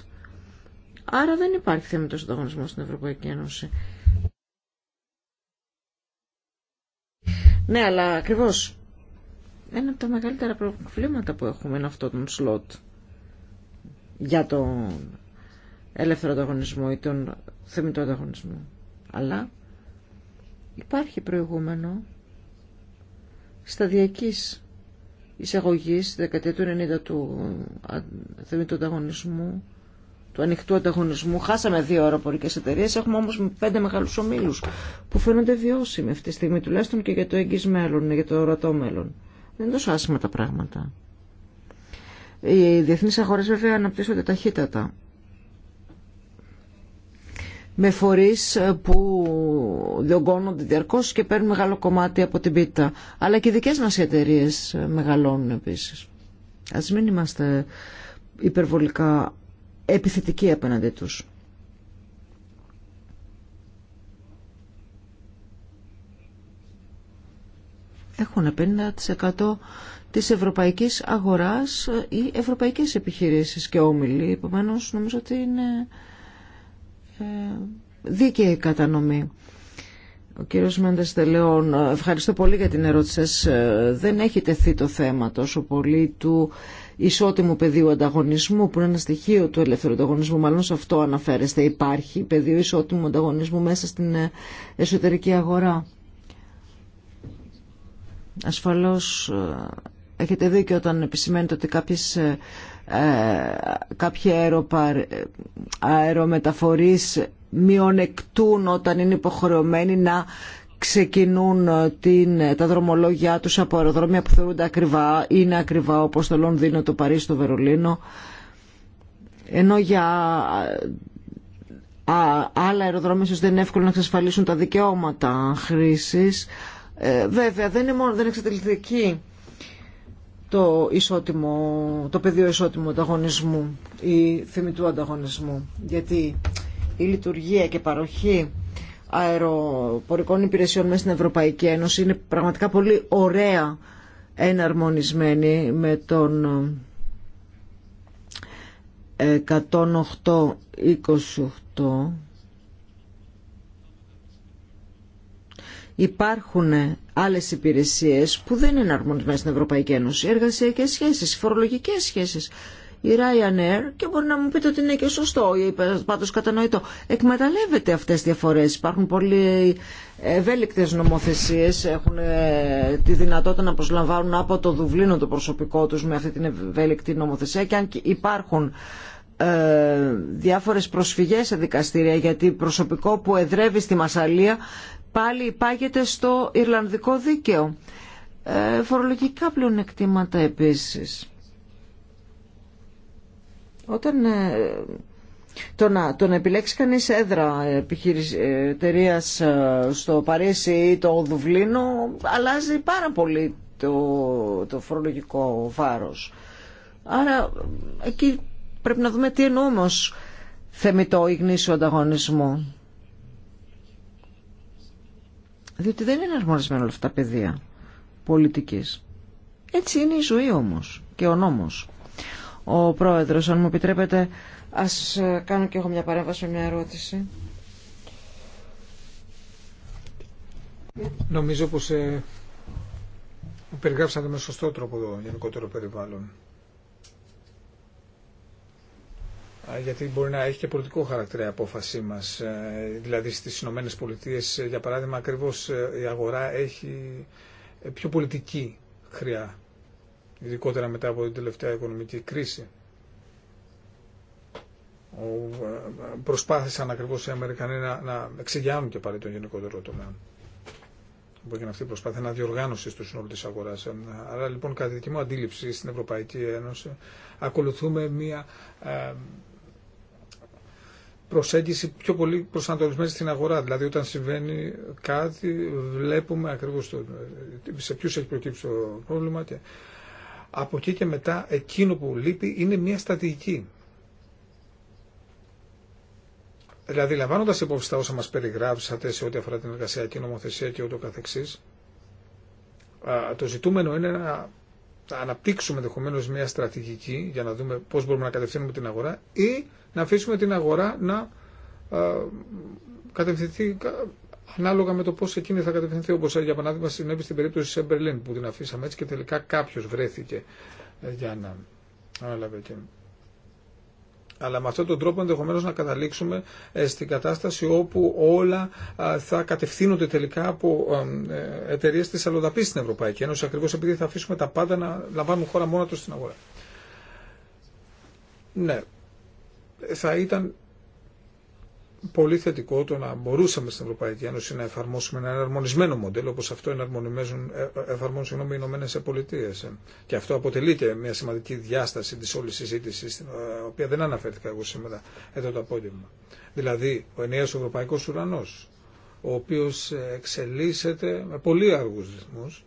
Άρα δεν υπάρχει θέμα του ανταγωνισμός στην Ευρωπαϊκή Ένωση. Ναι, αλλά ακριβώς ένα από τα μεγαλύτερα προβλήματα που έχουμε είναι αυτό τον σλότ για τον ελεύθερο ανταγωνισμό ή τον θεμητό ανταγωνισμό. Αλλά υπάρχει προηγούμενο σταδιακής εισαγωγής στη δεκαετία του 90 του θεμητού ανταγωνισμού του ανοιχτού ανταγωνισμού. Χάσαμε δύο αεροπορικέ εταιρείε, έχουμε όμω πέντε μεγάλου ομίλου που φαίνονται βιώσιμοι αυτή τη στιγμή, τουλάχιστον και για το εγγύ μέλλον, για το ορατό μέλλον. Δεν είναι τόσο άσχημα τα πράγματα. Οι διεθνείς αγορές βέβαια αναπτύσσονται ταχύτατα. Με φορείς που διωγγώνονται διαρκώς και παίρνουν μεγάλο κομμάτι από την πίτα. Αλλά και οι δικές μας εταιρείε μεγαλώνουν επίσης. Ας μην είμαστε υπερβολικά επιθετικοί απέναντι τους. Έχουν 50% της ευρωπαϊκής αγοράς ή ε, ευρωπαϊκές επιχειρήσεις και όμιλοι. Επομένω, νομίζω ότι είναι ε, δίκαιη η κατανομή. Ο κύριος Μέντες Τελεών, ε, ευχαριστώ πολύ για την ερώτηση σας. Δεν έχει τεθεί το θέμα τόσο πολύ του ισότιμου πεδίου ανταγωνισμού, που είναι ένα στοιχείο του ελεύθερου ανταγωνισμού, μάλλον σε αυτό αναφέρεστε. Υπάρχει πεδίο ισότιμου ανταγωνισμού μέσα στην εσωτερική αγορά. Ασφαλώς έχετε δίκιο όταν επισημαίνετε ότι κάποιες, ε, ε κάποιοι αεροπα, ε, αερομεταφορείς μειονεκτούν όταν είναι υποχρεωμένοι να ξεκινούν ε, την, τα δρομολόγια τους από αεροδρόμια που θεωρούνται ακριβά, είναι ακριβά όπως το Λονδίνο, το Παρίσι, το Βερολίνο. Ενώ για Α, άλλα αεροδρόμια ίσως δεν είναι εύκολο να εξασφαλίσουν τα δικαιώματα χρήσης. βέβαια δεν είναι μόνο, δεν εξατελείται εκεί το, ισότιμο, το πεδίο ισότιμου ανταγωνισμού ή θεμητού ανταγωνισμού. Γιατί η λειτουργία και παροχή αεροπορικών υπηρεσιών μέσα στην Ευρωπαϊκή Ένωση είναι πραγματικά πολύ ωραία εναρμονισμένη με τον 108 υπάρχουν άλλες υπηρεσίες που δεν είναι αρμονισμένες στην Ευρωπαϊκή Ένωση. εργασιακέ εργασιακές σχέσεις, σχέσει. φορολογικές σχέσεις, η Ryanair και μπορεί να μου πείτε ότι είναι και σωστό ή πάντως κατανοητό. Εκμεταλλεύεται αυτές τις διαφορές. Υπάρχουν πολύ ευέλικτες νομοθεσίες, έχουν ε, τη δυνατότητα να προσλαμβάνουν από το Δουβλίνο το προσωπικό τους με αυτή την ευέλικτη νομοθεσία και αν υπάρχουν ε, διάφορες προσφυγές σε δικαστήρια γιατί προσωπικό που εδρεύει στη Μασαλία πάλι υπάγεται στο Ιρλανδικό δίκαιο. Ε, φορολογικά πλεονεκτήματα επίσης. Όταν ε, το να, το να επιλέξει κανείς έδρα ε, εταιρεία ε, στο Παρίσι ή το Δουβλίνο αλλάζει πάρα πολύ το, το φορολογικό βάρος. Άρα εκεί πρέπει να δούμε τι εννοούμε ως θεμητό ή ανταγωνισμό. Διότι δεν είναι αρμονισμένα όλα αυτά τα παιδεία πολιτικής. Έτσι είναι η ζωή όμως και ο νόμος. Ο πρόεδρος, αν μου επιτρέπετε, ας ε, κάνω και εγώ μια παρέμβαση, μια ερώτηση. Νομίζω πως ε, περιγράψατε με σωστό τρόπο το γενικότερο περιβάλλον γιατί μπορεί να έχει και πολιτικό χαρακτήρα η απόφασή μα, ε, Δηλαδή στι Ηνωμένε Πολιτείε, ε, για παράδειγμα, ακριβώ ε, η αγορά έχει πιο πολιτική χρειά, ειδικότερα μετά από την τελευταία οικονομική κρίση. Προσπάθησαν ακριβώ οι Αμερικανοί να, να εξηγιάνουν και πάλι τον γενικότερο τομέα. Που έγινε αυτή η προσπάθεια να διοργάνωση του συνόλου τη αγορά. Άρα λοιπόν, κατά τη δική μου αντίληψη στην Ευρωπαϊκή Ένωση, ακολουθούμε μια προσέγγιση πιο πολύ προσανατολισμένη στην αγορά. Δηλαδή όταν συμβαίνει κάτι βλέπουμε ακριβώ σε ποιου έχει προκύψει το πρόβλημα και από εκεί και μετά εκείνο που λείπει είναι μια στατική. Δηλαδή λαμβάνοντα υπόψη τα όσα μας περιγράψατε σε ό,τι αφορά την εργασιακή νομοθεσία και ούτω καθεξή, το ζητούμενο είναι να θα αναπτύξουμε ενδεχομένω μια στρατηγική για να δούμε πώ μπορούμε να κατευθύνουμε την αγορά ή να αφήσουμε την αγορά να κατευθυνθεί ανάλογα με το πώ εκείνη θα κατευθυνθεί. Όπω ε, για παράδειγμα συνέβη στην περίπτωση σε Μπερλίν που την αφήσαμε έτσι και τελικά κάποιο βρέθηκε ε, για να αναλάβει εκείνη. Αλλά με αυτόν τον τρόπο ενδεχομένω να καταλήξουμε ε, στην κατάσταση όπου όλα θα κατευθύνονται τελικά από ε, εταιρείε τη αλλοδαπή στην Ευρωπαϊκή Ένωση, ακριβώ επειδή θα αφήσουμε τα πάντα να λαμβάνουν χώρα μόνο του στην αγορά. Ναι, θα ήταν πολύ θετικό το να μπορούσαμε στην Ευρωπαϊκή Ένωση να εφαρμόσουμε ένα εναρμονισμένο μοντέλο όπως αυτό εναρμονίζουν, ε, ε, εφαρμόζουν συγγνώμη, οι Ηνωμένε Πολιτείες. Ε, και αυτό αποτελεί και μια σημαντική διάσταση της όλης συζήτηση, στην οποία δεν αναφέρθηκα εγώ σήμερα εδώ το απόγευμα. Δηλαδή, ο ενιαίος ευρωπαϊκός ουρανός, ο οποίος εξελίσσεται με πολύ αργούς ρυθμούς,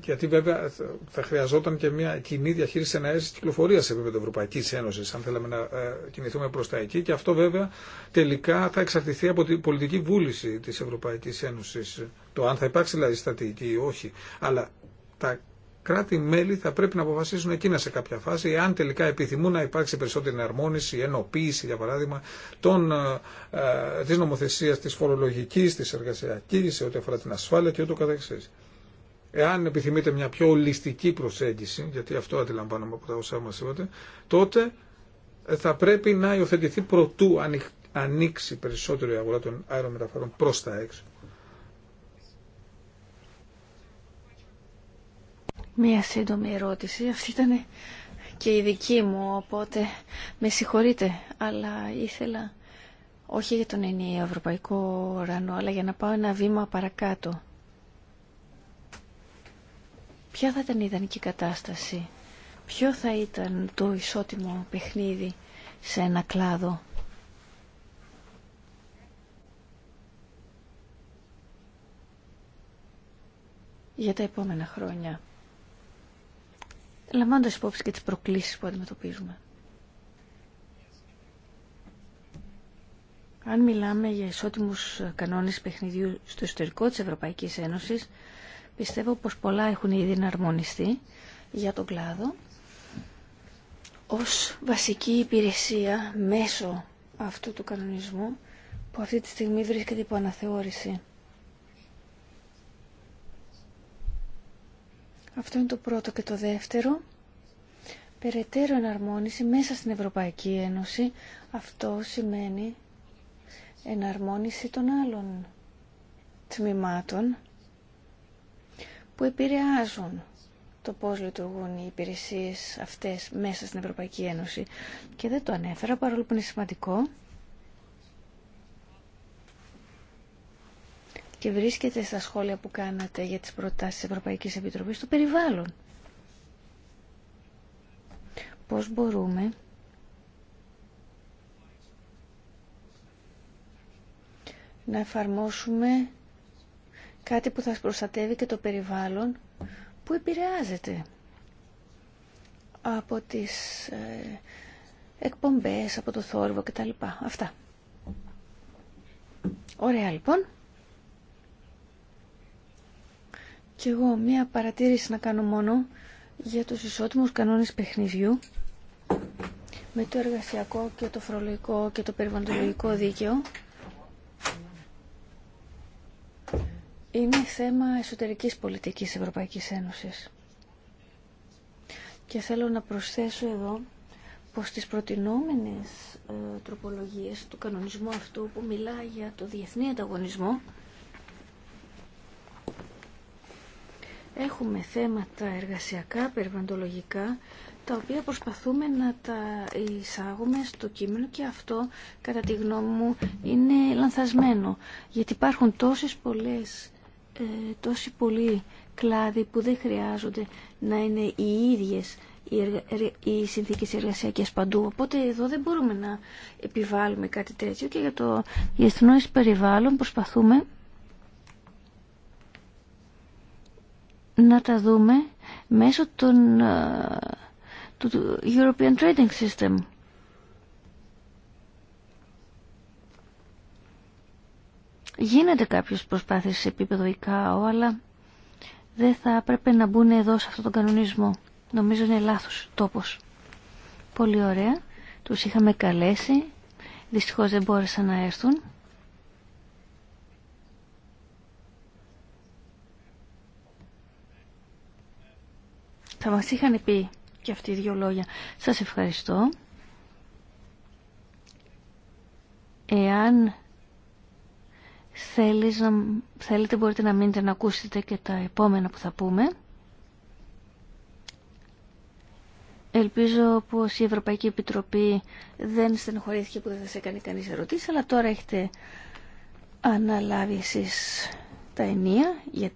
γιατί βέβαια θα χρειαζόταν και μια κοινή διαχείριση εναέρης κυκλοφορία σε επίπεδο Ευρωπαϊκή Ένωση, αν θέλαμε να ε, κινηθούμε προ τα εκεί. Και αυτό βέβαια τελικά θα εξαρτηθεί από την πολιτική βούληση τη Ευρωπαϊκή Ένωση. Το αν θα υπάρξει δηλαδή στρατηγική ή όχι. Αλλά τα κράτη-μέλη θα πρέπει να αποφασίσουν εκείνα σε κάποια φάση, αν τελικά επιθυμούν να υπάρξει περισσότερη εναρμόνιση, ενοποίηση, για παράδειγμα, των, ε, ε τη νομοθεσίας τη φορολογικής, σε ό,τι αφορά την ασφάλεια και ούτω εάν επιθυμείτε μια πιο ολιστική προσέγγιση, γιατί αυτό αντιλαμβάνομαι από τα όσα μας είπατε, τότε ε, θα πρέπει να υιοθετηθεί προτού ανοίξει περισσότερο η αγορά των αερομεταφορών προς τα έξω. Μία σύντομη ερώτηση. Αυτή ήταν και η δική μου, οπότε με συγχωρείτε, αλλά ήθελα όχι για τον ενιαίο ευρωπαϊκό ουρανό, αλλά για να πάω ένα βήμα παρακάτω ποια θα ήταν η ιδανική κατάσταση, ποιο θα ήταν το ισότιμο παιχνίδι σε ένα κλάδο. για τα επόμενα χρόνια, λαμβάνοντας υπόψη και τις προκλήσεις που αντιμετωπίζουμε. Αν μιλάμε για ισότιμους κανόνες παιχνιδιού στο ιστορικό της Ευρωπαϊκής Ένωσης, Πιστεύω πως πολλά έχουν ήδη εναρμονιστεί για τον κλάδο. Ως βασική υπηρεσία μέσω αυτού του κανονισμού που αυτή τη στιγμή βρίσκεται υπό αναθεώρηση. Αυτό είναι το πρώτο και το δεύτερο. Περαιτέρω εναρμόνιση μέσα στην Ευρωπαϊκή Ένωση. Αυτό σημαίνει εναρμόνιση των άλλων τμήματων που επηρεάζουν το πώς λειτουργούν οι υπηρεσίες αυτές μέσα στην Ευρωπαϊκή Ένωση. Και δεν το ανέφερα, παρόλο που είναι σημαντικό. Και βρίσκεται στα σχόλια που κάνατε για τις προτάσεις της Ευρωπαϊκής Επιτροπής του περιβάλλον. Πώς μπορούμε να εφαρμόσουμε κάτι που θα προστατεύει και το περιβάλλον που επηρεάζεται από τις ε, εκπομπές, από το θόρυβο κτλ. Αυτά. Ωραία λοιπόν. Και εγώ μία παρατήρηση να κάνω μόνο για τους ισότιμους κανόνες παιχνιδιού με το εργασιακό και το φρολογικό και το περιβαλλοντολογικό δίκαιο είναι θέμα εσωτερικής πολιτικής Ευρωπαϊκής Ένωσης. Και θέλω να προσθέσω εδώ πως τις προτινόμενες ε, τροπολογίες του κανονισμού αυτού που μιλά για το διεθνή ανταγωνισμό έχουμε θέματα εργασιακά, περιβαντολογικά, τα οποία προσπαθούμε να τα εισάγουμε στο κείμενο και αυτό, κατά τη γνώμη μου, είναι λανθασμένο. Γιατί υπάρχουν τόσες πολλές ε, τόσοι πολλοί κλάδοι που δεν χρειάζονται να είναι οι ίδιες οι συνθήκες εργασιακές παντού. Οπότε εδώ δεν μπορούμε να επιβάλλουμε κάτι τέτοιο και για το διεθνώς περιβάλλον προσπαθούμε να τα δούμε μέσω των, ε, του European Trading System Γίνεται κάποιες προσπάθειες σε επίπεδο ΙΚΑΟ, αλλά δεν θα έπρεπε να μπουν εδώ σε αυτόν τον κανονισμό. Νομίζω είναι λάθος τόπος. Πολύ ωραία. Τους είχαμε καλέσει. Δυστυχώς δεν μπόρεσαν να έρθουν. Θα μας είχαν πει και αυτοί οι δύο λόγια. Σας ευχαριστώ. Εάν Θέλεις να... Θέλετε μπορείτε να μείνετε να ακούσετε και τα επόμενα που θα πούμε. Ελπίζω πως η Ευρωπαϊκή Επιτροπή δεν στενοχωρήθηκε που δεν θα σε έκανε κανείς ερωτήσεις, αλλά τώρα έχετε αναλάβει εσείς τα ενία για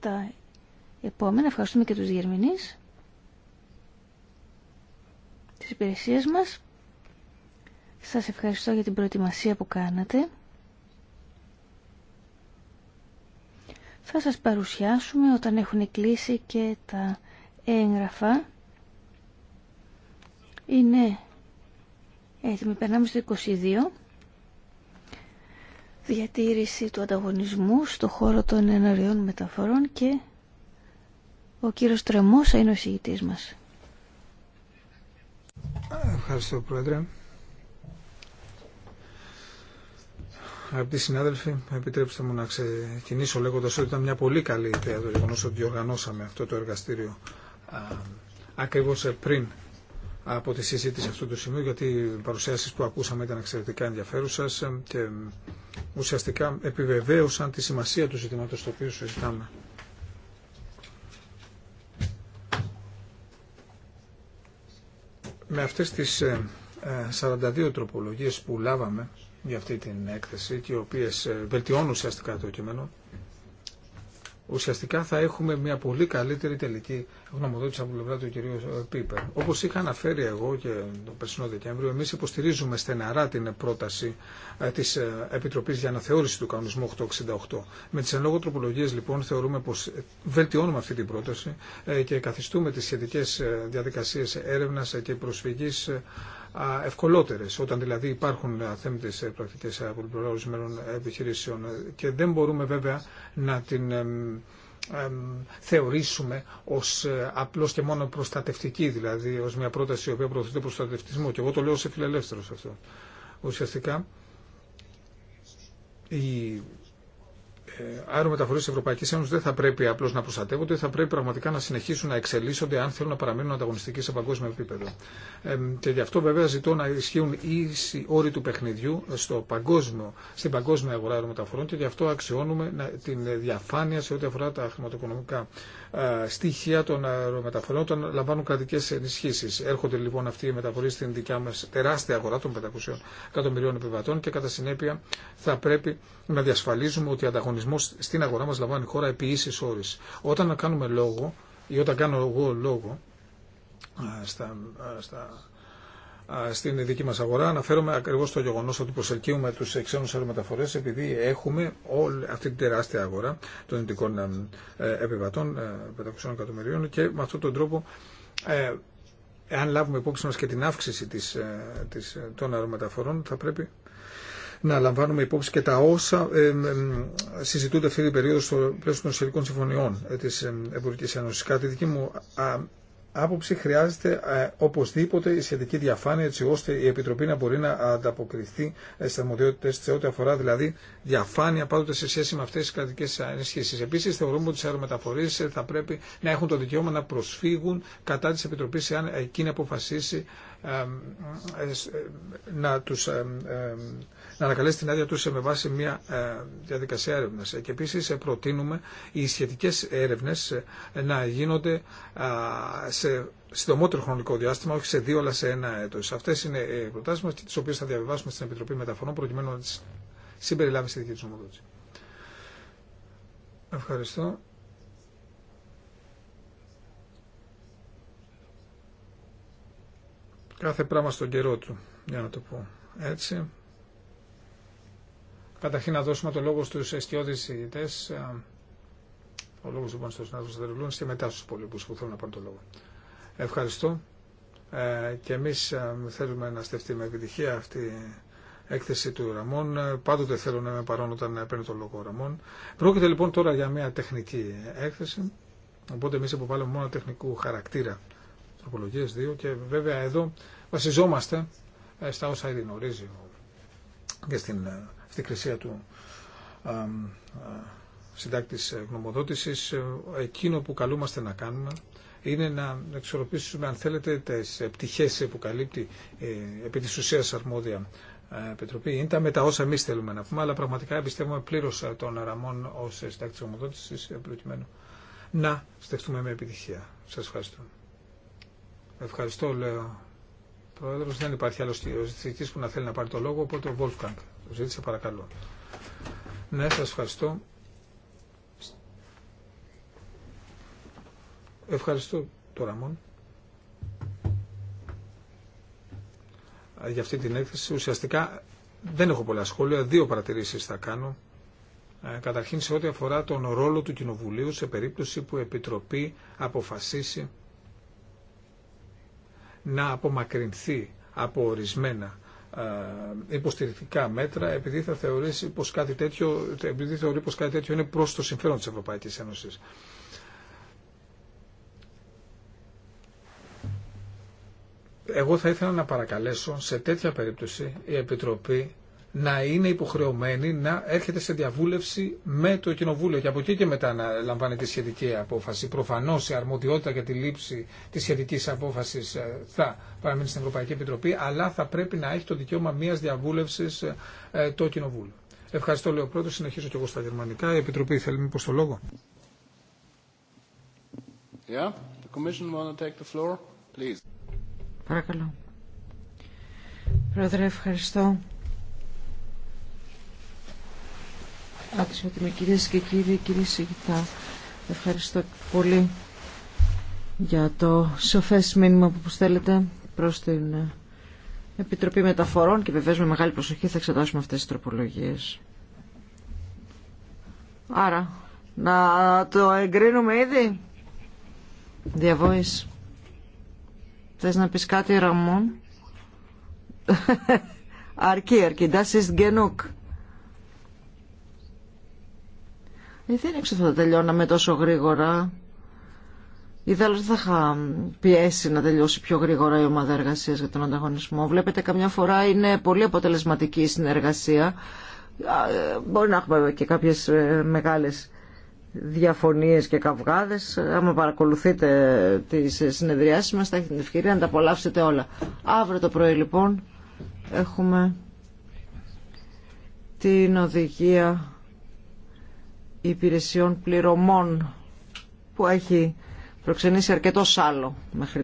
τα επόμενα. Ευχαριστούμε και τους διερμηνείς της υπηρεσίας μας. Σας ευχαριστώ για την προετοιμασία που κάνατε. θα σας παρουσιάσουμε όταν έχουν κλείσει και τα έγγραφα. Είναι έτοιμοι, περνάμε στο 22. Διατήρηση του ανταγωνισμού στο χώρο των εναριών μεταφορών και ο κύριος Τρεμόσα είναι ο συγητής μας. Ευχαριστώ Πρόεδρε. Αγαπητοί συνάδελφοι, επιτρέψτε μου να ξεκινήσω λέγοντα ότι ήταν μια πολύ καλή ιδέα το γεγονό ότι διοργανώσαμε αυτό το εργαστήριο ακριβώ πριν από τη συζήτηση αυτού του σημείου, γιατί οι παρουσιάσει που ακούσαμε ήταν εξαιρετικά ενδιαφέρουσε και ουσιαστικά επιβεβαίωσαν τη σημασία του ζητήματο το οποίο συζητάμε. Με αυτές τις 42 ε, ε, τροπολογίες που λάβαμε για αυτή την έκθεση και οι οποίες ε, βελτιώνουν ουσιαστικά το κείμενο, ουσιαστικά θα έχουμε μια πολύ καλύτερη τελική γνωμοδότηση από την πλευρά του κυρίου ε, Πίπερ. Όπω είχα αναφέρει εγώ και τον περσινό Δεκέμβριο, εμεί υποστηρίζουμε στεναρά την πρόταση ε, τη Επιτροπή για αναθεώρηση του κανονισμού 868. Με τι λόγω τροπολογίε, λοιπόν, θεωρούμε πω βελτιώνουμε αυτή την πρόταση και καθιστούμε τι σχετικέ διαδικασίε έρευνα και προσφυγή ευκολότερε, όταν δηλαδή υπάρχουν αθέμητε ε, πρακτικέ από την ε, επιχειρήσεων. Ε, και δεν μπορούμε βέβαια να την θεωρήσουμε ως απλώς και μόνο προστατευτική, δηλαδή ως μια πρόταση η οποία προωθείται προστατευτισμό. Και εγώ το λέω σε φιλελεύθερος αυτό. Ουσιαστικά η ε, αερομεταφορές τη Ευρωπαϊκή Ένωση δεν θα πρέπει απλώ να προστατεύονται, θα πρέπει πραγματικά να συνεχίσουν να εξελίσσονται αν θέλουν να παραμείνουν ανταγωνιστικοί σε παγκόσμιο επίπεδο. Ε, και γι' αυτό βέβαια ζητώ να ισχύουν ίσοι όροι του παιχνιδιού στο παγκόσμιο, στην παγκόσμια αγορά αερομεταφορών και γι' αυτό αξιώνουμε την διαφάνεια σε ό,τι αφορά τα χρηματοοικονομικά στοιχεία των αερομεταφορών όταν λαμβάνουν κρατικέ ενισχύσει. Έρχονται λοιπόν αυτοί οι μεταφορεί στην δικιά μα τεράστια αγορά των 500 εκατομμυρίων επιβατών και κατά συνέπεια θα πρέπει να διασφαλίζουμε ότι ο ανταγωνισμό στην αγορά μα λαμβάνει χώρα επί ίση όρη. Όταν κάνουμε λόγο ή όταν κάνω εγώ λόγο στα στην δική μας αγορά. Αναφέρομαι ακριβώς στο γεγονός ότι προσελκύουμε τους ξένους αερομεταφορές επειδή έχουμε όλη αυτή την τεράστια αγορά των ειδικών ε, επιβατών, 500 ε, εκατομμυρίων και με αυτόν τον τρόπο ε, εάν λάβουμε υπόψη μας και την αύξηση της, της, των αερομεταφορών θα πρέπει να λαμβάνουμε υπόψη και τα όσα ε, συζητούνται αυτή την περίοδο στο πλαίσιο των συμφωνιών ε, της Εμπορικής Ένωσης. Κατά δική μου άποψη χρειάζεται ε, οπωσδήποτε η σχετική διαφάνεια έτσι ώστε η Επιτροπή να μπορεί να ανταποκριθεί ε, στι αρμοδιότητε σε ό,τι αφορά δηλαδή διαφάνεια πάντοτε σε σχέση με αυτές τι κρατικέ ενισχύσει. Επίση, θεωρούμε ότι οι αερομεταφορείς ε, θα πρέπει να έχουν το δικαίωμα να προσφύγουν κατά της επιτροπή, εάν εκείνη αποφασίσει να τους να ανακαλέσει την άδεια του με βάση μια ε, διαδικασία έρευνα. Ε, και επίση ε, προτείνουμε οι σχετικέ έρευνε να γίνονται σε συντομότερο χρονικό διάστημα, όχι σε δύο αλλά σε ένα έτο. Αυτές είναι οι προτάσεις μας και τις οποίες θα διαβιβάσουμε στην Επιτροπή Μεταφορών προκειμένου να τι συμπεριλάβει στη δική του νομοδότηση. Ευχαριστώ. Κάθε πράγμα στον καιρό του, για να το πω έτσι. Καταρχήν να δώσουμε το λόγο στους εστιώδεις ηγητές, ε, ο λόγος λοιπόν στους συνάδελφους Δερουλούν και μετά στους πολύπους που θέλουν να πάρουν το λόγο. Ευχαριστώ ε, και εμείς ε, θέλουμε να στεφτεί με επιτυχία αυτή έκθεση του Ραμών. Πάντοτε θέλω να είμαι παρόν όταν παίρνω το λόγο ο Ραμών. Πρόκειται λοιπόν τώρα για μια τεχνική έκθεση, οπότε εμεί υποβάλλουμε μόνο τεχνικού χαρακτήρα τροπολογίε δύο και βέβαια εδώ βασιζόμαστε στα όσα ήδη γνωρίζει και στην στην κρισία του συντάκτης ε, γνωμοδότησης, ε, εκείνο που καλούμαστε να κάνουμε είναι να εξορροπήσουμε, αν θέλετε, τις ε, πτυχές που καλύπτει επί της ουσίας αρμόδια Επιτροπή. Είναι τα με τα όσα εμεί θέλουμε να πούμε, αλλά πραγματικά εμπιστεύουμε πλήρω τον αραμών ω συντάκτη γνωμοδότησης προκειμένου να στεφτούμε με επιτυχία. Σα ευχαριστώ. Ευχαριστώ, λέω. Πρόεδρο, δεν υπάρχει άλλο θητή που να θέλει να πάρει το λόγο, οπότε ο Wolfgang που παρακαλώ. Ναι, σας ευχαριστώ. Ευχαριστώ τον Ραμόν για αυτή την έκθεση. Ουσιαστικά δεν έχω πολλά σχόλια, δύο παρατηρήσεις θα κάνω. Ε, καταρχήν σε ό,τι αφορά τον ρόλο του Κοινοβουλίου σε περίπτωση που η Επιτροπή αποφασίσει να απομακρυνθεί από ορισμένα υποστηρικτικά μέτρα επειδή θα θεωρήσει πως κάτι τέτοιο, επειδή θεωρεί πως κάτι τέτοιο είναι προς το συμφέρον της Ευρωπαϊκής Ένωσης. Εγώ θα ήθελα να παρακαλέσω σε τέτοια περίπτωση η Επιτροπή να είναι υποχρεωμένη να έρχεται σε διαβούλευση με το Κοινοβούλιο και από εκεί και μετά να λαμβάνει τη σχετική απόφαση. Προφανώ η αρμοδιότητα για τη λήψη τη σχετική απόφαση ε, θα παραμείνει στην Ευρωπαϊκή Επιτροπή, αλλά θα πρέπει να έχει το δικαίωμα μια διαβούλευση ε, ε, το Κοινοβούλιο. Ευχαριστώ, λέω πρώτο. Συνεχίζω και εγώ στα γερμανικά. Η Επιτροπή θέλει μήπω το λόγο. Yeah, the Παρακαλώ. Πρόεδρε, ευχαριστώ. με κυρίες και κύριοι, κύριε Σιγητά, ευχαριστώ πολύ για το σοφές μήνυμα που στέλνετε προς την ε, Επιτροπή Μεταφορών και βεβαίως με μεγάλη προσοχή θα εξετάσουμε αυτές τις τροπολογίες. Άρα, να το εγκρίνουμε ήδη. Διαβόης. Θες να πεις κάτι, Ραμόν. [laughs] αρκεί, αρκεί. Das ist Ε, δεν έξω θα τελειώναμε τόσο γρήγορα. Η δεν θα είχα πιέσει να τελειώσει πιο γρήγορα η ομάδα εργασία για τον ανταγωνισμό. Βλέπετε, καμιά φορά είναι πολύ αποτελεσματική η συνεργασία. Ε, μπορεί να έχουμε και κάποιε μεγάλε διαφωνίες και καυγάδες άμα παρακολουθείτε τις συνεδριάσεις μας θα έχετε την ευκαιρία να τα απολαύσετε όλα αύριο το πρωί λοιπόν έχουμε την οδηγία υπηρεσιών πληρωμών που έχει προξενήσει αρκετό άλλο μέχρι